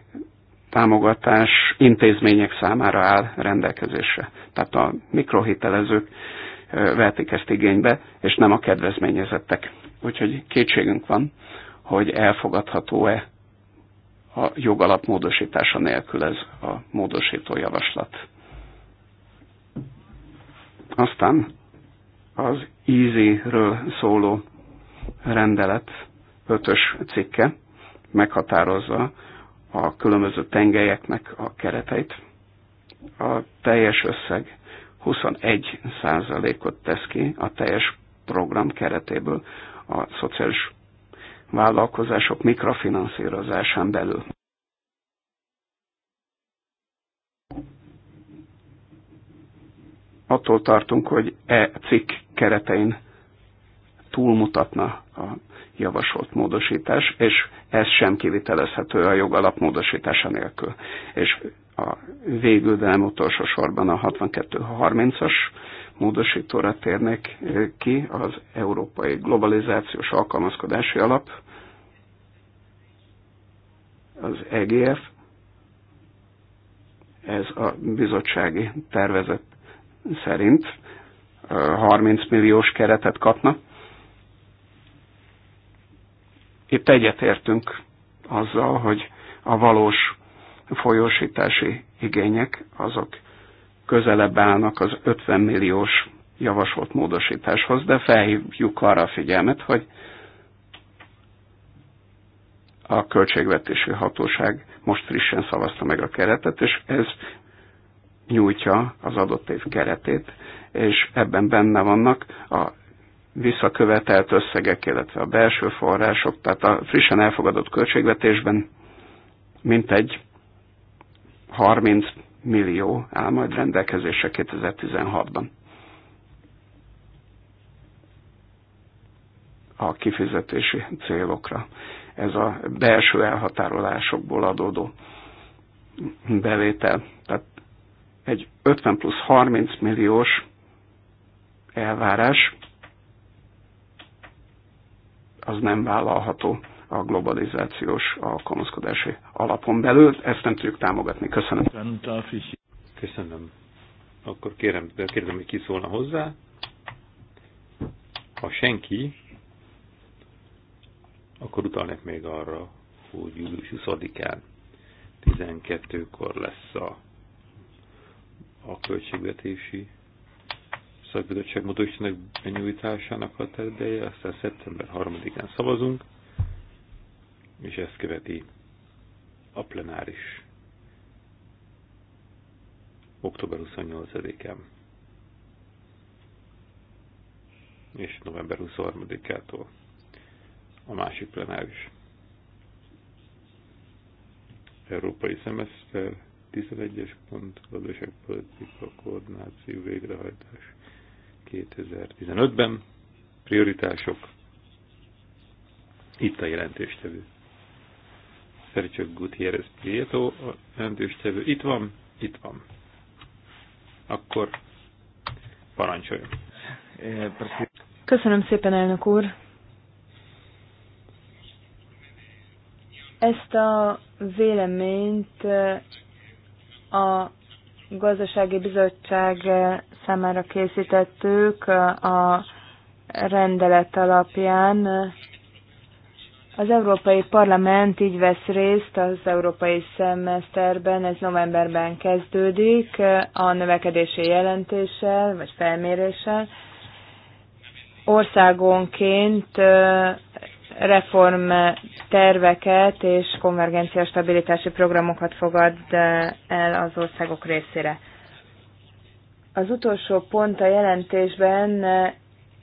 támogatás intézmények számára áll rendelkezésre. Tehát a mikrohitelezők vehetik ezt igénybe, és nem a kedvezményezettek. Úgyhogy kétségünk van, hogy elfogadható-e a jogalap módosítása nélkül ez a módosító javaslat. Aztán az easy-ről szóló rendelet ötös cikke meghatározza a különböző tengelyeknek a kereteit. A teljes összeg 21 százalékot tesz ki a teljes program keretéből a szociális vállalkozások mikrofinanszírozásán belül. Attól tartunk, hogy e cikk keretein túlmutatna a javasolt módosítás, és ez sem kivitelezhető a jogalap módosítása nélkül. És a végül, de nem utolsó sorban a 62-30-as módosítóra térnek eh, ki az Európai Globalizációs Alkalmazkodási Alap, az EGF, ez a bizottsági tervezet szerint 30 eh, milliós keretet kapnak, itt egyetértünk azzal, hogy a valós folyósítási igények azok közelebb állnak az 50 milliós javasolt módosításhoz, de felhívjuk arra a figyelmet, hogy a költségvetési hatóság most frissen szavazta meg a keretet, és ez nyújtja az adott év keretét, és ebben benne vannak a visszakövetelt összegek, illetve a belső források, tehát a frissen elfogadott költségvetésben mintegy 30 millió áll majd rendelkezésre 2016-ban. A kifizetési célokra. Ez a belső elhatárolásokból adódó bevétel. Tehát egy 50 plusz 30 milliós elvárás az nem vállalható a globalizációs alkalmazkodási alapon belül. Ezt nem tudjuk támogatni. Köszönöm. Köszönöm. Akkor kérem, de kérdem, hogy ki szólna hozzá. Ha senki, akkor utalnék még arra, hogy július 20-án 12-kor lesz a, a költségvetési szakbizottság módosítanak benyújtásának terdeje, aztán szeptember 3-án szavazunk, és ezt követi a plenáris október 28-án és november 23-ától a másik plenáris. Európai Szemeszter 11-es pont, gazdaságpolitika, koordináció, végrehajtás. 2015-ben. Prioritások. Itt a jelentéstevő. Szerűcsök Gutierrez Prieto a jelentéstevő. Itt van, itt van. Akkor parancsoljon. Köszönöm szépen, elnök úr. Ezt a véleményt a gazdasági bizottság számára készítettük a rendelet alapján. Az Európai Parlament így vesz részt az európai szemeszterben, ez novemberben kezdődik, a növekedési jelentéssel vagy felméréssel. Országonként reformterveket és konvergencia stabilitási programokat fogad el az országok részére. Az utolsó pont a jelentésben eh,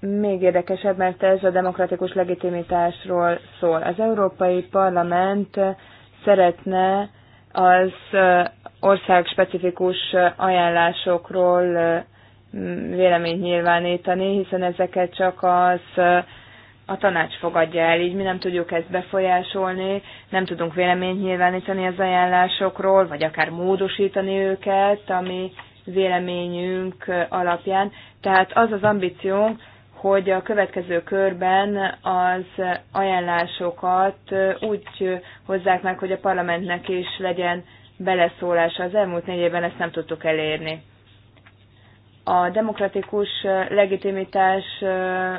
még érdekesebb, mert ez a demokratikus legitimitásról szól. Az Európai Parlament eh, szeretne az eh, ország specifikus ajánlásokról véleményt nyilvánítani, hiszen ezeket csak az a tanács fogadja el, így mi nem tudjuk ezt befolyásolni, nem tudunk véleményt nyilvánítani az ajánlásokról, vagy akár módosítani őket, ami véleményünk alapján. Tehát az az ambíciónk, hogy a következő körben az ajánlásokat úgy hozzák meg, hogy a parlamentnek is legyen beleszólása. Az elmúlt négy évben ezt nem tudtuk elérni. A demokratikus legitimitás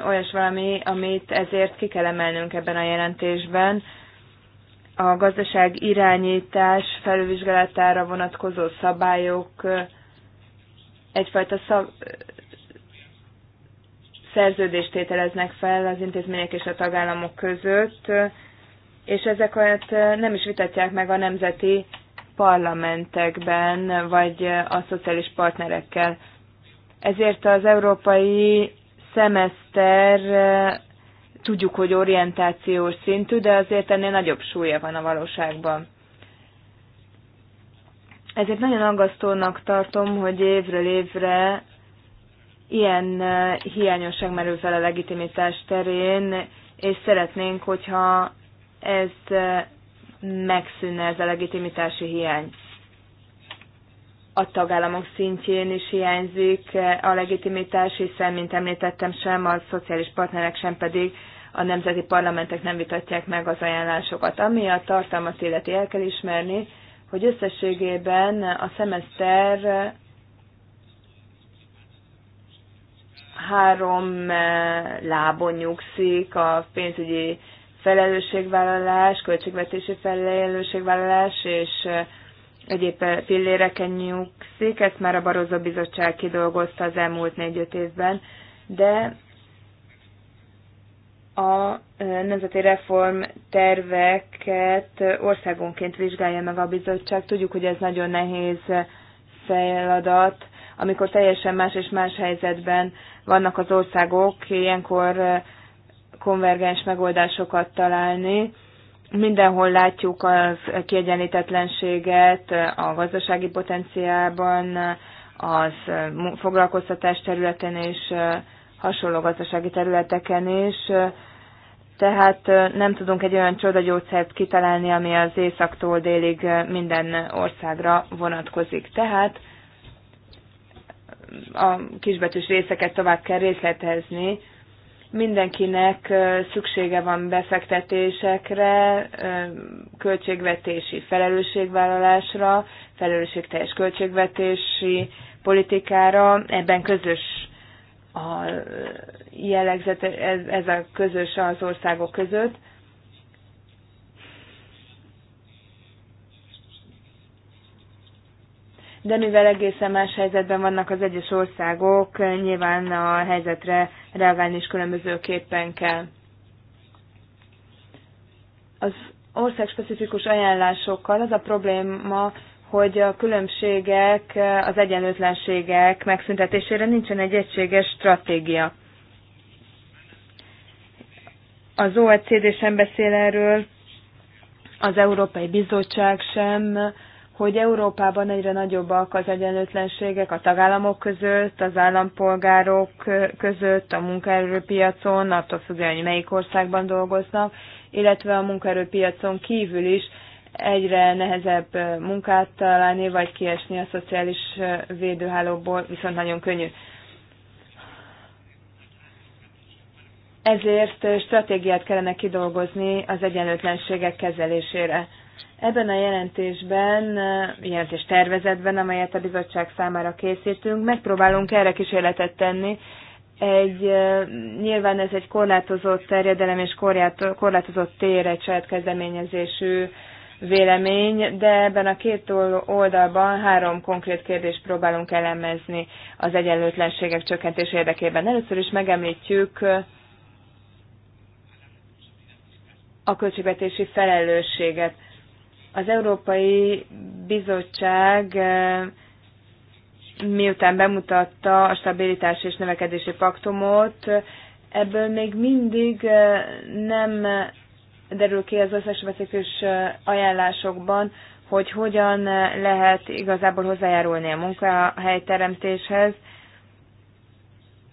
olyas valami, amit ezért ki kell emelnünk ebben a jelentésben. A gazdaság irányítás felülvizsgálatára vonatkozó szabályok egyfajta szav, szerződést tételeznek fel az intézmények és a tagállamok között, és ezeket eh, nem is vitatják meg a nemzeti parlamentekben, vagy a szociális partnerekkel. Ezért az európai szemeszter eh, tudjuk, hogy orientációs szintű, de azért ennél nagyobb súlya van a valóságban. Ezért nagyon aggasztónak tartom, hogy évről évre ilyen hiányosság merül fel a legitimitás terén, és szeretnénk, hogyha ez megszűnne ez a legitimitási hiány. A tagállamok szintjén is hiányzik a legitimitás, hiszen, mint említettem, sem a szociális partnerek, sem pedig a nemzeti parlamentek nem vitatják meg az ajánlásokat. Ami a tartalmat illeti el kell ismerni, hogy összességében a szemeszter három lábon nyugszik, a pénzügyi felelősségvállalás, költségvetési felelősségvállalás és egyéb pilléreken nyugszik, ezt már a Barozó Bizottság kidolgozta az elmúlt négy-öt évben, de a nemzeti reform terveket országonként vizsgálja meg a bizottság. Tudjuk, hogy ez nagyon nehéz feladat, amikor teljesen más és más helyzetben vannak az országok, ilyenkor konvergens megoldásokat találni. Mindenhol látjuk az kiegyenlítetlenséget a gazdasági potenciálban, az foglalkoztatás területén és hasonló gazdasági területeken is. Tehát nem tudunk egy olyan csodagyógyszert kitalálni, ami az északtól délig minden országra vonatkozik. Tehát a kisbetűs részeket tovább kell részletezni. Mindenkinek szüksége van befektetésekre, költségvetési felelősségvállalásra, felelősségteljes költségvetési politikára, ebben közös a jellegzet, ez, ez a közös az országok között. De mivel egészen más helyzetben vannak az egyes országok, nyilván a helyzetre reagálni is különbözőképpen kell. Az országspecifikus ajánlásokkal az a probléma, hogy a különbségek, az egyenlőtlenségek megszüntetésére nincsen egy egységes stratégia. Az OECD sem beszél erről, az Európai Bizottság sem, hogy Európában egyre nagyobbak az egyenlőtlenségek a tagállamok között, az állampolgárok között, a munkaerőpiacon, attól függően, hogy melyik országban dolgoznak, illetve a munkaerőpiacon kívül is egyre nehezebb munkát találni, vagy kiesni a szociális védőhálóból, viszont nagyon könnyű. Ezért stratégiát kellene kidolgozni az egyenlőtlenségek kezelésére. Ebben a jelentésben, jelentés tervezetben, amelyet a bizottság számára készítünk, megpróbálunk erre kísérletet tenni. Egy, nyilván ez egy korlátozott terjedelem és korlátozott tére saját kezdeményezésű vélemény, de ebben a két oldalban három konkrét kérdést próbálunk elemezni az egyenlőtlenségek csökkentés érdekében. Először is megemlítjük a költségvetési felelősséget. Az Európai Bizottság miután bemutatta a stabilitás és növekedési paktumot, ebből még mindig nem derül ki az összes specifikus ajánlásokban, hogy hogyan lehet igazából hozzájárulni a munkahelyteremtéshez,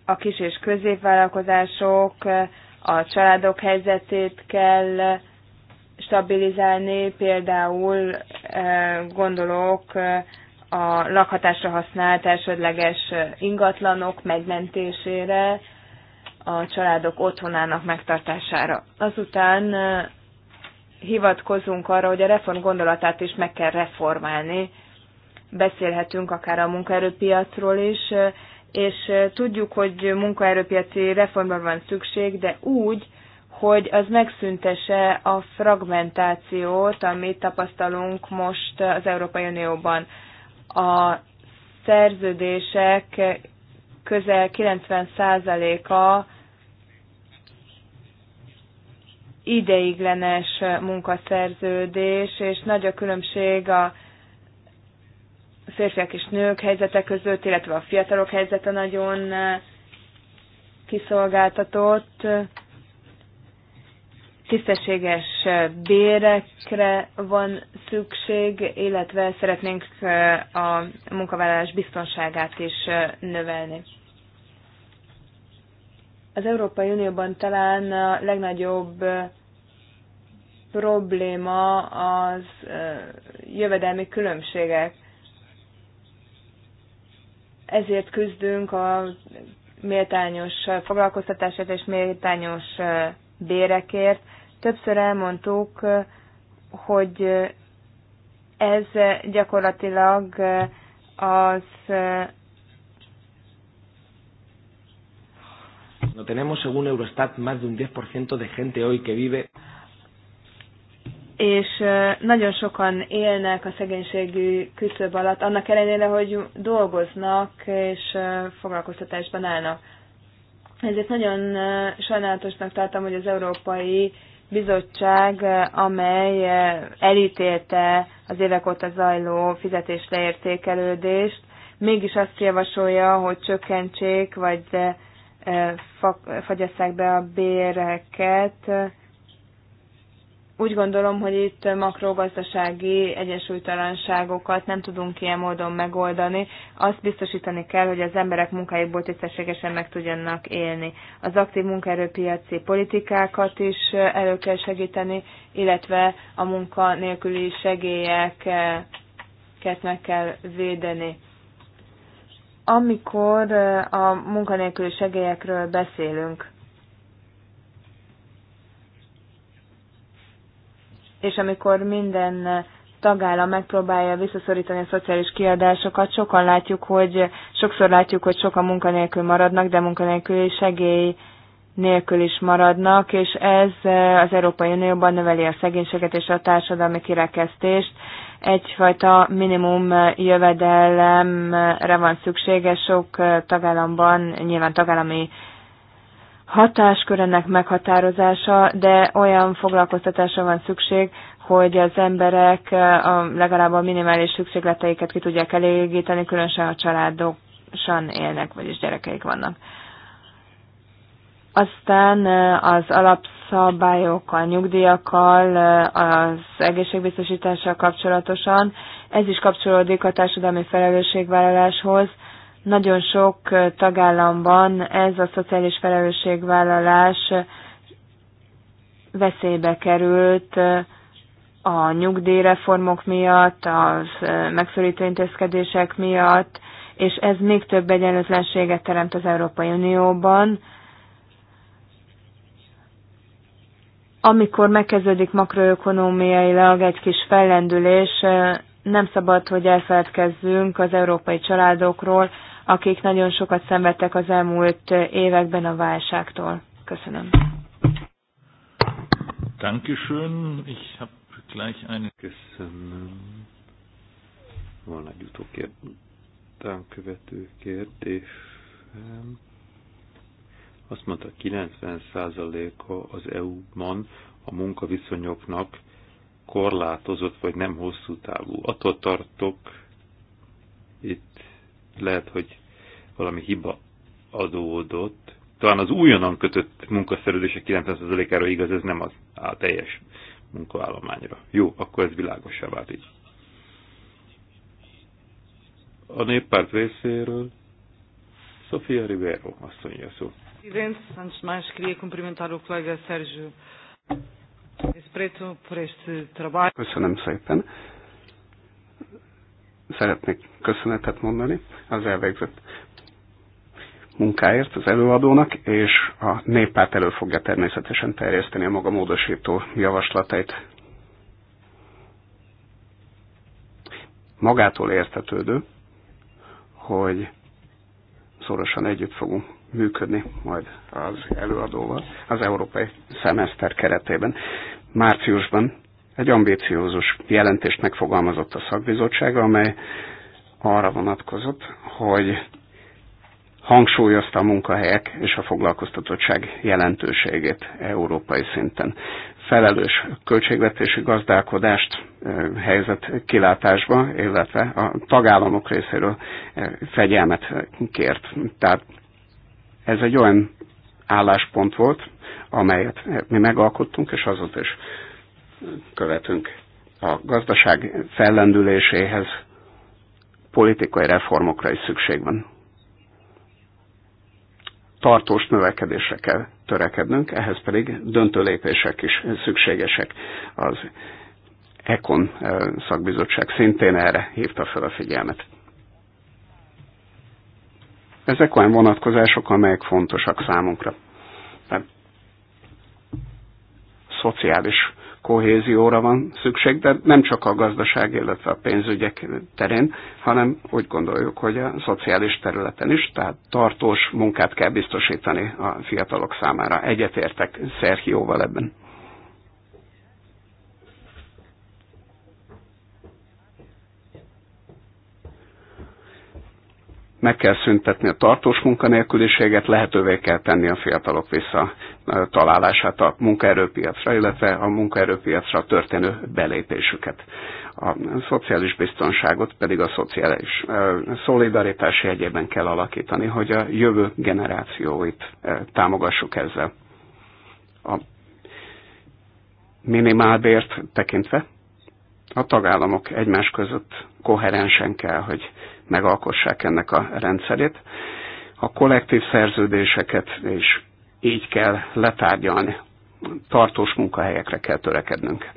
a kis és középvállalkozások, a családok helyzetét kell stabilizálni, például gondolok a lakhatásra használt elsődleges ingatlanok megmentésére, a családok otthonának megtartására. Azután hivatkozunk arra, hogy a reform gondolatát is meg kell reformálni. Beszélhetünk akár a munkaerőpiacról is, és tudjuk, hogy munkaerőpiaci reformra van szükség, de úgy, hogy az megszüntese a fragmentációt, amit tapasztalunk most az Európai Unióban. A szerződések közel 90%-a ideiglenes munkaszerződés, és nagy a különbség a férfiak és nők helyzete között, illetve a fiatalok helyzete nagyon kiszolgáltatott. Tisztességes bérekre van szükség, illetve szeretnénk a munkavállalás biztonságát is növelni. Az Európai Unióban talán a legnagyobb probléma az jövedelmi különbségek. Ezért küzdünk a méltányos foglalkoztatásért és méltányos bérekért. Többször elmondtuk, hogy ez gyakorlatilag az No tenemos, según Eurostat, más de un 10% de gente hoy que vive és nagyon sokan élnek a szegénységű küszöb alatt, annak ellenére, hogy dolgoznak és foglalkoztatásban állnak. Ezért nagyon sajnálatosnak tartom, hogy az Európai Bizottság, amely elítélte az évek óta zajló fizetésleértékelődést, mégis azt javasolja, hogy csökkentsék, vagy fagyasszák be a béreket. Úgy gondolom, hogy itt makrogazdasági egyensúlytalanságokat nem tudunk ilyen módon megoldani. Azt biztosítani kell, hogy az emberek munkájukból tisztességesen meg tudjanak élni. Az aktív munkaerőpiaci politikákat is elő kell segíteni, illetve a munkanélküli segélyeket meg kell védeni amikor a munkanélküli segélyekről beszélünk, és amikor minden tagállam megpróbálja visszaszorítani a szociális kiadásokat, sokan látjuk, hogy sokszor látjuk, hogy sokan munkanélkül maradnak, de munkanélküli segély nélkül is maradnak, és ez az Európai Unióban növeli a szegénységet és a társadalmi kirekesztést, egyfajta minimum jövedelemre van szüksége sok tagállamban, nyilván tagállami hatáskörönnek meghatározása, de olyan foglalkoztatásra van szükség, hogy az emberek a, legalább a minimális szükségleteiket ki tudják elégíteni, különösen a családosan élnek, vagyis gyerekeik vannak. Aztán az alapsz a nyugdíjakkal, az egészségbiztosítással kapcsolatosan. Ez is kapcsolódik a társadalmi felelősségvállaláshoz. Nagyon sok tagállamban ez a szociális felelősségvállalás veszélybe került a nyugdíjreformok miatt, a megszorító intézkedések miatt, és ez még több egyenlőtlenséget teremt az Európai Unióban amikor megkezdődik makroökonomiailag egy kis fellendülés, nem szabad, hogy elfeledkezzünk az európai családokról, akik nagyon sokat szenvedtek az elmúlt években a válságtól. Köszönöm. Dankeschön. Ich habe gleich eine... Köszönöm. Van egy utókérdés. Után követő kérdés. Azt mondta, 90%-a az EU-ban a munkaviszonyoknak korlátozott vagy nem hosszú távú. Attól tartok, itt lehet, hogy valami hiba adódott. Talán az újonnan kötött munkaszerződése 90%-ára igaz, ez nem az á, teljes munkaállományra. Jó, akkor ez világosá vált így. A néppárt részéről Sofia Rivero azt mondja szó. Presidente, antes de mais queria cumprimentar o colega Sérgio Preto por este trabalho. Köszönöm szépen. Szeretnék köszönetet mondani az elvégzett munkáért az előadónak, és a néppárt elő fogja természetesen terjeszteni a maga módosító javaslatait. Magától értetődő, hogy szorosan együtt fogunk működni majd az előadóval az európai szemeszter keretében. Márciusban egy ambíciózus jelentést megfogalmazott a szakbizottság, amely arra vonatkozott, hogy hangsúlyozta a munkahelyek és a foglalkoztatottság jelentőségét európai szinten. Felelős költségvetési gazdálkodást helyzet kilátásba, illetve a tagállamok részéről fegyelmet kért. Tehát ez egy olyan álláspont volt, amelyet mi megalkottunk, és azóta is követünk a gazdaság fellendüléséhez politikai reformokra is szükség van. Tartós növekedésre kell törekednünk, ehhez pedig döntő lépések is szükségesek. Az Ekon eh, szakbizottság szintén erre hívta fel a figyelmet. Ezek olyan vonatkozások, amelyek fontosak számunkra. Tehát szociális kohézióra van szükség, de nem csak a gazdaság, illetve a pénzügyek terén, hanem úgy gondoljuk, hogy a szociális területen is, tehát tartós munkát kell biztosítani a fiatalok számára. Egyetértek Szerhióval ebben. meg kell szüntetni a tartós munkanélküliséget, lehetővé kell tenni a fiatalok visszatalálását a munkaerőpiacra, illetve a munkaerőpiacra történő belépésüket. A szociális biztonságot pedig a szociális szolidaritás jegyében kell alakítani, hogy a jövő generációit támogassuk ezzel. A minimálbért tekintve a tagállamok egymás között koherensen kell, hogy megalkossák ennek a rendszerét. A kollektív szerződéseket is így kell letárgyalni. Tartós munkahelyekre kell törekednünk.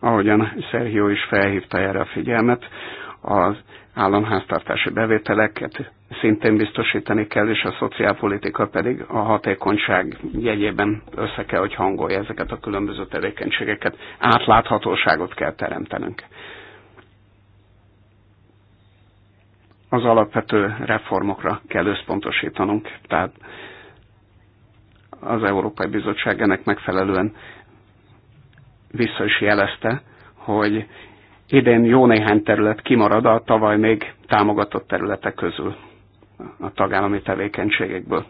Ahogyan Szerhió is felhívta erre a figyelmet, az államháztartási bevételeket szintén biztosítani kell, és a szociálpolitika pedig a hatékonyság jegyében össze kell, hogy hangolja ezeket a különböző tevékenységeket. Átláthatóságot kell teremtenünk. Az alapvető reformokra kell összpontosítanunk, tehát az Európai Bizottság ennek megfelelően vissza is jelezte, hogy idén jó néhány terület kimarad a tavaly még támogatott területek közül a tagállami tevékenységekből.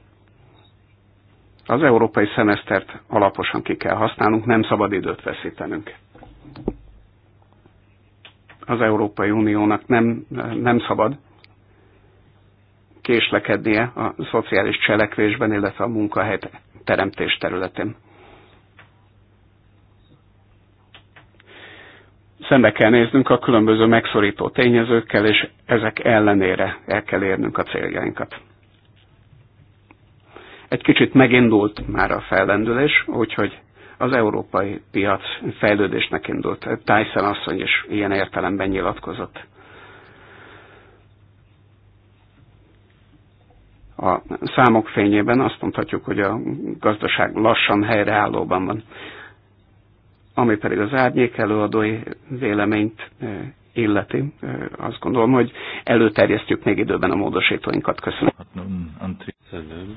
Az európai szemesztert alaposan ki kell használnunk, nem szabad időt veszítenünk. Az Európai Uniónak nem, nem szabad késlekednie a szociális cselekvésben, illetve a munkahely teremtés területén. szembe kell néznünk a különböző megszorító tényezőkkel, és ezek ellenére el kell érnünk a céljainkat. Egy kicsit megindult már a fellendülés, úgyhogy az európai piac fejlődésnek indult. Tyson asszony is ilyen értelemben nyilatkozott. A számok fényében azt mondhatjuk, hogy a gazdaság lassan helyreállóban van. Ami pedig az árnyék előadói véleményt illeti, azt gondolom, hogy előterjesztjük még időben a módosítóinkat. Köszönöm. Köszönöm.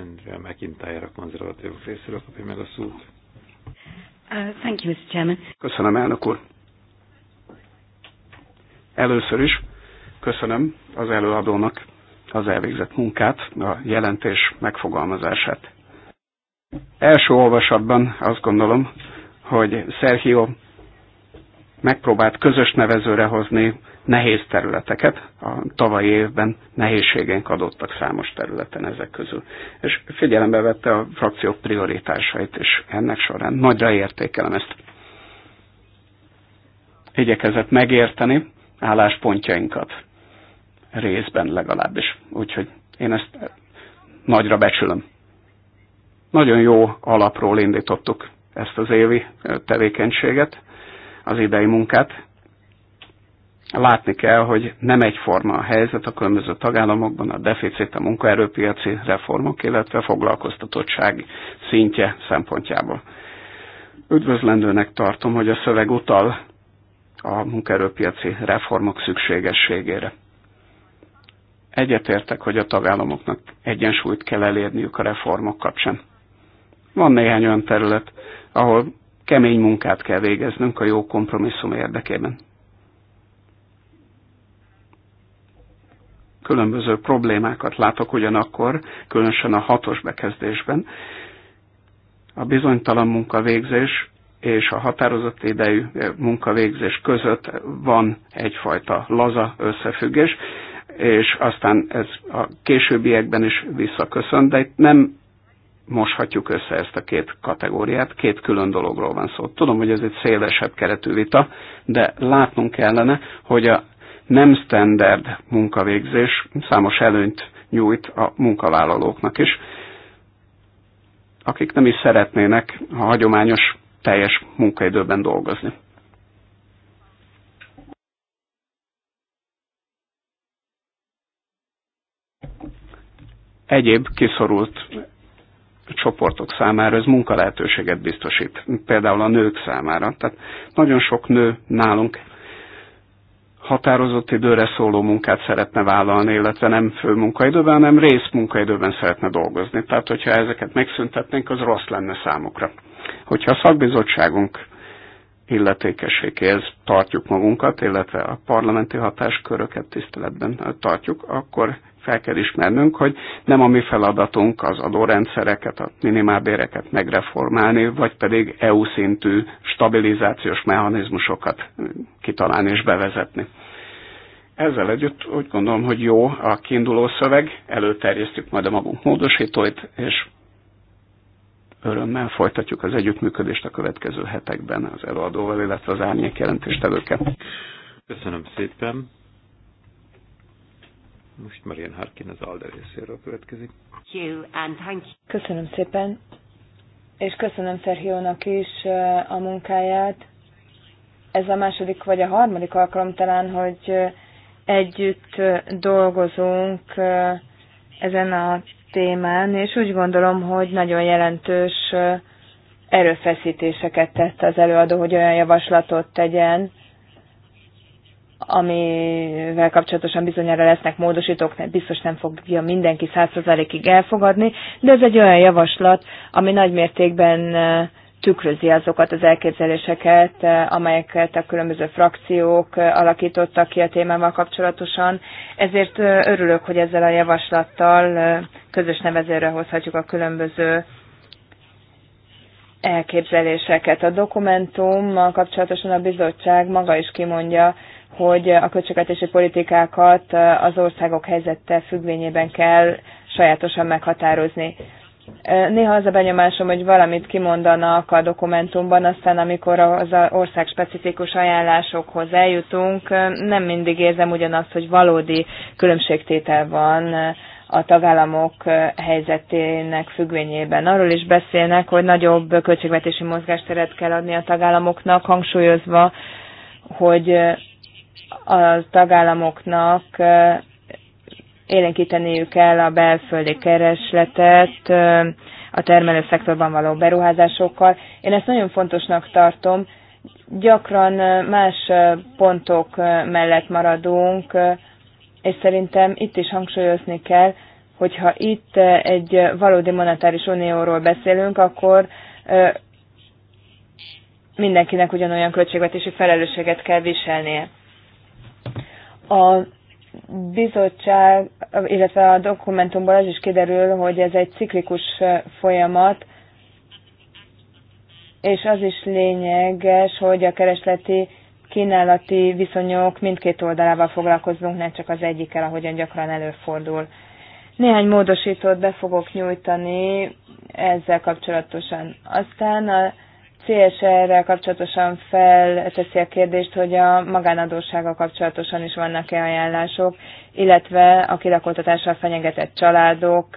Andrea McIntyre a konzervatívok részéről kapja meg a szót. Uh, thank you, Mr. Chairman. Köszönöm, elnök úr. Először is köszönöm az előadónak az elvégzett munkát, a jelentés megfogalmazását. Első olvasatban azt gondolom, hogy Sergio megpróbált közös nevezőre hozni nehéz területeket. A tavalyi évben nehézségenk adottak számos területen ezek közül. És figyelembe vette a frakciók prioritásait, és ennek során nagyra értékelem ezt. Igyekezett megérteni álláspontjainkat, részben legalábbis. Úgyhogy én ezt nagyra becsülöm. Nagyon jó alapról indítottuk ezt az évi tevékenységet, az idei munkát. Látni kell, hogy nem egyforma a helyzet a különböző tagállamokban, a deficit, a munkaerőpiaci reformok, illetve a foglalkoztatottság szintje szempontjából. Üdvözlendőnek tartom, hogy a szöveg utal a munkaerőpiaci reformok szükségességére egyetértek, hogy a tagállamoknak egyensúlyt kell elérniük a reformok kapcsán. Van néhány olyan terület, ahol kemény munkát kell végeznünk a jó kompromisszum érdekében. Különböző problémákat látok ugyanakkor, különösen a hatos bekezdésben. A bizonytalan munkavégzés és a határozott idejű eh, munkavégzés között van egyfajta laza összefüggés, és aztán ez a későbbiekben is visszaköszön, de itt nem moshatjuk össze ezt a két kategóriát, két külön dologról van szó. Tudom, hogy ez egy szélesebb keretű vita, de látnunk kellene, hogy a nem standard munkavégzés számos előnyt nyújt a munkavállalóknak is, akik nem is szeretnének a hagyományos teljes munkaidőben dolgozni. Egyéb kiszorult csoportok számára ez munkalehetőséget biztosít, például a nők számára. Tehát nagyon sok nő nálunk határozott időre szóló munkát szeretne vállalni, illetve nem fő munkaidőben, hanem rész munkaidőben szeretne dolgozni. Tehát, hogyha ezeket megszüntetnénk, az rossz lenne számukra. Hogyha a szakbizottságunk illetékességéhez tartjuk magunkat, illetve a parlamenti hatásköröket tiszteletben tartjuk, akkor fel kell ismernünk, hogy nem a mi feladatunk az adórendszereket, a minimálbéreket megreformálni, vagy pedig EU szintű stabilizációs mechanizmusokat kitalálni és bevezetni. Ezzel együtt úgy gondolom, hogy jó a kiinduló szöveg, előterjesztjük majd a magunk módosítóit, és örömmel folytatjuk az együttműködést a következő hetekben az előadóval, illetve az árnyék jelentéstevőkkel. Köszönöm szépen! Most Marian Harkin az Alder részéről következik. Köszönöm szépen, és köszönöm Szerhiónak is eh, a munkáját. Ez a második vagy a harmadik alkalom talán, hogy eh, együtt eh, dolgozunk ezen a témán, és úgy gondolom, hogy nagyon jelentős erőfeszítéseket tett az előadó, hogy olyan javaslatot tegyen, amivel kapcsolatosan bizonyára lesznek módosítók, biztos nem fogja mindenki százszerzalékig elfogadni, de ez egy olyan javaslat, ami nagymértékben tükrözi azokat az elképzeléseket, amelyeket a különböző frakciók alakítottak ki a témával kapcsolatosan. Ezért örülök, hogy ezzel a javaslattal közös nevezőre hozhatjuk a különböző elképzeléseket. A dokumentum kapcsolatosan a bizottság maga is kimondja, hogy a költségvetési politikákat az országok helyzette függvényében kell sajátosan meghatározni. Néha az a benyomásom, hogy valamit kimondanak a dokumentumban, aztán amikor az ország specifikus ajánlásokhoz eljutunk, nem mindig érzem ugyanazt, hogy valódi különbségtétel van a tagállamok helyzetének függvényében. Arról is beszélnek, hogy nagyobb költségvetési mozgásteret kell adni a tagállamoknak, hangsúlyozva, hogy a tagállamoknak élénkíteniük kell a belföldi keresletet a szektorban való beruházásokkal. Én ezt nagyon fontosnak tartom. Gyakran más pontok mellett maradunk, és szerintem itt is hangsúlyozni kell, hogyha itt egy valódi monetáris unióról beszélünk, akkor mindenkinek ugyanolyan költségvetési felelősséget kell viselnie. A bizottság, illetve a dokumentumból az is kiderül, hogy ez egy ciklikus folyamat, és az is lényeges, hogy a keresleti kínálati viszonyok mindkét oldalával foglalkozzunk, nem csak az egyikkel, ahogyan gyakran előfordul. Néhány módosítót be fogok nyújtani ezzel kapcsolatosan. Aztán a CSR-rel kapcsolatosan felteszi a kérdést, hogy a magánadóssággal kapcsolatosan is vannak-e ajánlások, illetve a kilakoltatással fenyegetett családok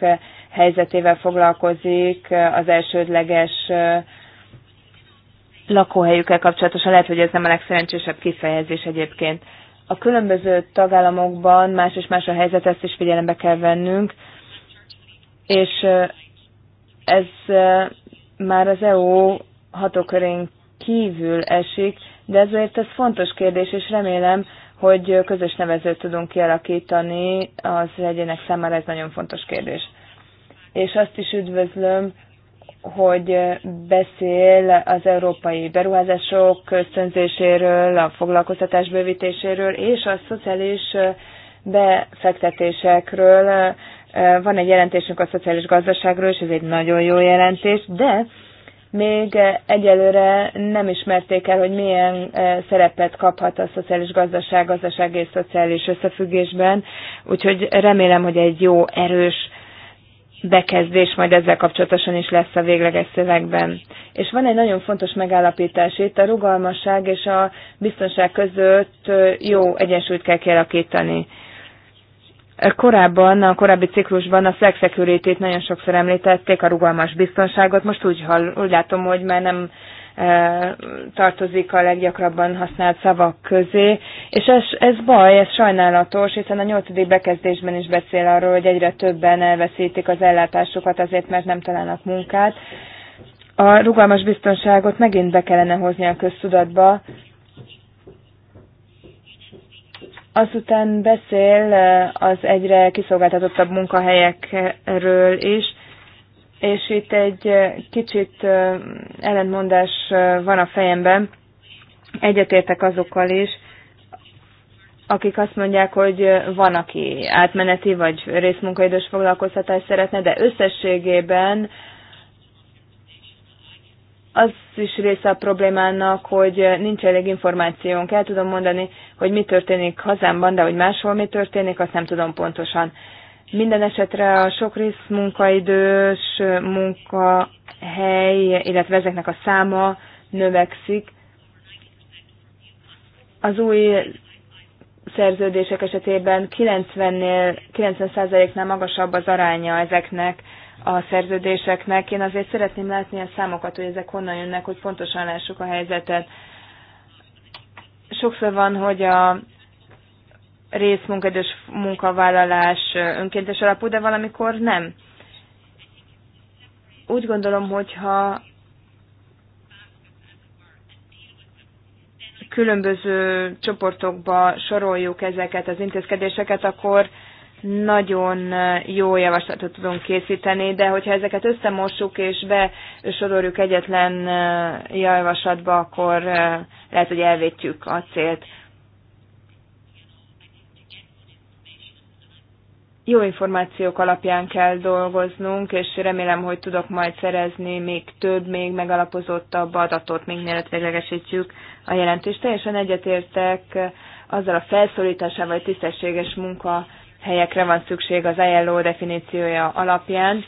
helyzetével foglalkozik az elsődleges lakóhelyükkel kapcsolatosan. Lehet, hogy ez nem a legszerencsésebb kifejezés egyébként. A különböző tagállamokban más és más a helyzet, ezt is figyelembe kell vennünk, és ez már az EU hatókörén kívül esik, de ezért ez fontos kérdés, és remélem, hogy közös nevezőt tudunk kialakítani, az egyének számára ez nagyon fontos kérdés. És azt is üdvözlöm, hogy beszél az európai beruházások ösztönzéséről, a foglalkoztatás bővítéséről és a szociális befektetésekről. Van egy jelentésünk a szociális gazdaságról, és ez egy nagyon jó jelentés, de még eh, egyelőre nem ismerték el, hogy milyen eh, szerepet kaphat a szociális gazdaság, gazdaság és szociális összefüggésben, úgyhogy remélem, hogy egy jó, erős bekezdés majd ezzel kapcsolatosan is lesz a végleges szövegben. És van egy nagyon fontos megállapítás itt, a rugalmasság és a biztonság között eh, jó egyensúlyt kell kialakítani. Korábban, a korábbi ciklusban a flex security nagyon sokszor említették, a rugalmas biztonságot. Most úgy, hall, úgy látom, hogy már nem e, tartozik a leggyakrabban használt szavak közé, és ez, ez baj, ez sajnálatos, hiszen a nyolcadik bekezdésben is beszél arról, hogy egyre többen elveszítik az ellátásukat azért, mert nem találnak munkát. A rugalmas biztonságot megint be kellene hozni a köztudatba, Azután beszél az egyre kiszolgáltatottabb munkahelyekről is, és itt egy kicsit ellentmondás van a fejemben. Egyetértek azokkal is, akik azt mondják, hogy van, aki átmeneti vagy részmunkaidős foglalkoztatást szeretne, de összességében az is része a problémának, hogy nincs elég információnk. El tudom mondani, hogy mi történik hazámban, de hogy máshol mi történik, azt nem tudom pontosan. Minden esetre a sok rész munkaidős munkahely, illetve ezeknek a száma növekszik. Az új szerződések esetében 90-nél, 90%-nál 90 magasabb az aránya ezeknek a szerződéseknek. Én azért szeretném látni a számokat, hogy ezek honnan jönnek, hogy pontosan lássuk a helyzetet. Sokszor van, hogy a részmunkadős munkavállalás önkéntes alapú, de valamikor nem. Úgy gondolom, hogyha különböző csoportokba soroljuk ezeket az intézkedéseket, akkor nagyon jó javaslatot tudunk készíteni, de hogyha ezeket összemossuk és besoroljuk egyetlen javaslatba, akkor lehet, hogy elvétjük a célt. Jó információk alapján kell dolgoznunk, és remélem, hogy tudok majd szerezni még több, még megalapozottabb adatot, még mielőtt véglegesítjük a jelentést. Teljesen egyetértek azzal a felszólításával, hogy tisztességes munka helyekre van szükség az ILO definíciója alapján.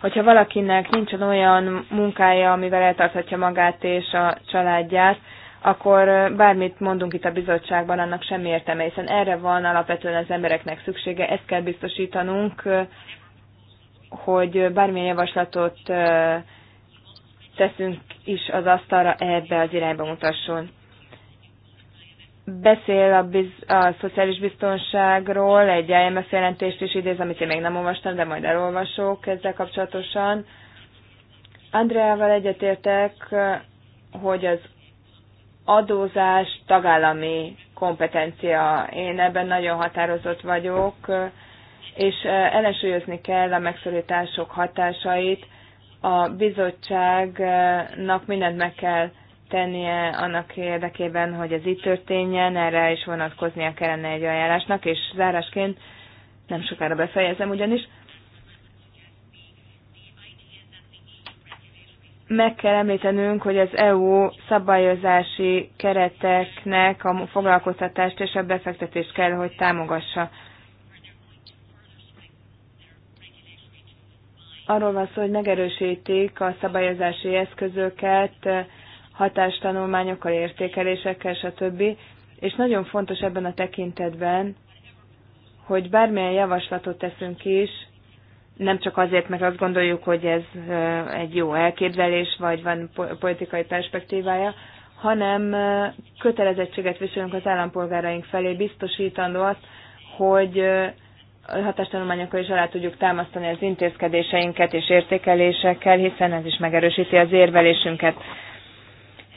Hogyha valakinek nincsen olyan munkája, amivel eltarthatja magát és a családját, akkor bármit mondunk itt a bizottságban, annak semmi értelme, hiszen erre van alapvetően az embereknek szüksége, ezt kell biztosítanunk, hogy bármilyen javaslatot eh, teszünk is az asztalra, ebbe az irányba mutasson beszél a, biz, a szociális biztonságról, egy IMF jelentést is idéz, amit én még nem olvastam, de majd elolvasok ezzel kapcsolatosan. Andreával egyetértek, hogy az adózás tagállami kompetencia. Én ebben nagyon határozott vagyok, és ellensúlyozni kell a megszorítások hatásait. A bizottságnak mindent meg kell tennie annak érdekében, hogy ez így történjen, erre is vonatkoznia kellene egy ajánlásnak, és zárásként nem sokára befejezem ugyanis. Meg kell említenünk, hogy az EU szabályozási kereteknek a foglalkoztatást és a befektetést kell, hogy támogassa. Arról van szó, hogy megerősítik a szabályozási eszközöket, hatástanulmányokkal, értékelésekkel, stb. És nagyon fontos ebben a tekintetben, hogy bármilyen javaslatot teszünk is, nem csak azért, mert azt gondoljuk, hogy ez egy jó elképzelés, vagy van politikai perspektívája, hanem kötelezettséget viselünk az állampolgáraink felé, biztosítandó azt, hogy hatástanulmányokkal is alá tudjuk támasztani az intézkedéseinket és értékelésekkel, hiszen ez is megerősíti az érvelésünket.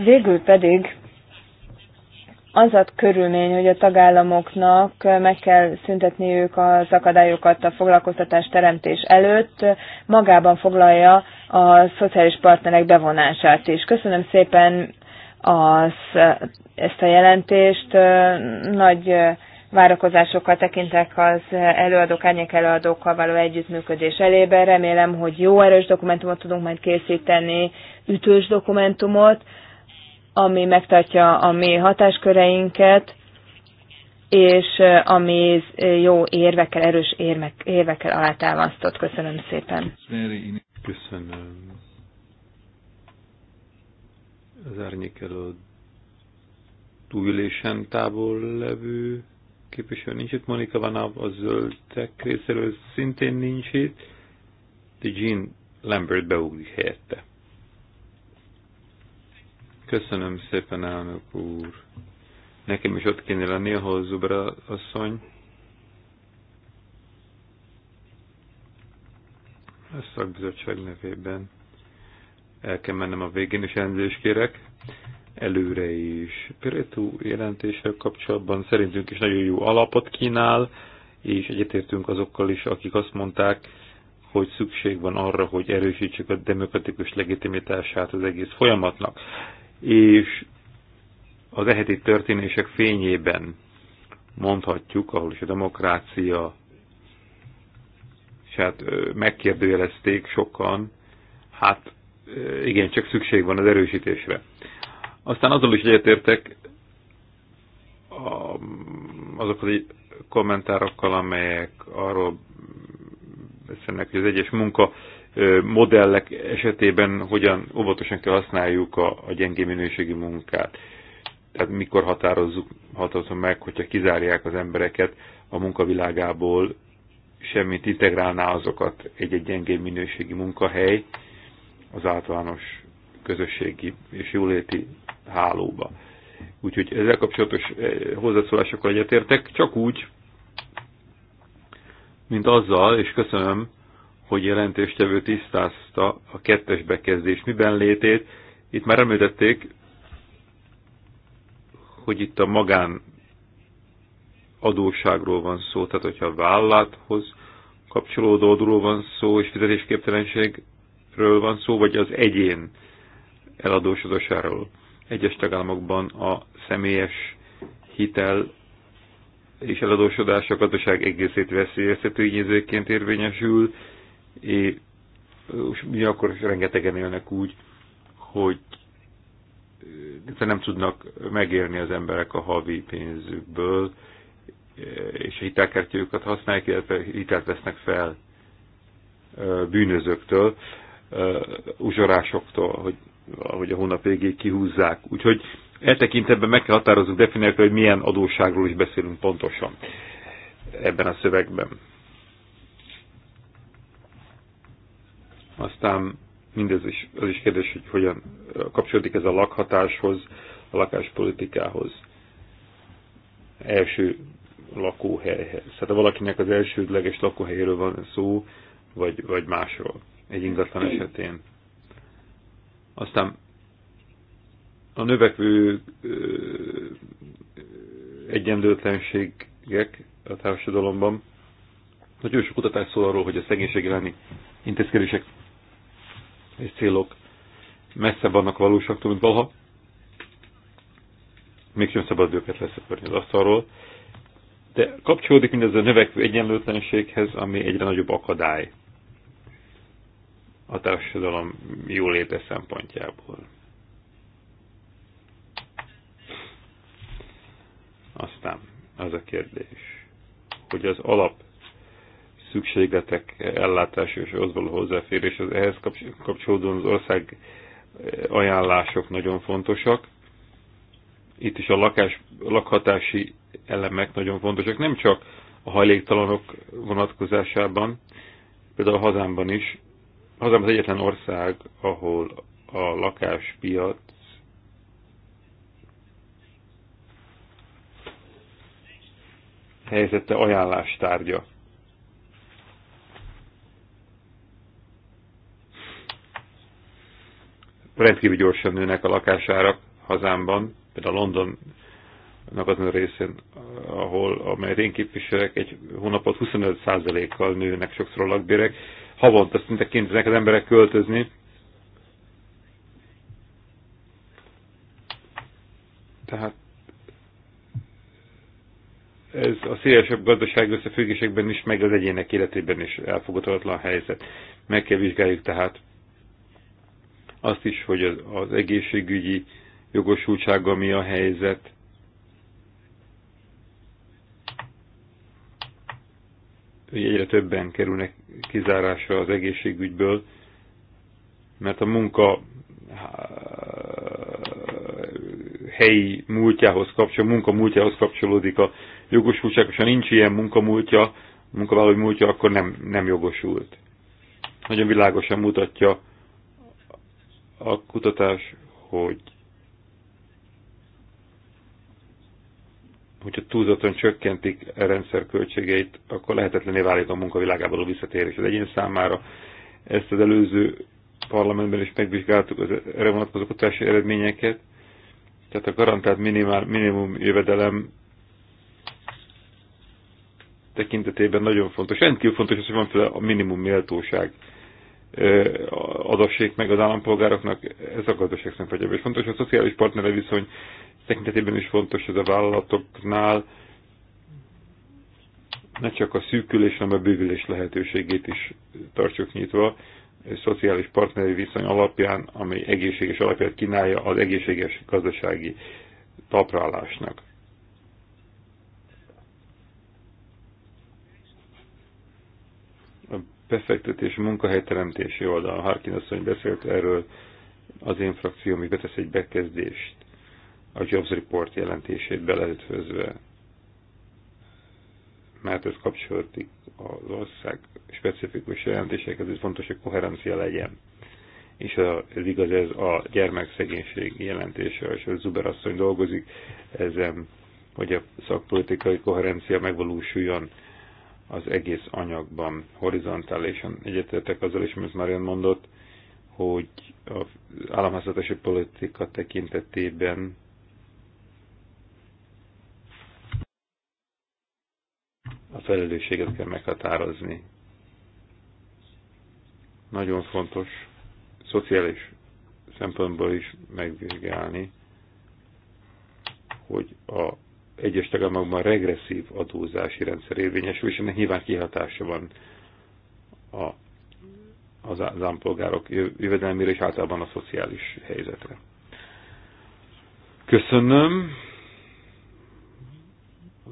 Végül pedig az a körülmény, hogy a tagállamoknak meg kell szüntetniük az akadályokat a foglalkoztatás teremtés előtt, magában foglalja a szociális partnerek bevonását is. Köszönöm szépen az, ezt a jelentést. Nagy várakozásokkal tekintek az előadók, árnyék előadókkal való együttműködés elébe. Remélem, hogy jó erős dokumentumot tudunk majd készíteni, ütős dokumentumot, ami megtartja a mi hatásköreinket, és ami jó érvekkel, erős érmek, érvekkel alátámasztott. Köszönöm szépen. Köszönöm. Az árnyék előtt túlülésen távol levő képviselő nincs itt, Monika van a zöldek részéről szintén nincs itt, de Jean Lambert beugrik helyette. Köszönöm szépen, elnök úr. Nekem is ott kéne lenni, ahol Zubra asszony. A szakbizottság nevében el kell mennem a végén, és elnézést kérek előre is. Piretú jelentéssel kapcsolatban szerintünk is nagyon jó alapot kínál, és egyetértünk azokkal is, akik azt mondták, hogy szükség van arra, hogy erősítsük a demokratikus legitimitását az egész folyamatnak és az eheti történések fényében mondhatjuk, ahol is a demokrácia és hát megkérdőjelezték sokan, hát igen, csak szükség van az erősítésre. Aztán azzal is egyetértek azok az kommentárokkal, amelyek arról beszélnek, hogy az egyes munka modellek esetében hogyan óvatosan kell használjuk a, a gyengé minőségi munkát. Tehát mikor határozzuk, határozom meg, hogyha kizárják az embereket a munkavilágából, semmit integrálná azokat egy-egy gyengé minőségi munkahely az általános közösségi és jóléti hálóba. Úgyhogy ezzel kapcsolatos hozzászólásokkal egyetértek, csak úgy, mint azzal, és köszönöm, hogy jelentéstevő tisztázta a kettes bekezdés miben létét. Itt már említették, hogy itt a magán adósságról van szó, tehát hogyha a válláthoz kapcsolódó adóról van szó, és fizetésképtelenségről van szó, vagy az egyén eladósodásáról. Egyes tagállamokban a személyes hitel és eladósodás a gazdaság egészét veszélyeztető ígyezőként érvényesül, és ugyanakkor rengetegen élnek úgy, hogy nem tudnak megélni az emberek a havi pénzükből, és a hitelkártyájukat használják, illetve hitelt vesznek fel bűnözőktől, uzsorásoktól, hogy ahogy a hónap végéig kihúzzák. Úgyhogy e tekintetben meg kell határoznunk definiálni, hogy milyen adósságról is beszélünk pontosan ebben a szövegben. Aztán mindez is, az is kérdés, hogy hogyan kapcsolódik ez a lakhatáshoz, a lakáspolitikához, első lakóhelyhez. Tehát ha valakinek az elsődleges lakóhelyéről van szó, vagy, vagy másról, egy ingatlan esetén. Aztán a növekvő egyenlőtlenségek a társadalomban. Nagyon sok kutatás szól arról, hogy a szegénység elleni intézkedések és célok messze vannak valóságtól, mint valaha, mégsem szabad őket leszöpörni az asztalról. De kapcsolódik mindez a növekvő egyenlőtlenséghez, ami egyre nagyobb akadály a társadalom jóléte szempontjából. Aztán az a kérdés, hogy az alap szükségletek ellátása és az való hozzáférés, az ehhez kapcsolódóan az ország eh, ajánlások nagyon fontosak. Itt is a lakás, lakhatási elemek nagyon fontosak, nem csak a hajléktalanok vonatkozásában, például a hazámban is. Hazám az egyetlen ország, ahol a lakáspiac helyzete ajánlástárgya. rendkívül gyorsan nőnek a lakásárak hazámban, például Londonnak az a részén, ahol, a én képviselek, egy hónapot 25%-kal nőnek sokszor a lakbérek. Havonta szinte kénytelenek az emberek költözni. Tehát ez a szélesebb gazdaság összefüggésekben is, meg az egyének életében is elfogadhatatlan helyzet. Meg kell vizsgáljuk tehát azt is, hogy az egészségügyi jogosultsága mi a helyzet. Hogy egyre többen kerülnek kizárásra az egészségügyből, mert a munka helyi múltjához kapcsolódik, munka múltjához kapcsolódik a jogosultság, és ha nincs ilyen munkamúltja, munkavállalói múltja, akkor nem, nem jogosult. Nagyon világosan mutatja a kutatás, hogy hogyha túlzaton csökkentik a rendszer költségeit, akkor lehetetlené válik a munkavilágából való visszatérés az egyén számára. Ezt az előző parlamentben is megvizsgáltuk az erre vonatkozó kutatási eredményeket, tehát a garantált minimál, minimum jövedelem tekintetében nagyon fontos. Rendkívül fontos hogy van fel a minimum méltóság adassék meg az állampolgároknak, ez a gazdaság szempontjából. És fontos a szociális partnere viszony tekintetében is fontos ez a vállalatoknál, ne csak a szűkülés, hanem a bővülés lehetőségét is tartsuk nyitva, szociális partneri viszony alapján, ami egészséges alapját kínálja az egészséges gazdasági taprálásnak. befektetés, munkahelyteremtési oldal. Harkin asszony beszélt erről, az én frakcióm is betesz egy bekezdést a Jobs Report jelentését beleütvözve, mert ez kapcsolódik az ország specifikus jelentésekhez, ez fontos, hogy koherencia legyen. És az igaz, ez a gyermekszegénység jelentése, és a Zuber asszony dolgozik ezen, hogy a szakpolitikai koherencia megvalósuljon az egész anyagban horizontálisan egyetértek azzal is, amit Marian mondott, hogy az államháztartási politika tekintetében a felelősséget kell meghatározni. Nagyon fontos szociális szempontból is megvizsgálni, hogy a egyes tagállamokban regresszív adózási rendszer érvényesül, és ennek nyilván kihatása van a, az állampolgárok jövedelmére és általában a szociális helyzetre. Köszönöm.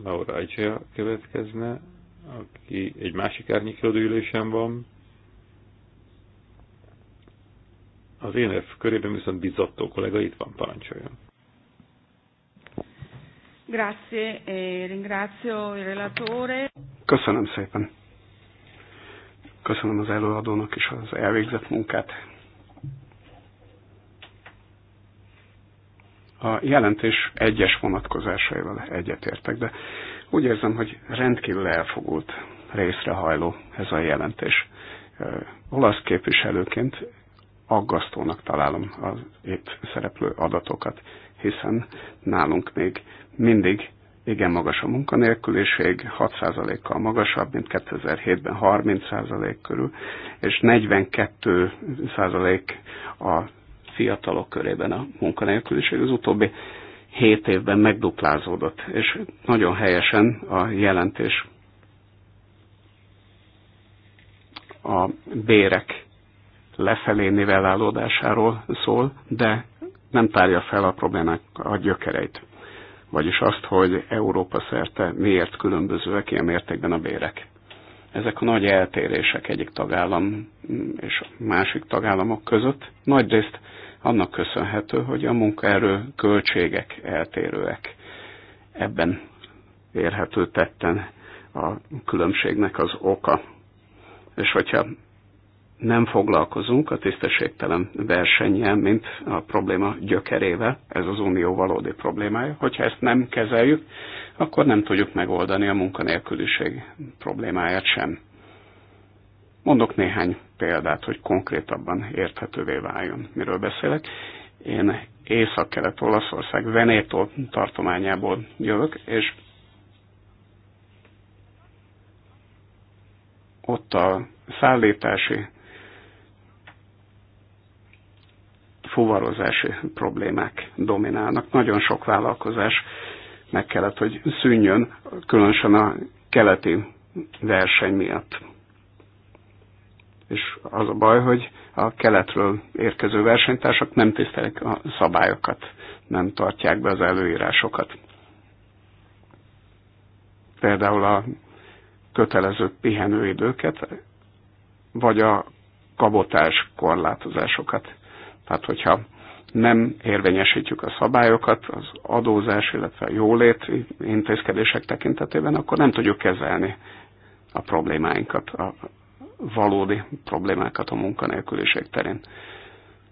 Laura Ajcsaja következne, aki egy másik árnyékiadó ülésen van. Az én körében viszont bizottó kollega itt van, parancsoljon. Grazie, e ringrazio il relatore. Köszönöm szépen. Köszönöm az előadónak is az elvégzett munkát. A jelentés egyes vonatkozásaival egyetértek, de úgy érzem, hogy rendkívül elfogult részrehajló ez a jelentés. Olasz képviselőként aggasztónak találom az itt szereplő adatokat, hiszen nálunk még mindig igen magas a munkanélküliség, 6%-kal magasabb, mint 2007-ben 30% körül, és 42% a fiatalok körében a munkanélküliség. Az utóbbi 7 évben megduplázódott, és nagyon helyesen a jelentés a bérek lefelé nivelálódásáról szól, de nem tárja fel a problémák a gyökereit vagyis azt, hogy Európa szerte miért különbözőek ilyen mértékben a bérek. Ezek a nagy eltérések egyik tagállam és másik tagállamok között nagyrészt annak köszönhető, hogy a munkaerő költségek eltérőek. Ebben érhető tetten a különbségnek az oka. És hogyha nem foglalkozunk a tisztességtelen versennyel, mint a probléma gyökerével, ez az unió valódi problémája. Hogyha ezt nem kezeljük, akkor nem tudjuk megoldani a munkanélküliség problémáját sem. Mondok néhány példát, hogy konkrétabban érthetővé váljon, miről beszélek. Én Észak-Kelet-Olaszország Venétó tartományából jövök, és ott a szállítási fuvarozási problémák dominálnak. Nagyon sok vállalkozás meg kellett, hogy szűnjön, különösen a keleti verseny miatt. És az a baj, hogy a keletről érkező versenytársak nem tisztelik a szabályokat, nem tartják be az előírásokat. Például a kötelező pihenőidőket, vagy a kabotás korlátozásokat. Tehát, hogyha nem érvényesítjük a szabályokat az adózás, illetve a jólét intézkedések tekintetében, akkor nem tudjuk kezelni a problémáinkat, a valódi problémákat a munkanélküliség terén.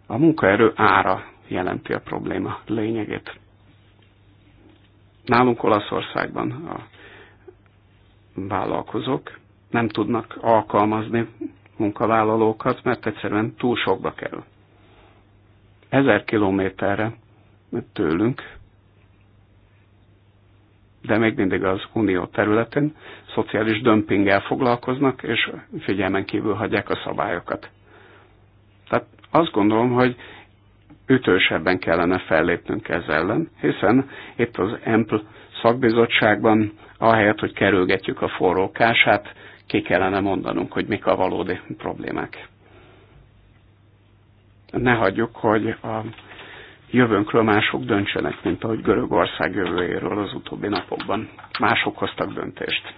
A munkaerő ára jelenti a probléma lényegét. Nálunk Olaszországban a vállalkozók nem tudnak alkalmazni munkavállalókat, mert egyszerűen túl sokba kerül ezer kilométerre tőlünk, de még mindig az unió területén szociális dömpinggel foglalkoznak, és figyelmen kívül hagyják a szabályokat. Tehát azt gondolom, hogy ütősebben kellene fellépnünk ez ellen, hiszen itt az EMPL szakbizottságban, ahelyett, hogy kerülgetjük a forrókását, ki kellene mondanunk, hogy mik a valódi problémák ne hagyjuk, hogy a jövőnkről mások döntsenek, mint ahogy Görögország jövőjéről az utóbbi napokban mások hoztak döntést.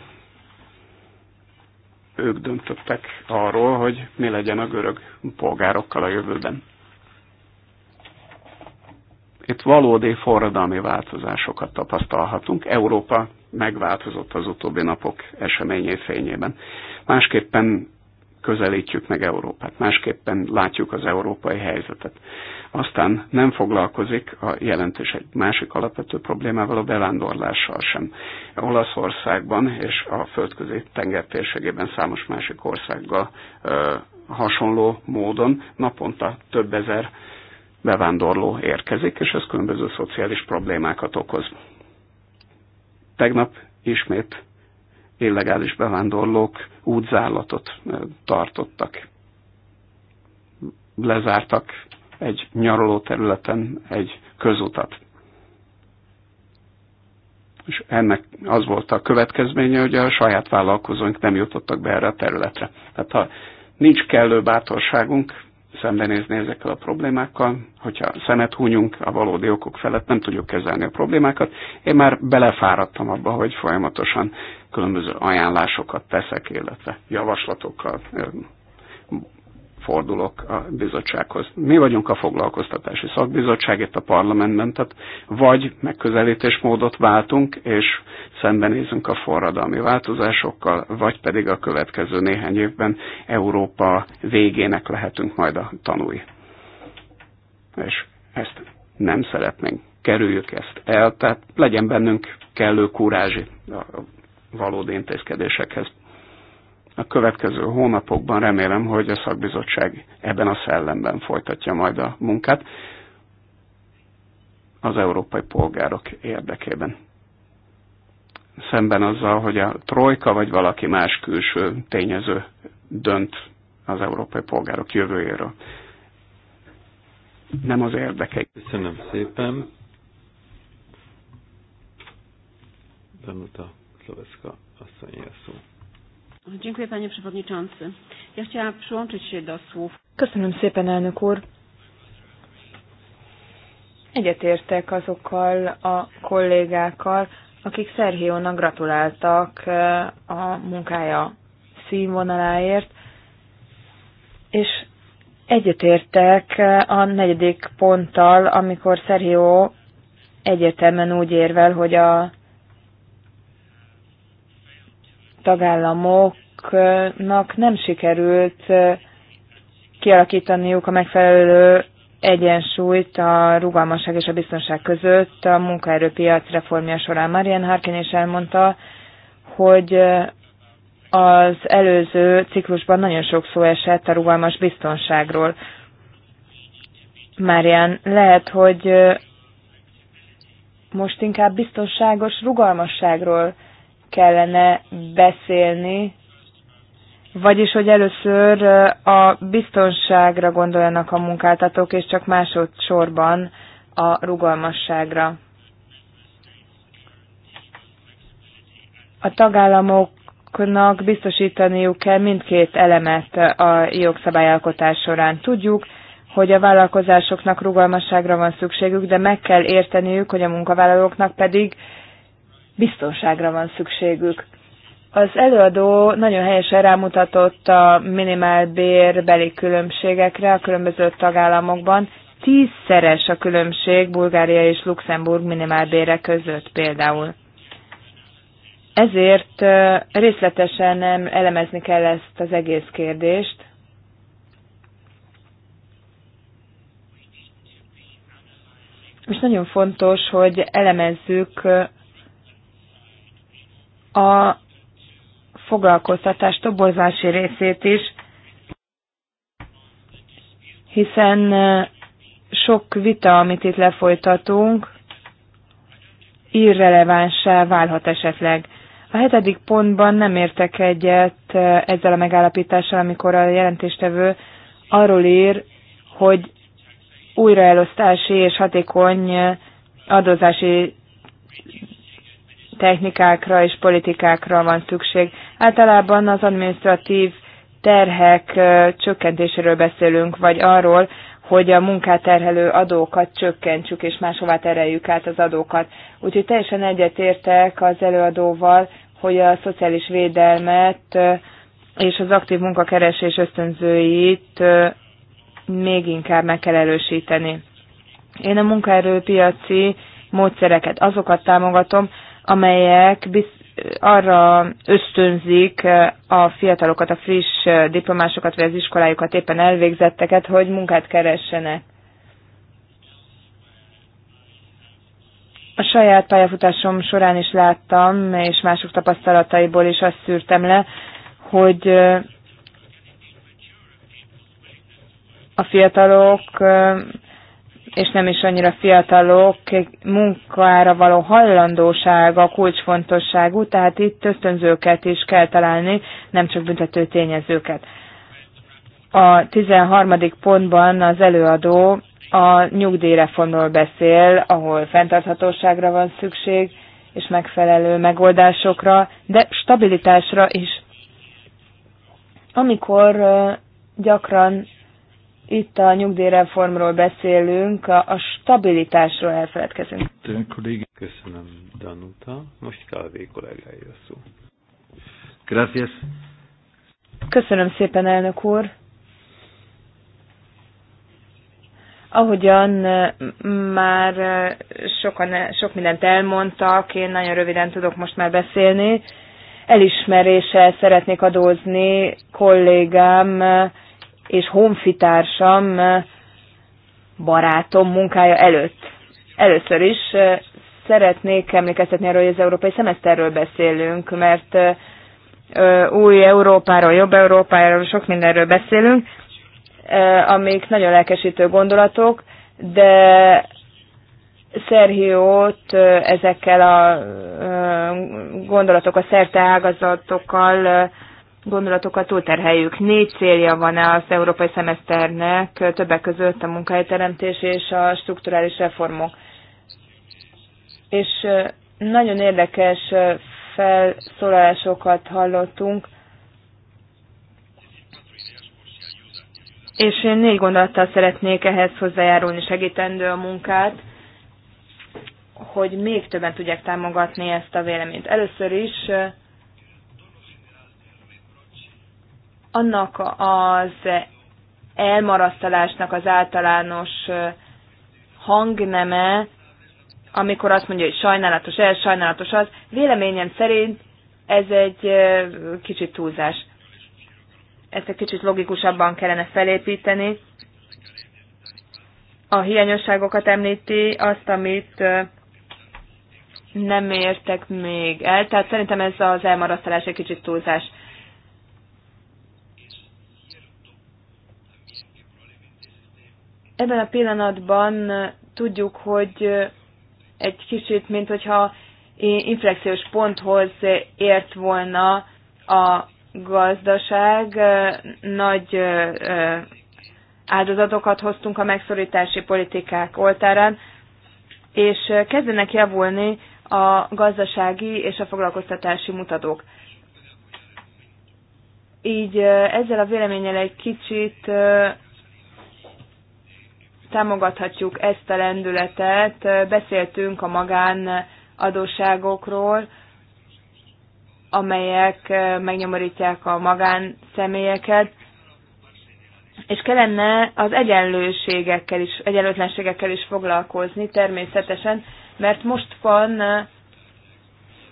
Ők döntöttek arról, hogy mi legyen a görög polgárokkal a jövőben. Itt valódi forradalmi változásokat tapasztalhatunk. Európa megváltozott az utóbbi napok eseményei fényében. Másképpen közelítjük meg Európát, másképpen látjuk az európai helyzetet. Aztán nem foglalkozik a jelentés egy másik alapvető problémával, a bevándorlással sem. Olaszországban és a földközi tenger térségében számos másik országgal ö, hasonló módon naponta több ezer bevándorló érkezik, és ez különböző szociális problémákat okoz. Tegnap ismét illegális bevándorlók útzállatot tartottak. Lezártak egy nyaraló területen egy közutat. És ennek az volt a következménye, hogy a saját vállalkozóink nem jutottak be erre a területre. Tehát ha nincs kellő bátorságunk, szembenézni ezekkel a problémákkal, hogyha szemet húnyunk a valódi okok felett, nem tudjuk kezelni a problémákat. Én már belefáradtam abba, hogy folyamatosan különböző ajánlásokat teszek, illetve javaslatokkal fordulok a bizottsághoz. Mi vagyunk a foglalkoztatási szakbizottság itt a parlamentben, tehát vagy megközelítésmódot váltunk, és szembenézünk a forradalmi változásokkal, vagy pedig a következő néhány évben Európa végének lehetünk majd a tanúi. És ezt nem szeretnénk. Kerüljük ezt el, tehát legyen bennünk kellő kurázsi a valódi intézkedésekhez. A következő hónapokban remélem, hogy a szakbizottság ebben a szellemben folytatja majd a munkát az európai polgárok érdekében. Szemben azzal, hogy a trojka vagy valaki más külső tényező dönt az európai polgárok jövőjéről. Nem az érdekeik. Köszönöm szépen. Danuta Szloveszka asszony szó. Dziękuję panie przewodniczący. Ja chciałam przyłączyć się do słów. Köszönöm szépen, elnök úr. Egyetértek azokkal a kollégákkal, akik Szerhiónak gratuláltak eh, a munkája színvonaláért, és egyetértek eh, a negyedik ponttal, amikor Szerhió egyértelműen úgy érvel, hogy a tagállamoknak nem sikerült kialakítaniuk a megfelelő egyensúlyt a rugalmasság és a biztonság között a munkaerőpiac reformja során. Marian Harkin is elmondta, hogy az előző ciklusban nagyon sok szó esett a rugalmas biztonságról. Márián, lehet, hogy most inkább biztonságos rugalmasságról kellene beszélni, vagyis, hogy először a biztonságra gondoljanak a munkáltatók, és csak másodszorban a rugalmasságra. A tagállamoknak biztosítaniuk kell mindkét elemet a jogszabályalkotás során. Tudjuk, hogy a vállalkozásoknak rugalmasságra van szükségük, de meg kell érteniük, hogy a munkavállalóknak pedig biztonságra van szükségük. Az előadó nagyon helyesen rámutatott a minimálbér beli különbségekre a különböző tagállamokban. Tízszeres a különbség Bulgária és Luxemburg minimálbére között például. Ezért részletesen nem elemezni kell ezt az egész kérdést. És nagyon fontos, hogy elemezzük a foglalkoztatás toborzási részét is, hiszen sok vita, amit itt lefolytatunk, irrelevánsá válhat esetleg. A hetedik pontban nem értek egyet ezzel a megállapítással, amikor a jelentéstevő arról ír, hogy újraelosztási és hatékony adózási technikákra és politikákra van szükség. Általában az administratív terhek csökkentéséről beszélünk, vagy arról, hogy a munkát terhelő adókat csökkentsük, és máshová tereljük át az adókat. Úgyhogy teljesen egyetértek az előadóval, hogy a szociális védelmet és az aktív munkakeresés ösztönzőit még inkább meg kell erősíteni. Én a munkaerőpiaci módszereket, azokat támogatom, amelyek arra ösztönzik a fiatalokat, a friss diplomásokat, vagy az iskolájukat éppen elvégzetteket, hogy munkát keressenek. A saját pályafutásom során is láttam, és mások tapasztalataiból is azt szűrtem le, hogy a fiatalok és nem is annyira fiatalok munkára való hajlandósága kulcsfontosságú, tehát itt ösztönzőket is kell találni, nem csak büntető tényezőket. A 13. pontban az előadó a nyugdíjreformról beszél, ahol fenntarthatóságra van szükség, és megfelelő megoldásokra, de stabilitásra is. Amikor gyakran itt a nyugdíjreformról beszélünk, a, a stabilitásról elfeledkezünk. Köszönöm, Danuta. Most Kávé kollégája szó. Gracias. Köszönöm szépen, elnök úr. Ahogyan eh, már eh, sokan, e-, sok mindent elmondtak, én nagyon röviden tudok most már beszélni. Elismeréssel szeretnék adózni kollégám eh, és honfitársam barátom munkája előtt. Először is szeretnék emlékeztetni arról, hogy az európai szemeszterről beszélünk, mert új Európáról, jobb Európáról, sok mindenről beszélünk, amik nagyon lelkesítő gondolatok, de Szerhiót ezekkel a gondolatokkal, szerte ágazatokkal Gondolatokat túlterheljük. Négy célja van e az európai szemeszternek, többek között a munkahelyteremtés és a strukturális reformok. És nagyon érdekes felszólalásokat hallottunk, és én négy gondolattal szeretnék ehhez hozzájárulni, segítendő a munkát, hogy még többen tudják támogatni ezt a véleményt. Először is annak az elmarasztalásnak az általános hangneme, amikor azt mondja, hogy sajnálatos ez, sajnálatos az, véleményem szerint ez egy kicsit túlzás. Ezt egy kicsit logikusabban kellene felépíteni. A hiányosságokat említi azt, amit nem értek még el, tehát szerintem ez az elmarasztalás egy kicsit túlzás. Ebben a pillanatban eh, tudjuk, hogy eh, egy kicsit, mint hogyha inflexiós ponthoz eh, ért volna a gazdaság, nagy áldozatokat hoztunk a megszorítási politikák oltárán, és kezdenek javulni a gazdasági és a foglalkoztatási mutatók. Így ezzel a véleménnyel egy kicsit támogathatjuk ezt a lendületet. Beszéltünk a magán adósságokról, amelyek megnyomorítják a magánszemélyeket, és kellene az egyenlőségekkel is, egyenlőtlenségekkel is foglalkozni természetesen, mert most van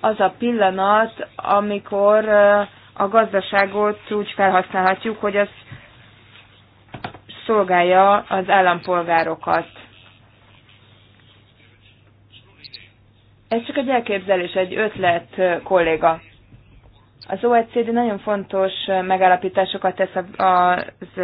az a pillanat, amikor a gazdaságot úgy felhasználhatjuk, hogy az szolgálja az állampolgárokat. Ez csak egy elképzelés, egy ötlet, kolléga. Az OECD nagyon fontos megállapításokat tesz az,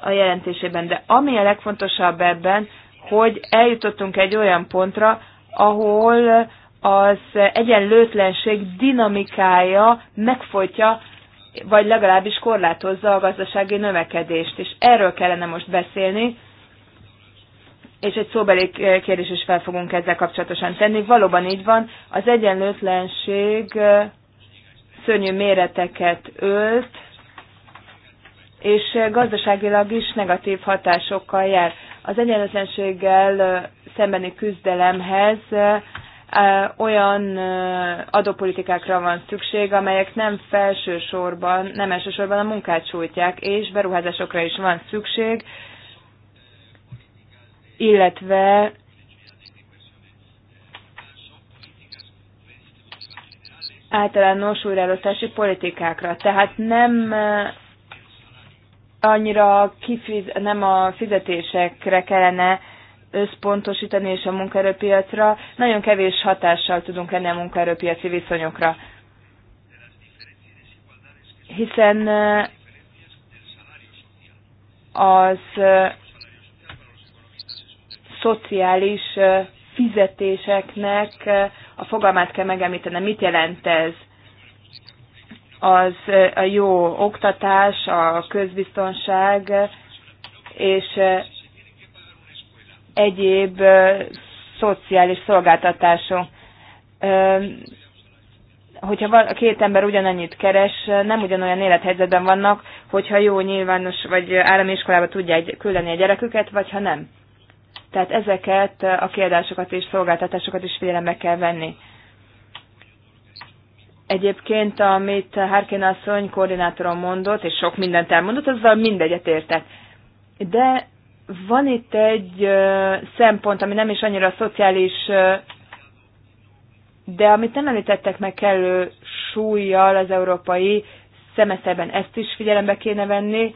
a jelentésében, de ami a legfontosabb ebben, hogy eljutottunk egy olyan pontra, ahol az egyenlőtlenség dinamikája megfolytja vagy legalábbis korlátozza a gazdasági növekedést. És erről kellene most beszélni, és egy szóbeli kérdés is fel fogunk ezzel kapcsolatosan tenni. Valóban így van, az egyenlőtlenség szörnyű méreteket ölt, és gazdaságilag is negatív hatásokkal jár. Az egyenlőtlenséggel szembeni küzdelemhez olyan adópolitikákra van szükség, amelyek nem felsősorban, nem elsősorban a munkát sújtják, és beruházásokra is van szükség, illetve általános újraelosztási politikákra. Tehát nem annyira kifiz, nem a fizetésekre kellene összpontosítani és a munkaerőpiacra, nagyon kevés hatással tudunk lenni a munkaerőpiaci viszonyokra. Hiszen az szociális fizetéseknek a fogalmát kell megemlítenem. Mit jelent ez? Az a jó oktatás, a közbiztonság és egyéb szociális szolgáltatások. Hogyha a két ember ugyanannyit keres, nem ugyanolyan élethelyzetben vannak, hogyha jó nyilvános vagy állami iskolába egy küldeni a gyereküket, vagy ha nem. Tehát ezeket a kiadásokat és szolgáltatásokat is figyelembe kell venni. Egyébként, amit Harkin asszony koordinátoron mondott, és sok mindent elmondott, azzal mindegyet értek. De van itt egy szempont, ami nem is annyira szociális, de amit nem említettek meg kellő súlyjal az európai szemeszerben, ezt is figyelembe kéne venni,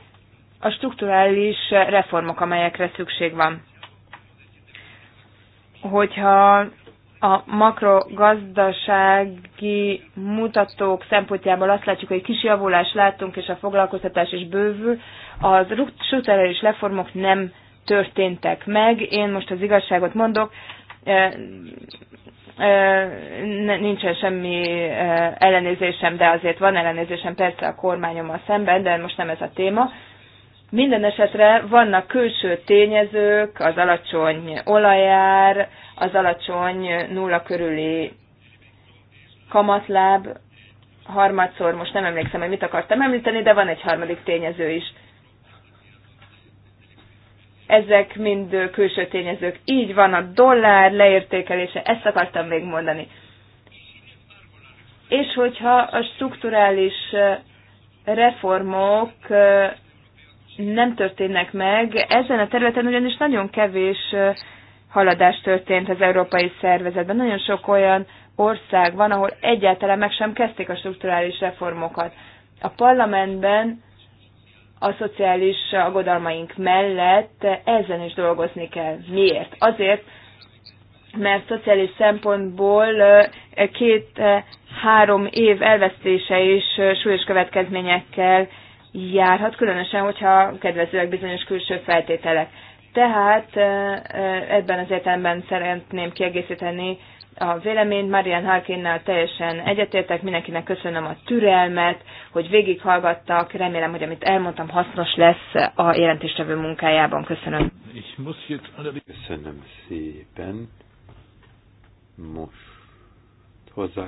a strukturális reformok, amelyekre szükség van. Hogyha a makrogazdasági mutatók szempontjából azt látjuk, hogy kis javulást látunk, és a foglalkoztatás is bővül, az strukturális reformok nem történtek meg. Én most az igazságot mondok, nincsen semmi ellenézésem, de azért van ellenézésem persze a kormányommal szemben, de most nem ez a téma. Minden esetre vannak külső tényezők, az alacsony olajár, az alacsony nulla körüli kamatláb, harmadszor, most nem emlékszem, hogy mit akartam említeni, de van egy harmadik tényező is. Ezek mind külső tényezők. Így van a dollár leértékelése, ezt akartam még mondani. És hogyha a strukturális reformok nem történnek meg, ezen a területen ugyanis nagyon kevés haladás történt az európai szervezetben. Nagyon sok olyan ország van, ahol egyáltalán meg sem kezdték a strukturális reformokat. A parlamentben a szociális aggodalmaink mellett ezen is dolgozni kell. Miért? Azért, mert szociális szempontból két-három év elvesztése is súlyos következményekkel járhat, különösen, hogyha kedvezőek bizonyos külső feltételek. Tehát ebben az értelemben szeretném kiegészíteni a véleményt. Marian Harkinnal teljesen egyetértek, mindenkinek köszönöm a türelmet, hogy végighallgattak. Remélem, hogy amit elmondtam, hasznos lesz a jelentéstevő munkájában. Köszönöm. Köszönöm szépen. Most hozzá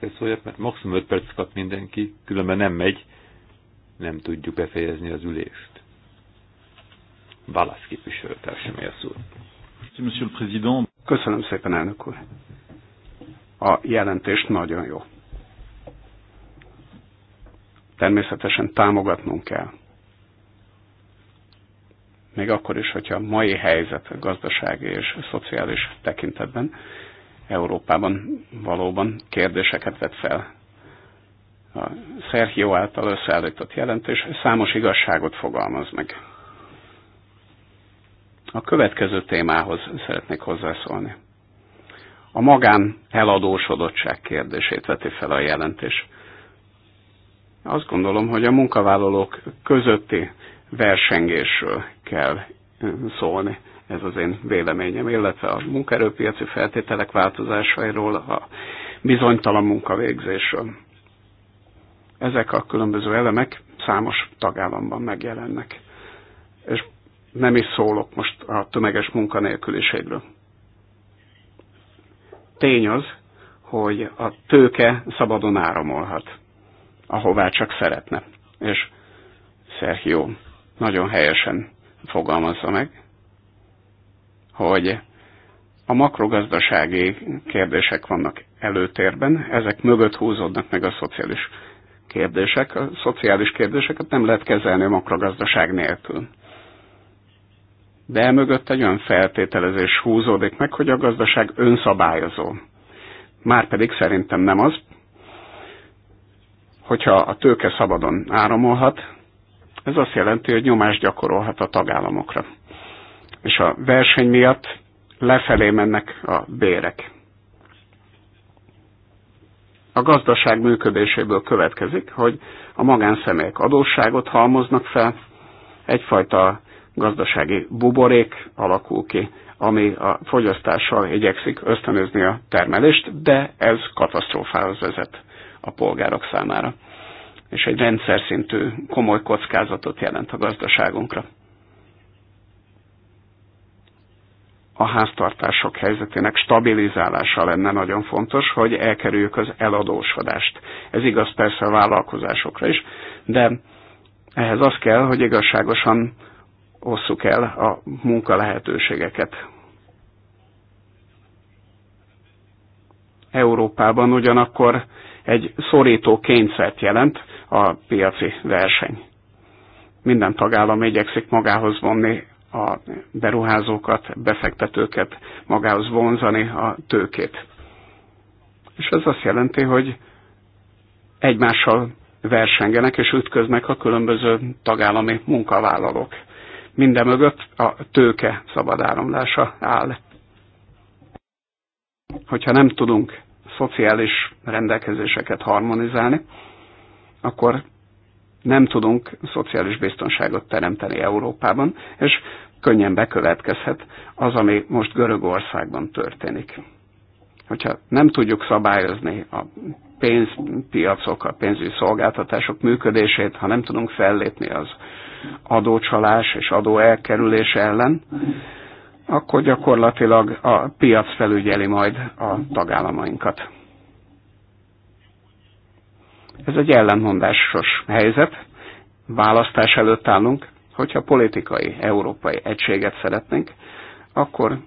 beszóljak, mert maximum 5 perc kap mindenki, különben nem megy, nem tudjuk befejezni az ülést. Válasz képviselőtársam él szó. Köszönöm szépen, elnök úr. A jelentés nagyon jó. Természetesen támogatnunk kell. Még akkor is, hogyha a mai helyzet gazdasági és szociális tekintetben Európában valóban kérdéseket vett fel. A Szerhió által összeállított jelentés számos igazságot fogalmaz meg a következő témához szeretnék hozzászólni. A magán eladósodottság kérdését veti fel a jelentés. Azt gondolom, hogy a munkavállalók közötti versengésről kell szólni. Ez az én véleményem, illetve a munkaerőpiaci feltételek változásairól, a bizonytalan munkavégzésről. Ezek a különböző elemek számos tagállamban megjelennek. És nem is szólok most a tömeges munkanélküliségről. Tény az, hogy a tőke szabadon áramolhat, ahová csak szeretne. És Szerhió nagyon helyesen fogalmazza meg, hogy a makrogazdasági kérdések vannak előtérben, ezek mögött húzódnak meg a szociális kérdések. A szociális kérdéseket nem lehet kezelni a makrogazdaság nélkül. De emögött egy olyan feltételezés húzódik meg, hogy a gazdaság önszabályozó. Márpedig szerintem nem az, hogyha a tőke szabadon áramolhat, ez azt jelenti, hogy nyomást gyakorolhat a tagállamokra. És a verseny miatt lefelé mennek a bérek. A gazdaság működéséből következik, hogy a magánszemélyek adósságot halmoznak fel, egyfajta gazdasági buborék alakul ki, ami a fogyasztással igyekszik ösztönözni a termelést, de ez katasztrófához vezet a polgárok számára. És egy rendszer szintű komoly kockázatot jelent a gazdaságunkra. a háztartások helyzetének stabilizálása lenne nagyon fontos, hogy elkerüljük az eladósodást. Ez igaz persze a vállalkozásokra is, de ehhez az kell, hogy igazságosan osszuk el a munka lehetőségeket Európában ugyanakkor egy szorító kényszert jelent a piaci verseny. Minden tagállam igyekszik magához vonni a beruházókat, befektetőket, magához vonzani a tőkét. És ez azt jelenti, hogy egymással versengenek és ütköznek a különböző tagállami munkavállalók minden mögött a tőke szabad áramlása áll. Hogyha nem tudunk szociális rendelkezéseket harmonizálni, akkor nem tudunk szociális biztonságot teremteni Európában, és könnyen bekövetkezhet az, ami most Görögországban történik hogyha nem tudjuk szabályozni a pénzpiacok, a pénzügyi szolgáltatások működését, ha nem tudunk fellépni az adócsalás és adó elkerülés ellen, akkor gyakorlatilag a piac felügyeli majd a tagállamainkat. Ez egy ellenmondásos helyzet. Választás előtt állunk, hogyha politikai európai egységet szeretnénk, akkor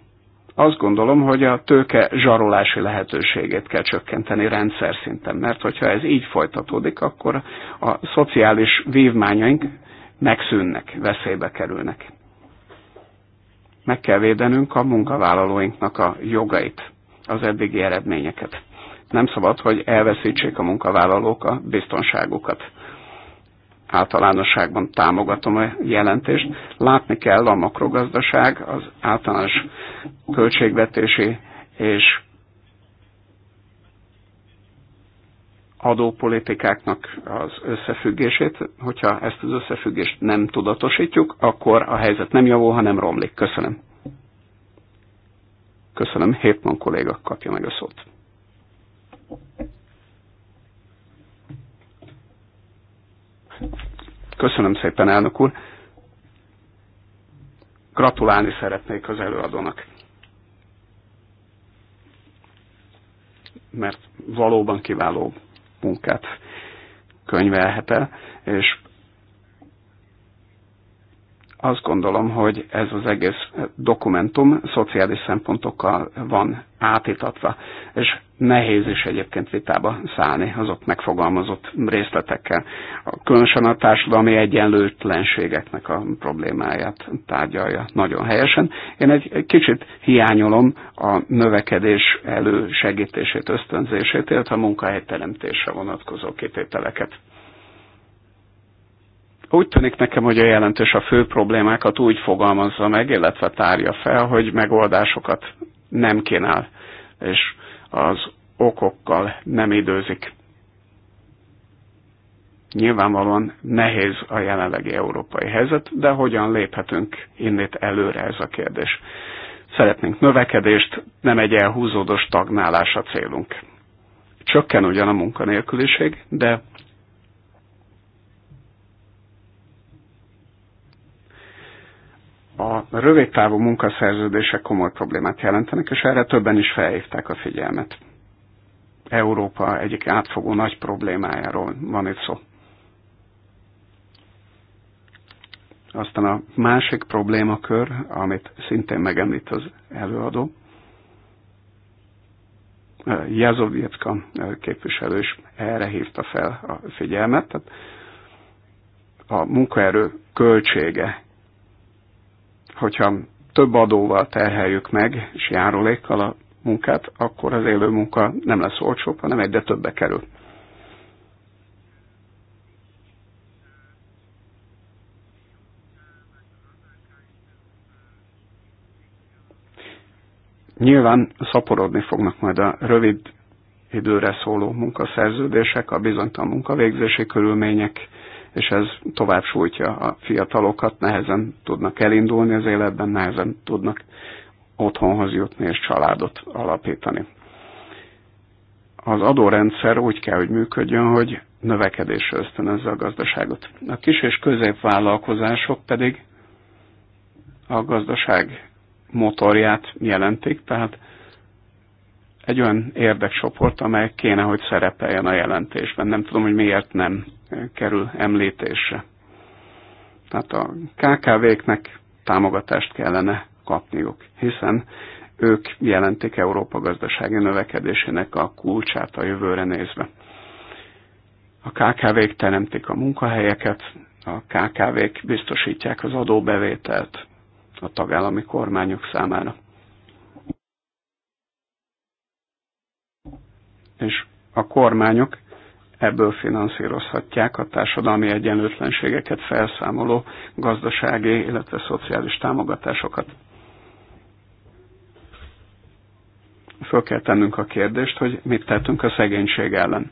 azt gondolom, hogy a tőke zsarolási lehetőségét kell csökkenteni rendszer szinten, mert hogyha ez így folytatódik, akkor a szociális vívmányaink megszűnnek, veszélybe kerülnek. Meg kell védenünk a munkavállalóinknak a jogait, az eddigi eredményeket. Nem szabad, hogy elveszítsék a munkavállalók a biztonságukat általánosságban támogatom a jelentést. Látni kell a makrogazdaság, az általános költségvetési és adópolitikáknak az összefüggését. Hogyha ezt az összefüggést nem tudatosítjuk, akkor a helyzet nem javul, hanem romlik. Köszönöm. Köszönöm, Hétman kolléga kapja meg a szót. Köszönöm szépen, elnök úr. Gratulálni szeretnék az előadónak. Mert valóban kiváló munkát könyvelhet el, és azt gondolom, hogy ez az egész dokumentum szociális szempontokkal van átítatva, és nehéz is egyébként vitába szállni az ott megfogalmazott részletekkel. Különösen a társadalmi egyenlőtlenségeknek a problémáját tárgyalja nagyon helyesen. Én egy kicsit hiányolom a növekedés elősegítését, ösztönzését, illetve a munkahelyteremtésre vonatkozó kitételeket. Úgy tűnik nekem, hogy a jelentős a fő problémákat úgy fogalmazza meg, illetve tárja fel, hogy megoldásokat nem kínál, és az okokkal nem időzik. Nyilvánvalóan nehéz a jelenlegi európai helyzet, de hogyan léphetünk innét előre ez a kérdés. Szeretnénk növekedést, nem egy elhúzódó stagnálás a célunk. Csökken ugyan a munkanélküliség, de a rövid távú munkaszerződések komoly problémát jelentenek, és erre többen is felhívták a figyelmet. Európa egyik átfogó nagy problémájáról van itt szó. Aztán a másik problémakör, amit szintén megemlít az előadó, Jazovietka képviselő is erre hívta fel a figyelmet, tehát a munkaerő költsége hogyha több adóval terheljük meg, és járulékkal a munkát, akkor az élő munka nem lesz olcsóbb, hanem egyre többe kerül. Nyilván szaporodni fognak majd a rövid időre szóló munkaszerződések, a bizonytalan munkavégzési körülmények, és ez tovább sújtja a fiatalokat, nehezen tudnak elindulni az életben, nehezen tudnak otthonhoz jutni és családot alapítani. Az adórendszer úgy kell, hogy működjön, hogy növekedésre ösztönözze a gazdaságot. A kis és középvállalkozások pedig a gazdaság motorját jelentik, tehát egy olyan érdekcsoport, amely kéne, hogy szerepeljen a jelentésben. Nem tudom, hogy miért nem kerül említésre. Tehát a KKV-knek támogatást kellene kapniuk, hiszen ők jelentik Európa gazdasági növekedésének a kulcsát a jövőre nézve. A KKV-k teremtik a munkahelyeket, a KKV-k biztosítják az adóbevételt a tagállami kormányok számára. És a kormányok ebből finanszírozhatják a társadalmi egyenlőtlenségeket felszámoló gazdasági, illetve szociális támogatásokat. Föl kell tennünk a kérdést, hogy mit tettünk a szegénység ellen.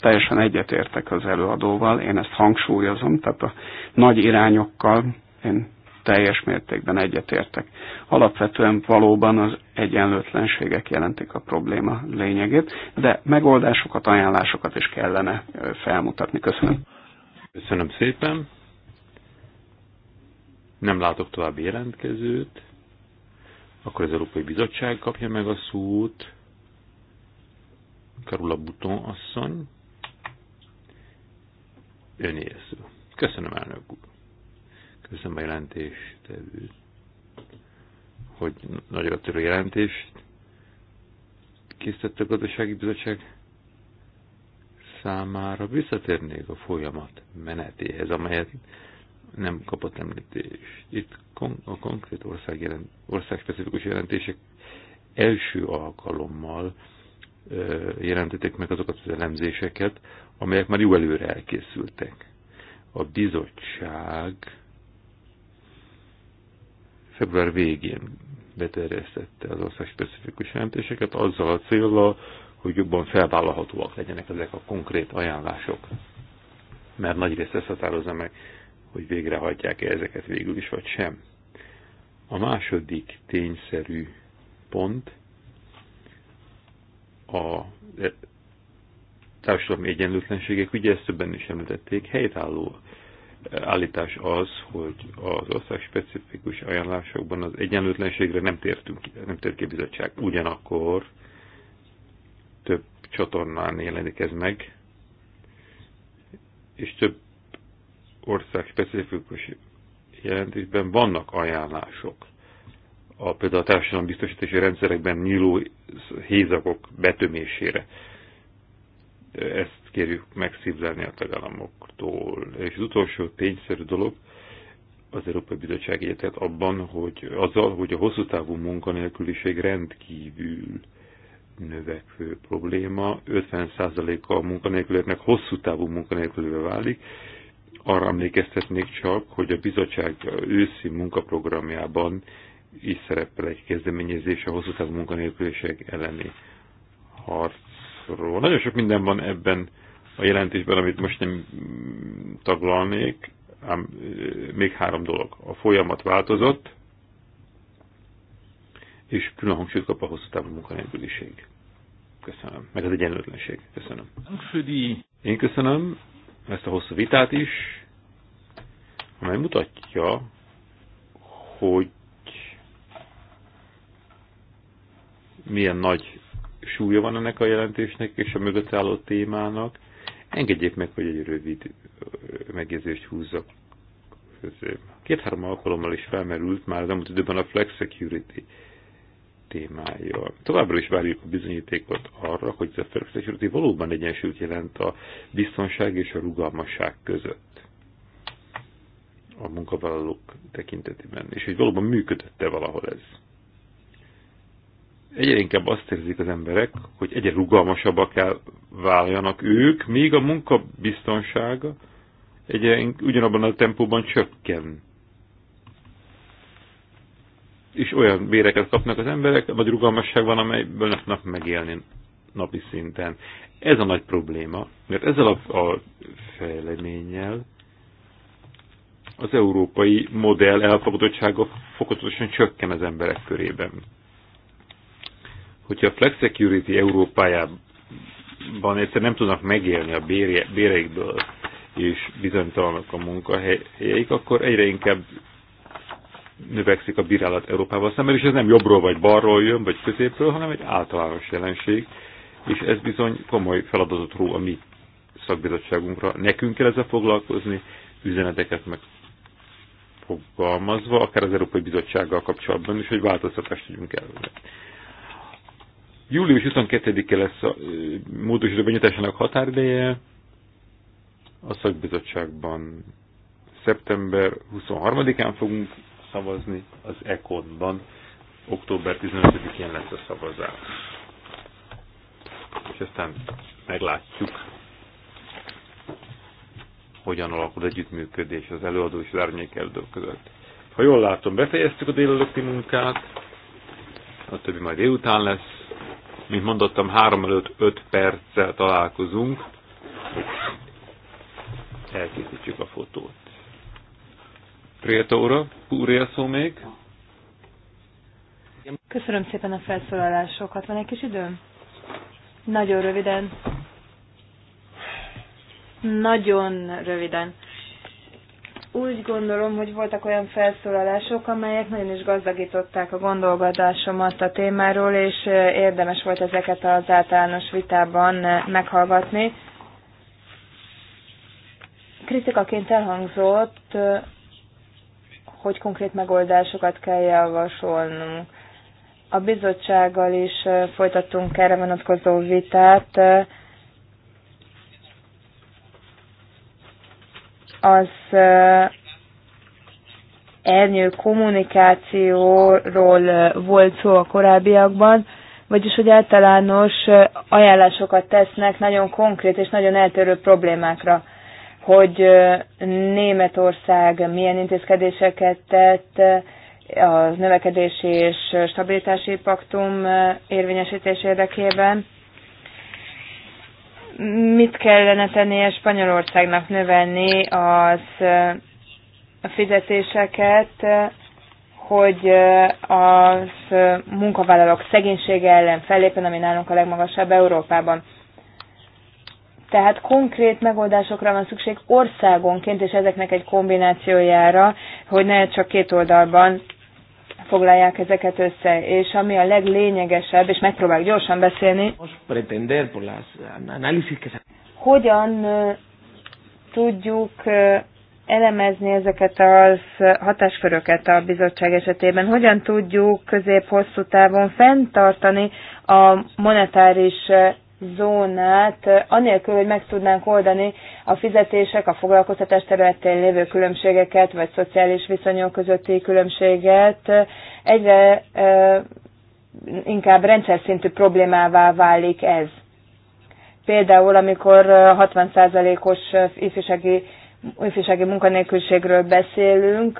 Teljesen egyetértek az előadóval, én ezt hangsúlyozom, tehát a nagy irányokkal én teljes mértékben egyetértek. Alapvetően valóban az egyenlőtlenségek jelentik a probléma lényegét, de megoldásokat, ajánlásokat is kellene felmutatni. Köszönöm. Köszönöm szépen. Nem látok további jelentkezőt. Akkor az Európai Bizottság kapja meg a szót. Karula Buton asszony. Öné Köszönöm, elnök úr. Köszönöm a jelentést, hogy nagyra törő jelentést készített a gazdasági bizottság számára. Visszatérnék a folyamat menetéhez, amelyet nem kapott említést. Itt a konkrét ország jelent, specifikus jelentések első alkalommal jelentették meg azokat az elemzéseket, amelyek már jó előre elkészültek. A bizottság február végén beterjesztette az ország specifikus jelentéseket azzal a célral, hogy jobban felvállalhatóak legyenek ezek a konkrét ajánlások. Mert nagy részt ezt határozza meg, hogy végrehajtják-e ezeket végül is, vagy sem. A második tényszerű pont a társadalmi egyenlőtlenségek, ugye ezt többen is említették, helytálló állítás az, hogy az ország specifikus ajánlásokban az egyenlőtlenségre nem tértünk ki, nem tért ki bizottság. Ugyanakkor több csatornán jelenik ez meg, és több ország specifikus jelentésben vannak ajánlások. A, például a biztosítási rendszerekben nyíló hézagok betömésére. Ezt kérjük megszívlelni a tagállamoktól. És az utolsó tényszerű dolog, az Európai Bizottság egyetett abban, hogy azzal, hogy a hosszú távú munkanélküliség rendkívül növekvő probléma, 50%-a a munkanélkülőknek hosszú távú munkanélkülőbe válik. Arra emlékeztetnék csak, hogy a bizottság őszi munkaprogramjában is szerepel egy kezdeményezés a hosszú távú munkanélküliség elleni harcról. Nagyon sok minden van ebben a jelentésben, amit most nem taglalnék, ám még három dolog. A folyamat változott, és külön hangsúlyt kap a hosszú távú munkanélküliség. Köszönöm. Meg az egyenlőtlenség. Köszönöm. Én köszönöm ezt a hosszú vitát is, amely mutatja, hogy milyen nagy súlya van ennek a jelentésnek és a mögött álló témának, Engedjék meg, hogy egy rövid megjegyzést húzzak Két-három alkalommal is felmerült már az elmúlt időben a flex security témája. Továbbra is várjuk a bizonyítékot arra, hogy ez a flex security valóban egyensúlyt jelent a biztonság és a rugalmasság között a munkavállalók tekintetében, és hogy valóban működött-e valahol ez egyre inkább azt érzik az emberek, hogy egyre rugalmasabbak kell váljanak ők, míg a munkabiztonsága egyre ugyanabban a tempóban csökken. És olyan béreket kapnak az emberek, vagy rugalmasság van, amelyből nem tudnak megélni napi szinten. Ez a nagy probléma, mert ezzel a, a fejleménnyel az európai modell elfogadottsága fokozatosan csökken az emberek körében hogyha a Flex Security Európájában egyszer nem tudnak megélni a bére, béreikből, és bizonytalanok a munkahelyeik, akkor egyre inkább növekszik a bírálat Európával szemben, és ez nem jobbról vagy balról jön, vagy középről, hanem egy általános jelenség, és ez bizony komoly feladatot ró a mi szakbizottságunkra. Nekünk kell ezzel foglalkozni, üzeneteket meg fogalmazva, akár az Európai Bizottsággal kapcsolatban is, hogy változtatást tudjunk előre. Július 22-e lesz a módosító benyújtásának határideje a szakbizottságban. Szeptember 23-án fogunk szavazni, az ECON-ban október 15-én lesz a szavazás. És aztán meglátjuk, hogyan alakul együttműködés az előadó és az árnyék előadók között. Ha jól látom, befejeztük a délelőtti munkát, a többi majd délután lesz, mint mondottam, három előtt öt perccel találkozunk. Elkészítjük a fotót. Tréta óra, szó még. Köszönöm szépen a felszólalásokat. Van egy kis időm? Nagyon röviden. Nagyon röviden. Úgy gondolom, hogy voltak olyan felszólalások, amelyek nagyon is gazdagították a gondolkodásomat a témáról, és érdemes volt ezeket az általános vitában meghallgatni. Kritikaként elhangzott, hogy konkrét megoldásokat kell javasolnunk. A bizottsággal is folytattunk erre vonatkozó vitát, az ernyő kommunikációról volt szó a korábbiakban, vagyis hogy általános ajánlásokat tesznek nagyon konkrét és nagyon eltérő problémákra, hogy Németország milyen intézkedéseket tett, a növekedési és stabilitási paktum érvényesítés érdekében, mit kellene tennie Spanyolországnak növelni az a fizetéseket, hogy az munkavállalók szegénysége ellen fellépjen, ami nálunk a legmagasabb Európában. Tehát konkrét megoldásokra van szükség országonként, és ezeknek egy kombinációjára, hogy ne csak két oldalban foglalják ezeket össze, és ami a leglényegesebb, és megpróbálok gyorsan beszélni, hogyan tudjuk elemezni ezeket az hatásköröket a bizottság esetében, hogyan tudjuk közép-hosszú távon fenntartani a monetáris zónát, anélkül, hogy meg tudnánk oldani a fizetések, a foglalkoztatás területén lévő különbségeket, vagy szociális viszonyok közötti különbséget, egyre inkább rendszer szintű problémává válik ez. Például, amikor 60%-os ifjúsági, ifjúsági munkanélküliségről beszélünk,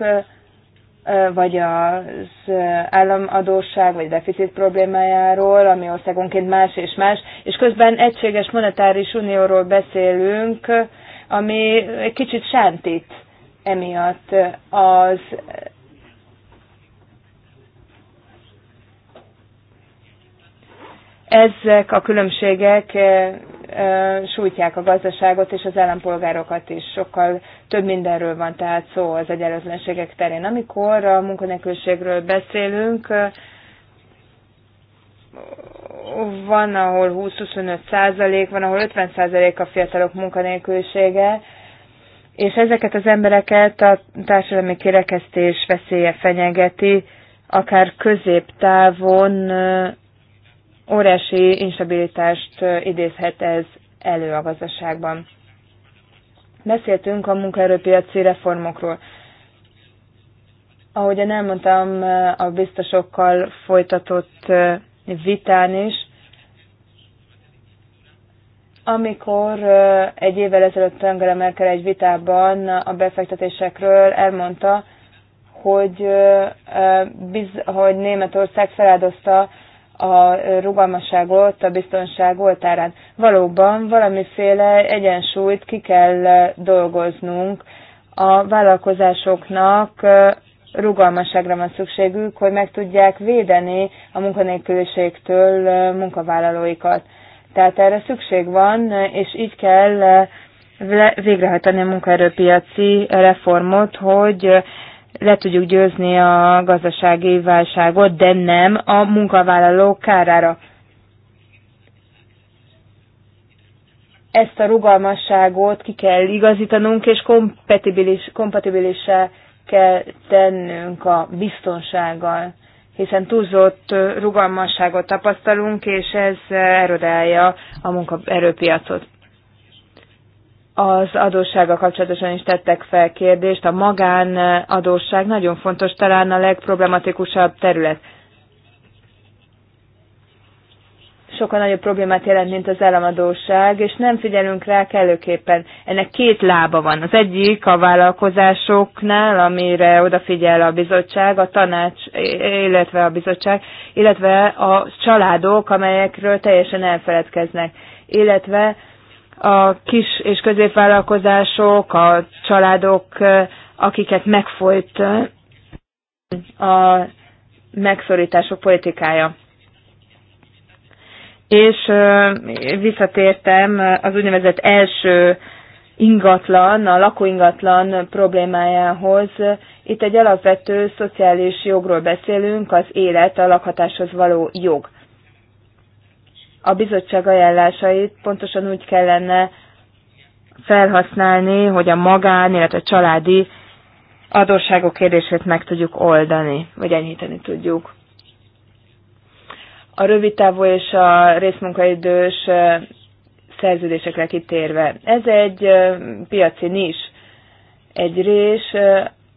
vagy az államadóság, vagy deficit problémájáról, ami országonként más és más, és közben egységes monetáris unióról beszélünk, ami egy kicsit sántít emiatt. Az Ezek a különbségek eh, eh, sújtják a gazdaságot és az állampolgárokat is. Sokkal több mindenről van tehát szó az egyenlőtlenségek terén. Amikor a munkanélküliségről beszélünk, eh, van, ahol 20-25 százalék, van, ahol 50 százalék a fiatalok munkanélkülsége, és ezeket az embereket a társadalmi kirekesztés veszélye fenyegeti, akár középtávon óriási instabilitást idézhet ez elő a gazdaságban. Beszéltünk a munkaerőpiaci reformokról. Ahogyan elmondtam, a biztosokkal folytatott vitán is, amikor egy évvel ezelőtt Angela Merkel egy vitában a befektetésekről elmondta, hogy, hogy Németország feláldozta a rugalmasságot a biztonság oltárán. Valóban valamiféle egyensúlyt ki kell dolgoznunk. A vállalkozásoknak rugalmasságra van szükségük, hogy meg tudják védeni a munkanélküliségtől munkavállalóikat. Tehát erre szükség van, és így kell végrehajtani a munkaerőpiaci reformot, hogy le tudjuk győzni a gazdasági válságot, de nem a munkavállalók kárára. Ezt a rugalmasságot ki kell igazítanunk, és kompatibilis, kompatibilissá kell tennünk a biztonsággal, hiszen túlzott rugalmasságot tapasztalunk, és ez erodálja a munkaerőpiacot az adóssága kapcsolatosan is tettek fel kérdést. A magánadósság eh, nagyon fontos, talán a legproblematikusabb terület. sokkal nagyobb problémát jelent, mint az államadóság, és nem figyelünk rá kellőképpen. Ennek két lába van. Az egyik a vállalkozásoknál, amire odafigyel a bizottság, a tanács, illetve a bizottság, illetve a családok, amelyekről teljesen elfeledkeznek, illetve a kis és középvállalkozások, a családok, akiket megfolyt a megszorítások politikája. És visszatértem az úgynevezett első ingatlan, a lakóingatlan problémájához. Itt egy alapvető szociális jogról beszélünk, az élet a lakhatáshoz való jog a bizottság ajánlásait pontosan úgy kellene felhasználni, hogy a magán, illetve a családi adósságok kérdését meg tudjuk oldani, vagy enyhíteni tudjuk. A rövidtávú és a részmunkaidős szerződésekre kitérve. Ez egy piaci nis. Egy rés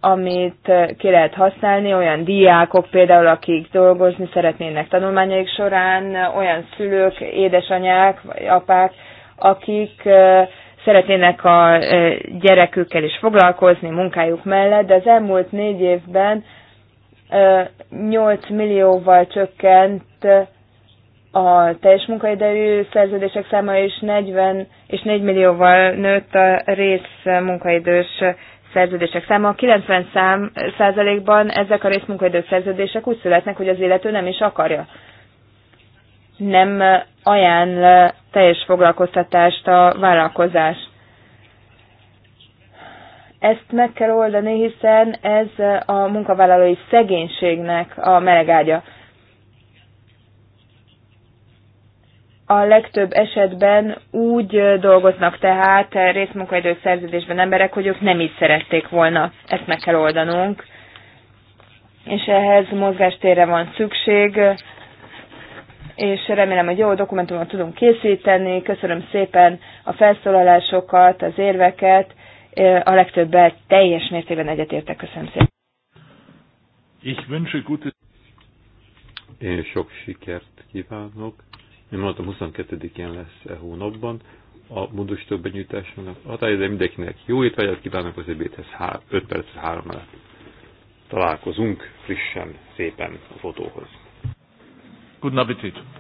amit eh, ki lehet használni, olyan diákok például, akik dolgozni szeretnének tanulmányaik során, olyan szülők, édesanyák vagy apák, akik eh, szeretnének a eh, gyerekükkel is foglalkozni munkájuk mellett, de az elmúlt négy évben 8 millióval csökkent a teljes munkaidejű szerződések száma, és 40 és 4 millióval nőtt a rész munkaidős szerződések száma 90 szám, százalékban ezek a részmunkaidő szerződések úgy születnek, hogy az illető nem is akarja. Nem ajánl teljes foglalkoztatást a vállalkozás. Ezt meg kell oldani, hiszen ez a munkavállalói szegénységnek a melegágya. a legtöbb esetben úgy dolgoznak tehát részmunkaidő szerződésben emberek, hogy ők nem így szerették volna. Ezt meg kell oldanunk. És ehhez mozgástérre van szükség, és remélem, hogy jó dokumentumot tudunk készíteni. Köszönöm szépen a felszólalásokat, az érveket. A legtöbbet teljes mértékben egyetértek. Köszönöm szépen. Ich wünsche gute... Én sok sikert kívánok mint mondtam, 22-én lesz e hónapban a több benyújtásának hatája, de mindenkinek jó étvágyat kívánok az ebédhez 5 perc 3 mellett. Találkozunk frissen, szépen a fotóhoz. Good night,